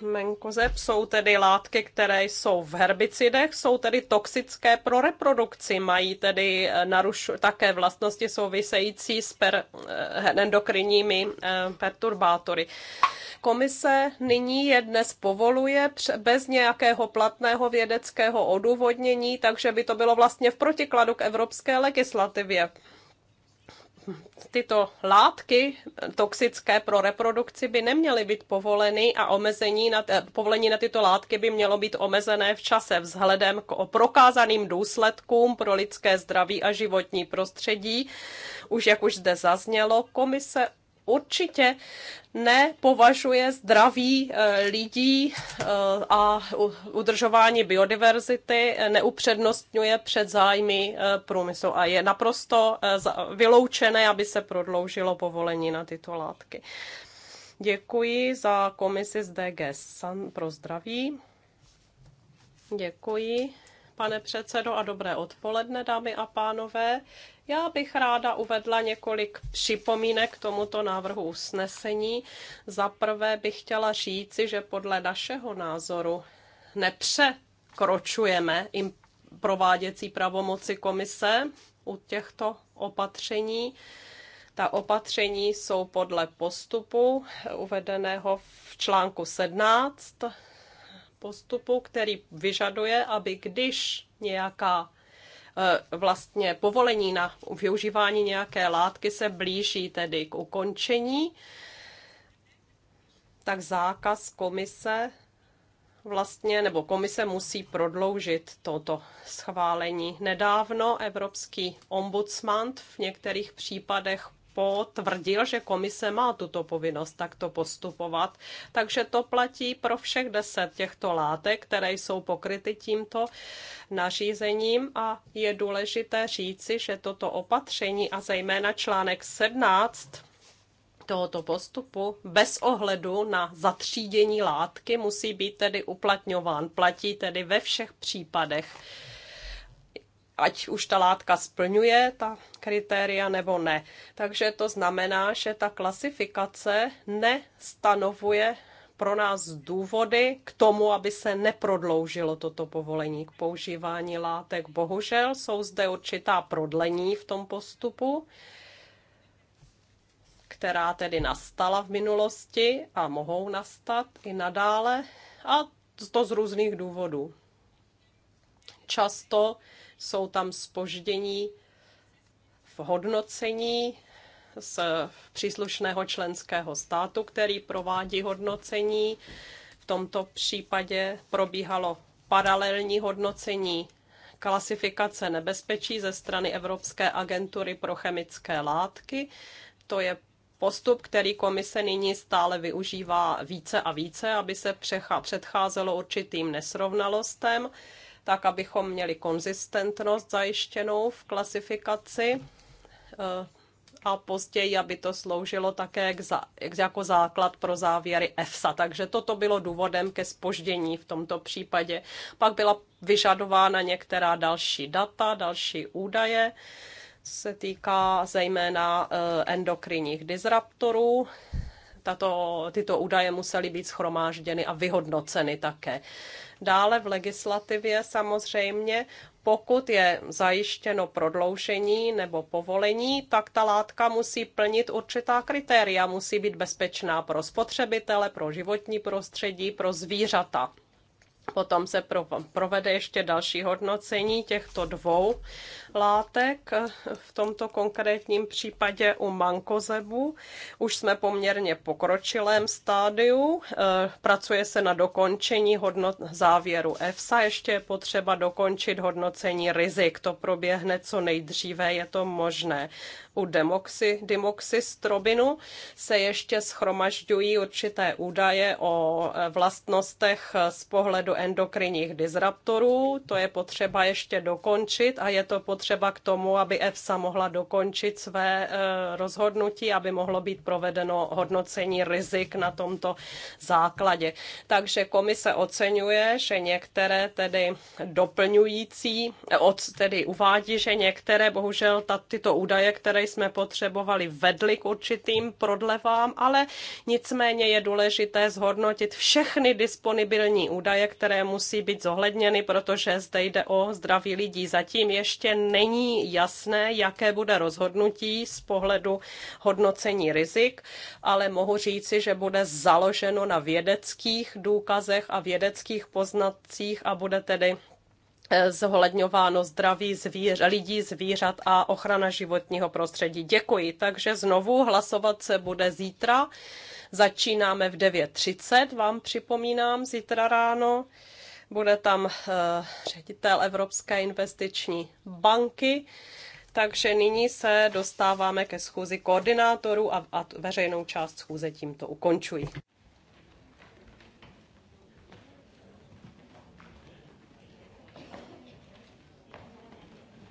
menkozeb jsou tedy látky, které jsou v herbicidech, jsou tedy toxické pro reprodukci, mají tedy eh, narušu, také vlastnosti související s per, eh, endokrinními eh, perturbátory komise nyní je dnes povoluje bez nějakého platného vědeckého odůvodnění, takže by to bylo vlastně v protikladu k evropské legislativě tyto látky toxické pro reprodukci by neměly být povoleny a omezení na, eh, povolení na tyto látky by mělo být omezené v čase vzhledem k prokázaným důsledkům pro lidské zdraví a životní prostředí. Už jak už zde zaznělo, komise určitě nepovažuje zdraví eh, lidí eh, a udržování biodiverzity neupřednostňuje před zájmy eh, průmyslu a je naprosto vyloučené, aby se prodloužilo povolení na tyto látky. Děkuji za komisi z DG San pro zdraví. Děkuji, pane předsedo, a dobré odpoledne, dámy a pánové. Já bych ráda uvedla několik připomínek k tomuto návrhu usnesení. Za prvé bych chtěla říci, že podle našeho názoru nepřekročujeme im prováděcí pravomoci komise u těchto opatření. Ta opatření jsou podle postupu uvedeného v článku 17 postupu, který vyžaduje, aby když nějaká Eh, vlastně povolení na využívání nějaké látky se blíží tedy k ukončení, tak zákaz komise vlastně, nebo komise musí prodloužit toto schválení. Nedávno Evropský ombudsman v některých případech potvrdil, že komise má tuto povinnost takto postupovat. Takže to platí pro všech deset těchto látek, které jsou pokryty tímto nařízením a je důležité říci, že toto opatření a zejména článek 17 tohoto postupu bez ohledu na zatřídění látky musí být tedy uplatňován. Platí tedy ve všech případech ať už ta látka splňuje ta kritéria nebo ne. Takže to znamená, že ta klasifikace nestanovuje pro nás důvody k tomu, aby se neprodloužilo toto povolení k používání látek. Bohužel jsou zde určitá prodlení v tom postupu, která tedy nastala v minulosti a mohou nastat i nadále, a to z různých důvodů. Často jsou tam spoždění v hodnocení z příslušného členského státu, který provádí hodnocení. V tomto případě probíhalo paralelní hodnocení klasifikace nebezpečí ze strany Evropské agentury pro chemické látky. To je postup, který komise nyní stále využívá více a více, aby se předcházelo určitým nesrovnalostem tak abychom měli konzistentnost zajištěnou v klasifikaci eh, a později, aby to sloužilo také k za, jako základ pro závěry EFSA. Takže toto bylo důvodem ke spoždění v tomto případě. Pak byla vyžadována některá další data, další údaje. Se týká zejména eh, endokrinních disruptorů. Tato, tyto údaje musely být schromážděny a vyhodnoceny také. Dále v legislativě samozřejmě, pokud je zajištěno prodloužení nebo povolení, tak ta látka musí plnit určitá kritéria. Musí být bezpečná pro spotřebitele, pro životní prostředí, pro zvířata. Potom se provede ještě další hodnocení těchto dvou látek. V tomto konkrétním případě u mankozebu už jsme poměrně pokročilém stádiu. Eh, pracuje se na dokončení hodnot závěru EFSA. Ještě je potřeba dokončit hodnocení rizik. To proběhne co nejdříve, je to možné u demoxy, Strobinu se ještě schromažďují určité údaje o e, vlastnostech e, z pohledu endokrinních disruptorů. To je potřeba ještě dokončit a je to potřeba k tomu, aby EFSA mohla dokončit své e, rozhodnutí, aby mohlo být provedeno hodnocení rizik na tomto základě. Takže komise oceňuje, že některé tedy doplňující, tedy uvádí, že některé bohužel tyto údaje, které jsme potřebovali vedli k určitým prodlevám, ale nicméně je důležité zhodnotit všechny disponibilní údaje, které musí být zohledněny, protože zde jde o zdraví lidí. Zatím ještě není jasné, jaké bude rozhodnutí z pohledu hodnocení rizik, ale mohu říci, že bude založeno na vědeckých důkazech a vědeckých poznatcích a bude tedy Eh, zohledňováno zdraví zvíř, lidí, zvířat a ochrana životního prostředí. Děkuji. Takže znovu hlasovat se bude zítra. Začínáme v 9.30, vám připomínám, zítra ráno. Bude tam eh, ředitel Evropské investiční banky. Takže nyní se dostáváme ke schůzi koordinátorů a, a veřejnou část schůze tímto ukončuji.